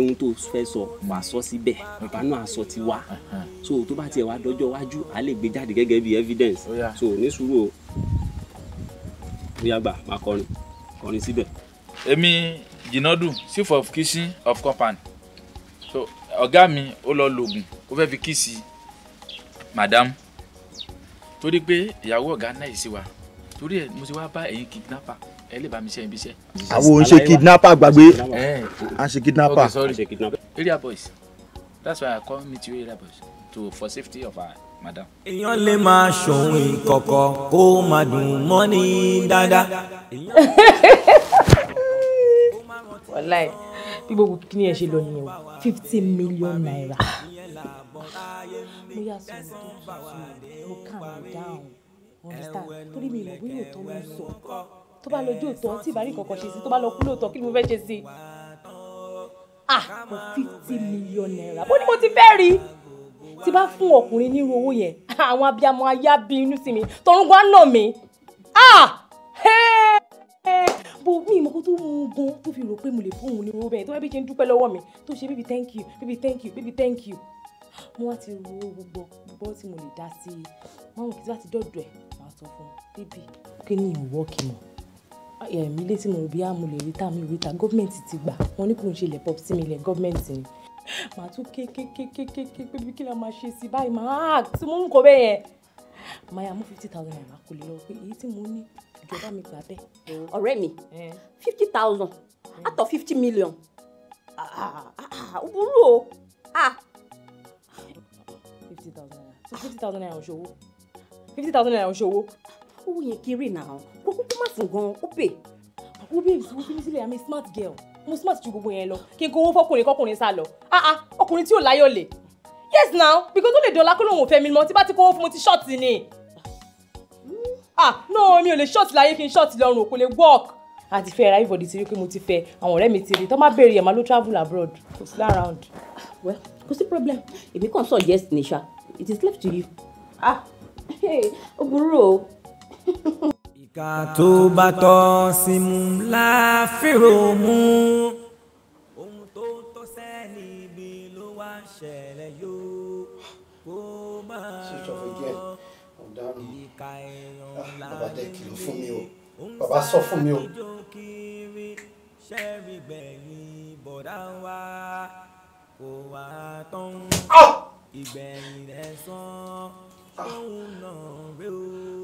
[SPEAKER 7] ohun tó fẹ́ sọ wàá sọ síbẹ̀ bàbá náà sọ ti wá uh-huh. so tó bá tiẹ̀ wá dọ́jọ́ wájú a lè gbé jáde gẹ́gẹ́ bí evidence oh, so ní sùúrù o ó yàgbà máa kọrin kọrin síbẹ̀. èmi Jinodu chief of kitchen of company so ọ̀gá mi ó lọ
[SPEAKER 2] lògùn ó fẹ́ fi kíìsì madam torí pé ìyàwó ọ̀gá náà yìí sí wa torí ẹ̀ mo ti wá bá ẹ̀yin kidnapper ẹ lè bá mi ṣe ibi iṣẹ́. àwọn ò ṣe
[SPEAKER 1] kidnapper gbàgbé à eh, eh, ń ṣe kidnapper. okay sorry
[SPEAKER 7] area boys that's why i call meet you area boys to for safety of our madam.
[SPEAKER 1] èèyàn lè máa ṣòwò ìkọ̀kọ̀ kó máa dùn mọ́ ní dáadáa.
[SPEAKER 5] wàláì bí gbogbo kí ẹ ṣe lọ nìyẹn o fifty million naira.
[SPEAKER 1] mo yà sọ ní tó tún sọ mo calm down understand torí mi ò mọ̀ bí yóò tó bá lọ́jọ́
[SPEAKER 5] òtọ́ tí ìbá rí kankan ṣe sí tó bá lọ kú lóòótọ́ kí ni mo fẹ́ ṣe sí. ah for fifty million naira bó ni mo ti fẹ́ rí tí bá fún ọkùnrin nírú owó yẹn àwọn abiyamọ ayá bí inú sí mi tọrùngbọ́n á nà mí ah bó mi ìmọ̀ kó tó mú un gan tó fi rò pé mo lè fún òun ní owó bẹ́ẹ̀ tó bá bí ṣe ń dúpẹ́ lọ́wọ́ mi tó ṣe bíbi thank you bíbi thank you bíbi thank you mo wá ti ro gbogbo gbogbo tí mo lè dá sí i mọ́mọ́ kí tí wàá ti dọ̀dọ̀ ẹ̀ máa sọ fún un bíbí kí ni ìwọ́ kí mọ̀ èmi létí mo rò bí àmú lè rí ta mi rí ta gọ́ọ̀mẹ̀ntì ti gbà wọn ní kò ń ṣe ilẹ̀ pop sí mi ilẹ̀ gọ́ọ̀mẹ̀ntì ni màá tún kékékékékéké pé bí kí la máa ṣe sí báyìí máa ah, tí mo ń kọ bẹ́ẹ̀ yẹn maya mú fifty thousand naira kò lè lọ pé èyí tí mo ní ìjọba mi gbà bẹ́ẹ̀. Oh. ọ̀rẹ́ mi fifty thousand out of fifty million ah, ah, ó burú o fifty thousand naira fifty thousand naira ò ṣòwò fifty thousand naira ò ṣòwò Who yẹn carry now? kó kúkú má sùn gan ó pè. wo bí èmi ti wọ́n fi smart girl mo smart ju go yẹn lọ kí n kó owó fọkùnrin kọkùnrin sá lọ ah ah ọkùnrin tí ò láyọ̀ lè yes now because only lè dọ̀la kó lóun ò fẹ́ mi mọ́ tí bá ti kówó fún mo ah no mi only lè ṣọ́ọ̀tì láyé kí n ṣọ́ọ̀tì lọ́rùn kò lè work àti fẹ́ ra everybody ti rí pé mo ti fẹ́ àwọn ọ̀rẹ́ mi ti rí travel abroad kò sí around. Ah, well kò sí problem èmi kàn sọ yes ní it is left to you. ah ó burú o
[SPEAKER 1] ìka tó bá tọ́ sí mu láfírò mú ohun tó tọ́ sẹ́ni ibi ló wá ṣẹlẹ̀ yóò kó máa lọ ìka
[SPEAKER 6] èèyàn láàyè bàbá sọ fún mi o ṣẹ́rí gbẹ̀yìn bọ̀dá wa kò wá
[SPEAKER 1] tán ah! ìgbẹ̀yìn rẹ̀ sàn tóun ah! náà rèé o.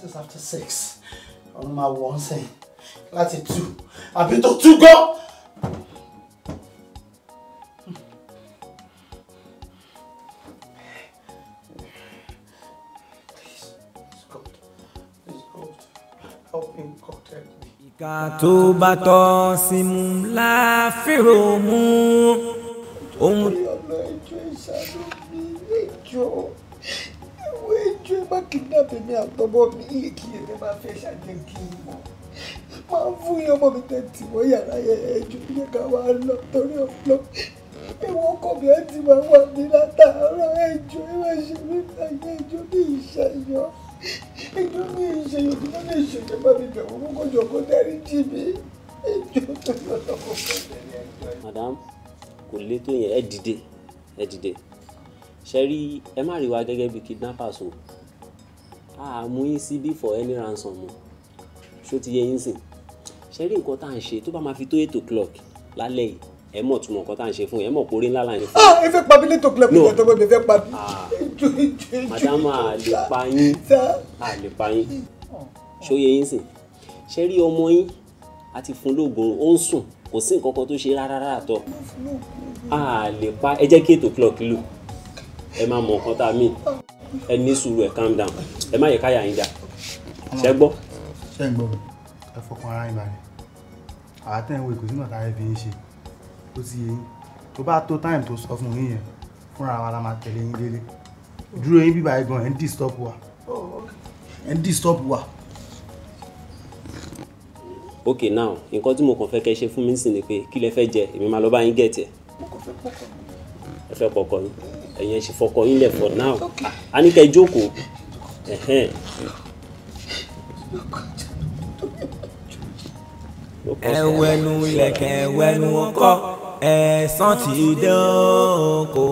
[SPEAKER 2] this is after six ọ̀run máa wọ̀ ọ́n sẹ́yìn láti two àbí tó two gan.
[SPEAKER 1] ìka bato simu la firo mu láfẹ́rò mú. ohun.
[SPEAKER 6] ọlọ́ọ̀jọ́ ìṣàlùmí ẹjọ́ bá kidnap èmi àtọmọ mi ilé kí ẹ bá fẹ́ ṣàjẹ́ kí n mọ̀ máa ń fún yín ọmọ mi tẹ́ tì wọ́n yàrá yẹn ẹ̀jú yẹ ká wá lọ torí ọ̀pọ̀ ìwọ ọkọ mi ẹ ti máa wà ní látàárọ̀ ẹjọ́ ẹ máa ṣe mí láyé ẹjọ́ ní ìṣẹ̀yọ́ ẹjọ́ ní ìṣẹ̀yọ́ tí wọ́n lè ṣèjọ́ bá mi bẹ̀rù mú kọjọ́ kó dárí jì mí ẹjọ́ tó
[SPEAKER 7] lọ lọ́kọ̀ fẹ́ẹ́ madam kò lè tó yẹn ẹ dìde ẹ dìde ṣe rí ẹ má rí wa gẹ́gẹ́ bí kidnappers o. So àmú yín síbí for any ransom o ṣó ti yẹ yín sìn ṣe rí nǹkan tá à ń ṣe tó bá máa fi tó eight o'clock lálẹ́ yìí ẹ mọ̀ tún mọ̀ nǹkan tá à ń ṣe fún yẹn ẹ mọ̀ kó rí ńlá là ń ṣe fún yẹn. Ah, ẹ fẹ́ pa mí ní eight o'clock ìgbà tó bẹ́ẹ̀ fẹ́ pa mí. Ah. madama a lè pa yín a pa yín ṣó yẹ yín sìn ṣe rí ọmọ yín a ti fún lóògùn ó ń sùn kò sí nǹkan kan tó ṣe rárá rárá tọ a pa ẹ jẹ́ kí eight o'clock lù ẹ máa mọ̀ nǹkan tá a mí ẹ ní sùúrù ẹ calm down ẹ má yẹ káyà yín jà ṣẹ gbọ́.
[SPEAKER 2] ṣe ń gbọ́ mi ẹ fọkàn ara yín balẹ̀ àwa tẹ̀ ń wo ìkòsínà tààrẹ fi ń ṣe ó ti yẹ yín tó bá tó táìmù tó sọ fún yín yẹn fúnra wa la máa tẹ̀lé yín délé dúró yín bíbá ẹ̀gbọ́n ẹ̀ ń disturb wa ẹ̀ ń disturb wa.
[SPEAKER 7] ok now nǹkan tí mo kàn fẹ́ kẹ́ ṣe fún mi sí ni pé kí lẹ fẹ́ jẹ èmi máa lọ bá yín gẹ̀ẹ́tì ẹ̀ ẹ fẹ́ pọkọ yín ẹ̀yẹn ṣe fọkọ yín lẹ̀ for now a ní kẹ́ jókòó
[SPEAKER 1] ẹwẹnu ilẹ̀kẹ̀ ẹwẹnu ọkọ ẹ̀san ti dán kò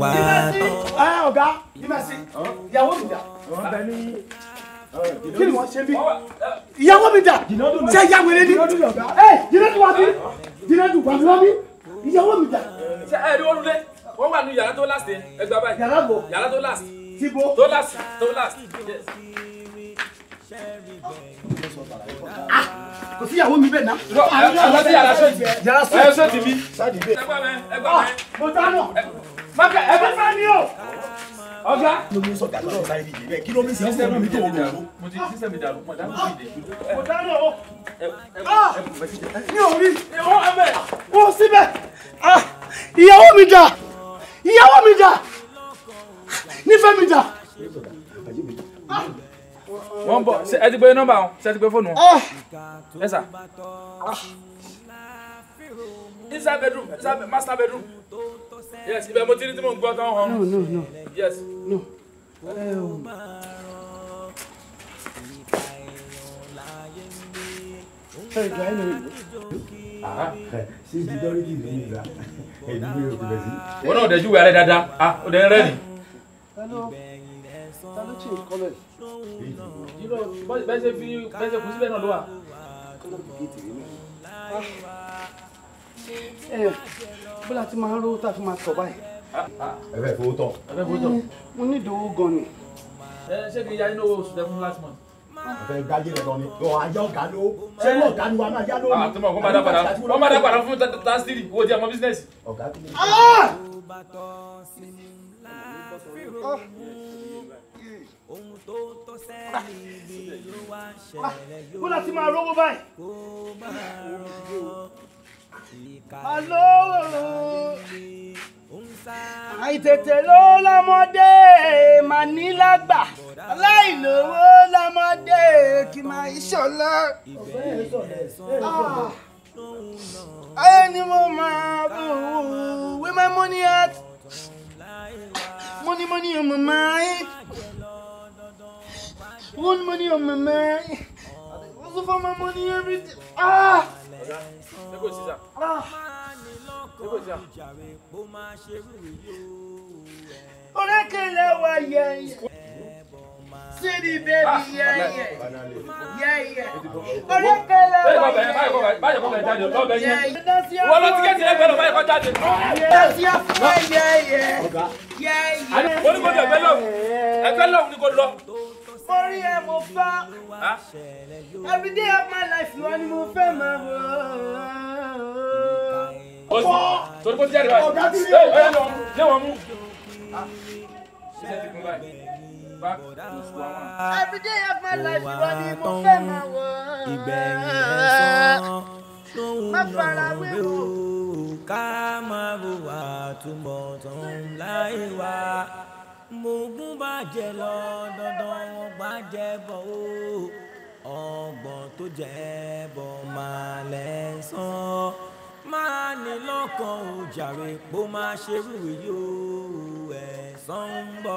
[SPEAKER 1] wá.
[SPEAKER 2] ẹ ọ̀gá ìmẹ̀sì ìyàwó mi dà kí ni wọ́n ṣe bí ìyàwó mi dà ṣe ìyá wẹ̀rẹ̀ ni ẹ jìnnà tó wá bí jìnnà tó wá bí ìyàwó mi dà. ṣe ẹ ẹ ní wọ́n lulẹ̀ wọ́n wà ní yàrá tó last yẹn ẹgbẹ́ báyìí yàrá bò yàrá tó last tibo tó last tó last yes. kò sí ìyàwó mi bẹ́ẹ̀ ná. àwọn ti yàrá sọ́ọ̀tì yàrá sọ́ọ̀tì mi. ẹgbẹ́ mi ẹgbẹ́ mi. mo tán nù. mákà ẹgbẹ́ fẹ́ mi o ọgá. ló ń sọ dàgbà sọ láyé nìyí bẹ́ẹ̀ kí ló ń sọ fún mi tó wọlé o. mo ti sísẹ mi dàrú mo dáná mi dé. mo dáná o. mi ò rí. ìwọ ẹbẹ. mo síbẹ̀. ìyàwó mi dà ìyàwó mi dà nífẹ̀ẹ́ mi dà. wọ́n ń bọ̀ ẹ ti gbé nọ́mbà wọn ṣe ti gbé fóònù wọn. ẹ sà. inside bedroom inside master bedroom yes ibẹ̀ mo ti ní tí mo ń gbọ́ tán hàn. no no no yes. no. Um. Hey, I know you? Ah, ṣé security ló ń gbà ẹ̀dí ló yóò kulẹ̀ sí. wọn náà dẹjú wẹ̀rẹ̀ dáadáa ah ó dẹ̀ ń rẹ́rìn. talo change colour yìí bẹ́ẹ̀ ṣe fi bẹ́ẹ̀ ṣe kù síbẹ̀ náà ló wà. Ah. Eh, bọ́lá ti máa ń rówó tá a fi máa tọ̀ báyìí. ẹ fẹ́ fowó tọ̀. mo ní ìdòwò gan ni. Eh, ṣé kì í yá inú owó oṣù tẹ fún last month ọ̀fẹ́ gbájé lọ́dọ̀ ni ọ̀ ayé ọ̀gá ló ṣé ní ọ̀gá ni wa máa yá lórí. Ah, àti wọn kò máa dábàdà wọn máa dábàdà fún tásírì owó tí a bísínẹ́sì. ọ̀gá tó ń bọ̀.
[SPEAKER 4] ohun máa rówó báyìí.
[SPEAKER 1] kó
[SPEAKER 2] àìtètè ló lọ́mọdé màá ní lágbà aláìlówó lọ́mọdé kì máa ṣọlá. Ah, ayé ni mo máa bù wí my money at
[SPEAKER 1] money money on my mind
[SPEAKER 6] one money on my mind I dey hustle for my money every day. Ah!
[SPEAKER 1] Ah!
[SPEAKER 2] orekele wa yẹyẹ
[SPEAKER 1] sidi bẹbi yẹyẹ yẹyẹ orekele wa yẹyẹ wọ́n lọ tíkẹ́tì lẹ́gbẹ̀ẹ́ lọ báyìí kọ́ jáde. yẹyẹ yẹyẹ yẹyẹ. oníkó lọ ẹgbẹ́ lọ́hùn
[SPEAKER 2] ẹgbẹ́ lọ́hùn ni kò lọ. mo ẹ mo fọ́ every of my life wọ́n ní mo fẹ́ máa
[SPEAKER 1] wọ̀
[SPEAKER 2] fọ́ ọ̀gá ti rí ọ̀gá lọ. ṣé
[SPEAKER 1] wọ́n mú. ṣé Every day of my life, ìwà ni mo fẹ́ máa wọ̀ ọ́. Má fara wé o. Ká máa bò wá túbọ̀ tán láì wá mogun bàjẹ́ lọ dandan wọn máa ní lọ́kàn ò jàre bó máa ṣe rúwèé yóò ẹ̀san ń o.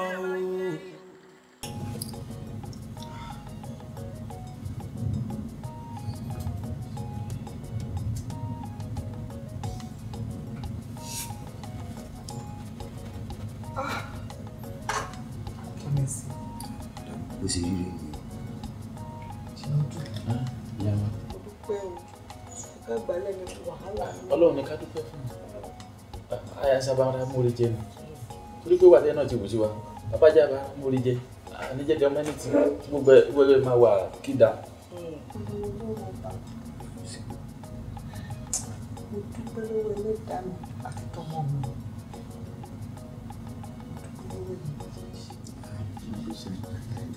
[SPEAKER 2] bó ah! ṣe rí rèé. ṣé ó dùn? ó dúpẹ́ o fẹ́ gbà lẹ́nu wàhálà. ọlọ́run ni ká dúpẹ́ fún mi àyà sábà ara mórí jẹ mi torí pé wàtẹ́ náà ti wù sí wa babájá bá mórí jẹ àníjẹjẹ ọmọ ẹni tí gbogbo ẹ gbogbo ẹ máa wà kídà. mo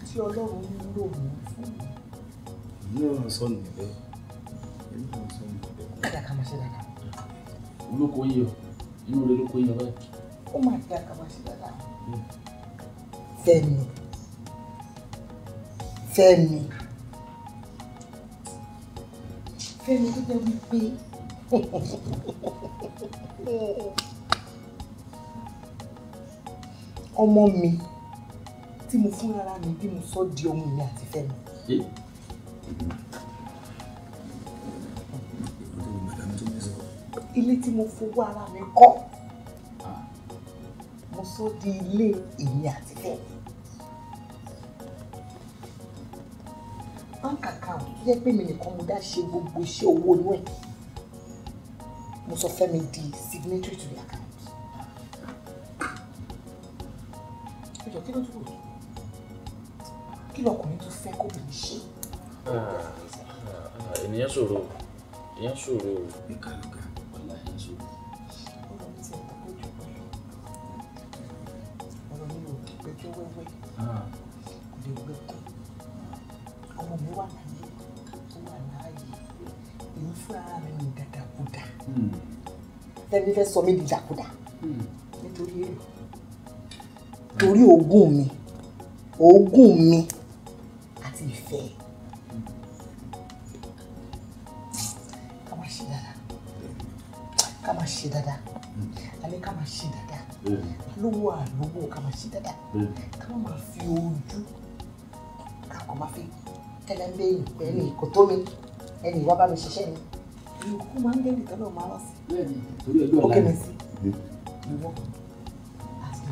[SPEAKER 3] tí ọlọ́run ń lò wọ́n fún mi.
[SPEAKER 2] ìlú ọ̀rọ̀ nìyẹn.
[SPEAKER 3] Kàdà ká máa ṣe dáadáa.
[SPEAKER 2] Olóko yìí o, inú rẹ̀ olóko yìí o báyìí.
[SPEAKER 3] Ó máa dá ká máa ṣe dáadáa. Hmm. Fẹ́mi. Fẹ́mi. Fẹ́mi tó jẹ́ wípé. Ọmọ mi tí mo fún ara mi bí mo sọ di ọmọ mi àti Fẹ́mi. ilé tí mo fowó ara mi kọ́ mo sọ di ilé èmi àti Fẹ́mi. báńkì àkàwọ̀ tó jẹ́ pé mi nìkan mo dá ṣe gbogbo iṣẹ́ owó inú ẹ̀ mo sọ Fẹ́mi di signatory to the account.
[SPEAKER 2] ìjọ kí ló dúró
[SPEAKER 3] kí lọkùnrin tó fẹ́ kó mi ṣe.
[SPEAKER 2] Ah, ah, ènìyàn ṣòro ènìyàn ṣòro.
[SPEAKER 3] fẹ́ sọ mí dìdàkudà hmm, nítorí ẹ̀ torí ogún mi ogún mi àti ìfẹ́ ká máa ṣe dáadáa ká máa ṣe dáadáa hmm. alẹ́ ká máa ṣe dáadáa hmm. lówó àlówó ká máa ṣe dáadáa ká máa fi ojú ká kọ́ máa fi ẹlẹ́mbẹ́yìn pẹ̀lú ìkòtó ẹni ìwà ni ó máa ń dẹ́rù tọ́lọ̀ máa rọ̀ sí. ó kẹ́mi sí ìwọ àti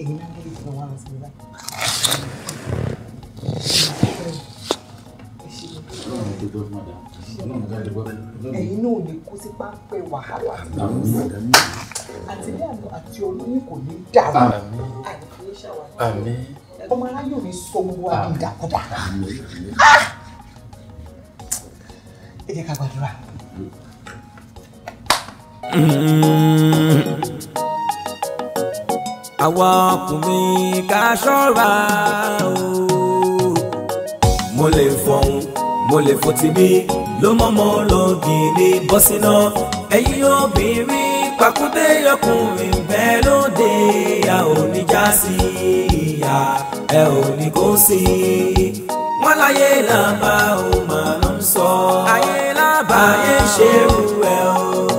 [SPEAKER 3] èyí máa ń dẹ́rù tọ́lọ̀ máa rọ̀ sí nígbà.
[SPEAKER 2] ẹ̀yin náà lè kó sí pápẹ́ wàhálà àtìlẹ́ àná àti
[SPEAKER 3] olóyún kò ní
[SPEAKER 2] dàrú àìkú
[SPEAKER 3] ọmọ aráyò ní sọ gbogbo àbí ah! ẹ jẹ́ ká gbàdúrà.
[SPEAKER 1] Mm-hmm. àwa ọkùnrin ká ṣọ́ra o. mo lè fọhùn mo lè fò tìbí ló mọ́mọ́ lọ́gìrì bọ́síná ẹ̀yin obìnrin pàkúté ọkùnrin bẹ́ẹ̀ lóde ìyá ò ní já sí ìyá ẹ ò ní kó sí wọ́n láyé làbá ò máa ń sọ ayé làbá ayé ṣerú ẹ o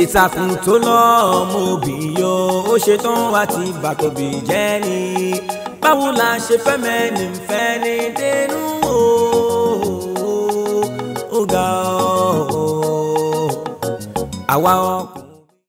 [SPEAKER 1] ìtàkùn tó lọ ọmọ òbí yọ ó ṣetán àti bàtòbí jẹ́ ni báwo la ṣe fẹ́ mẹ́ni fẹ́ ni dénú o ó ga ọ́ àwa ọkùnrin.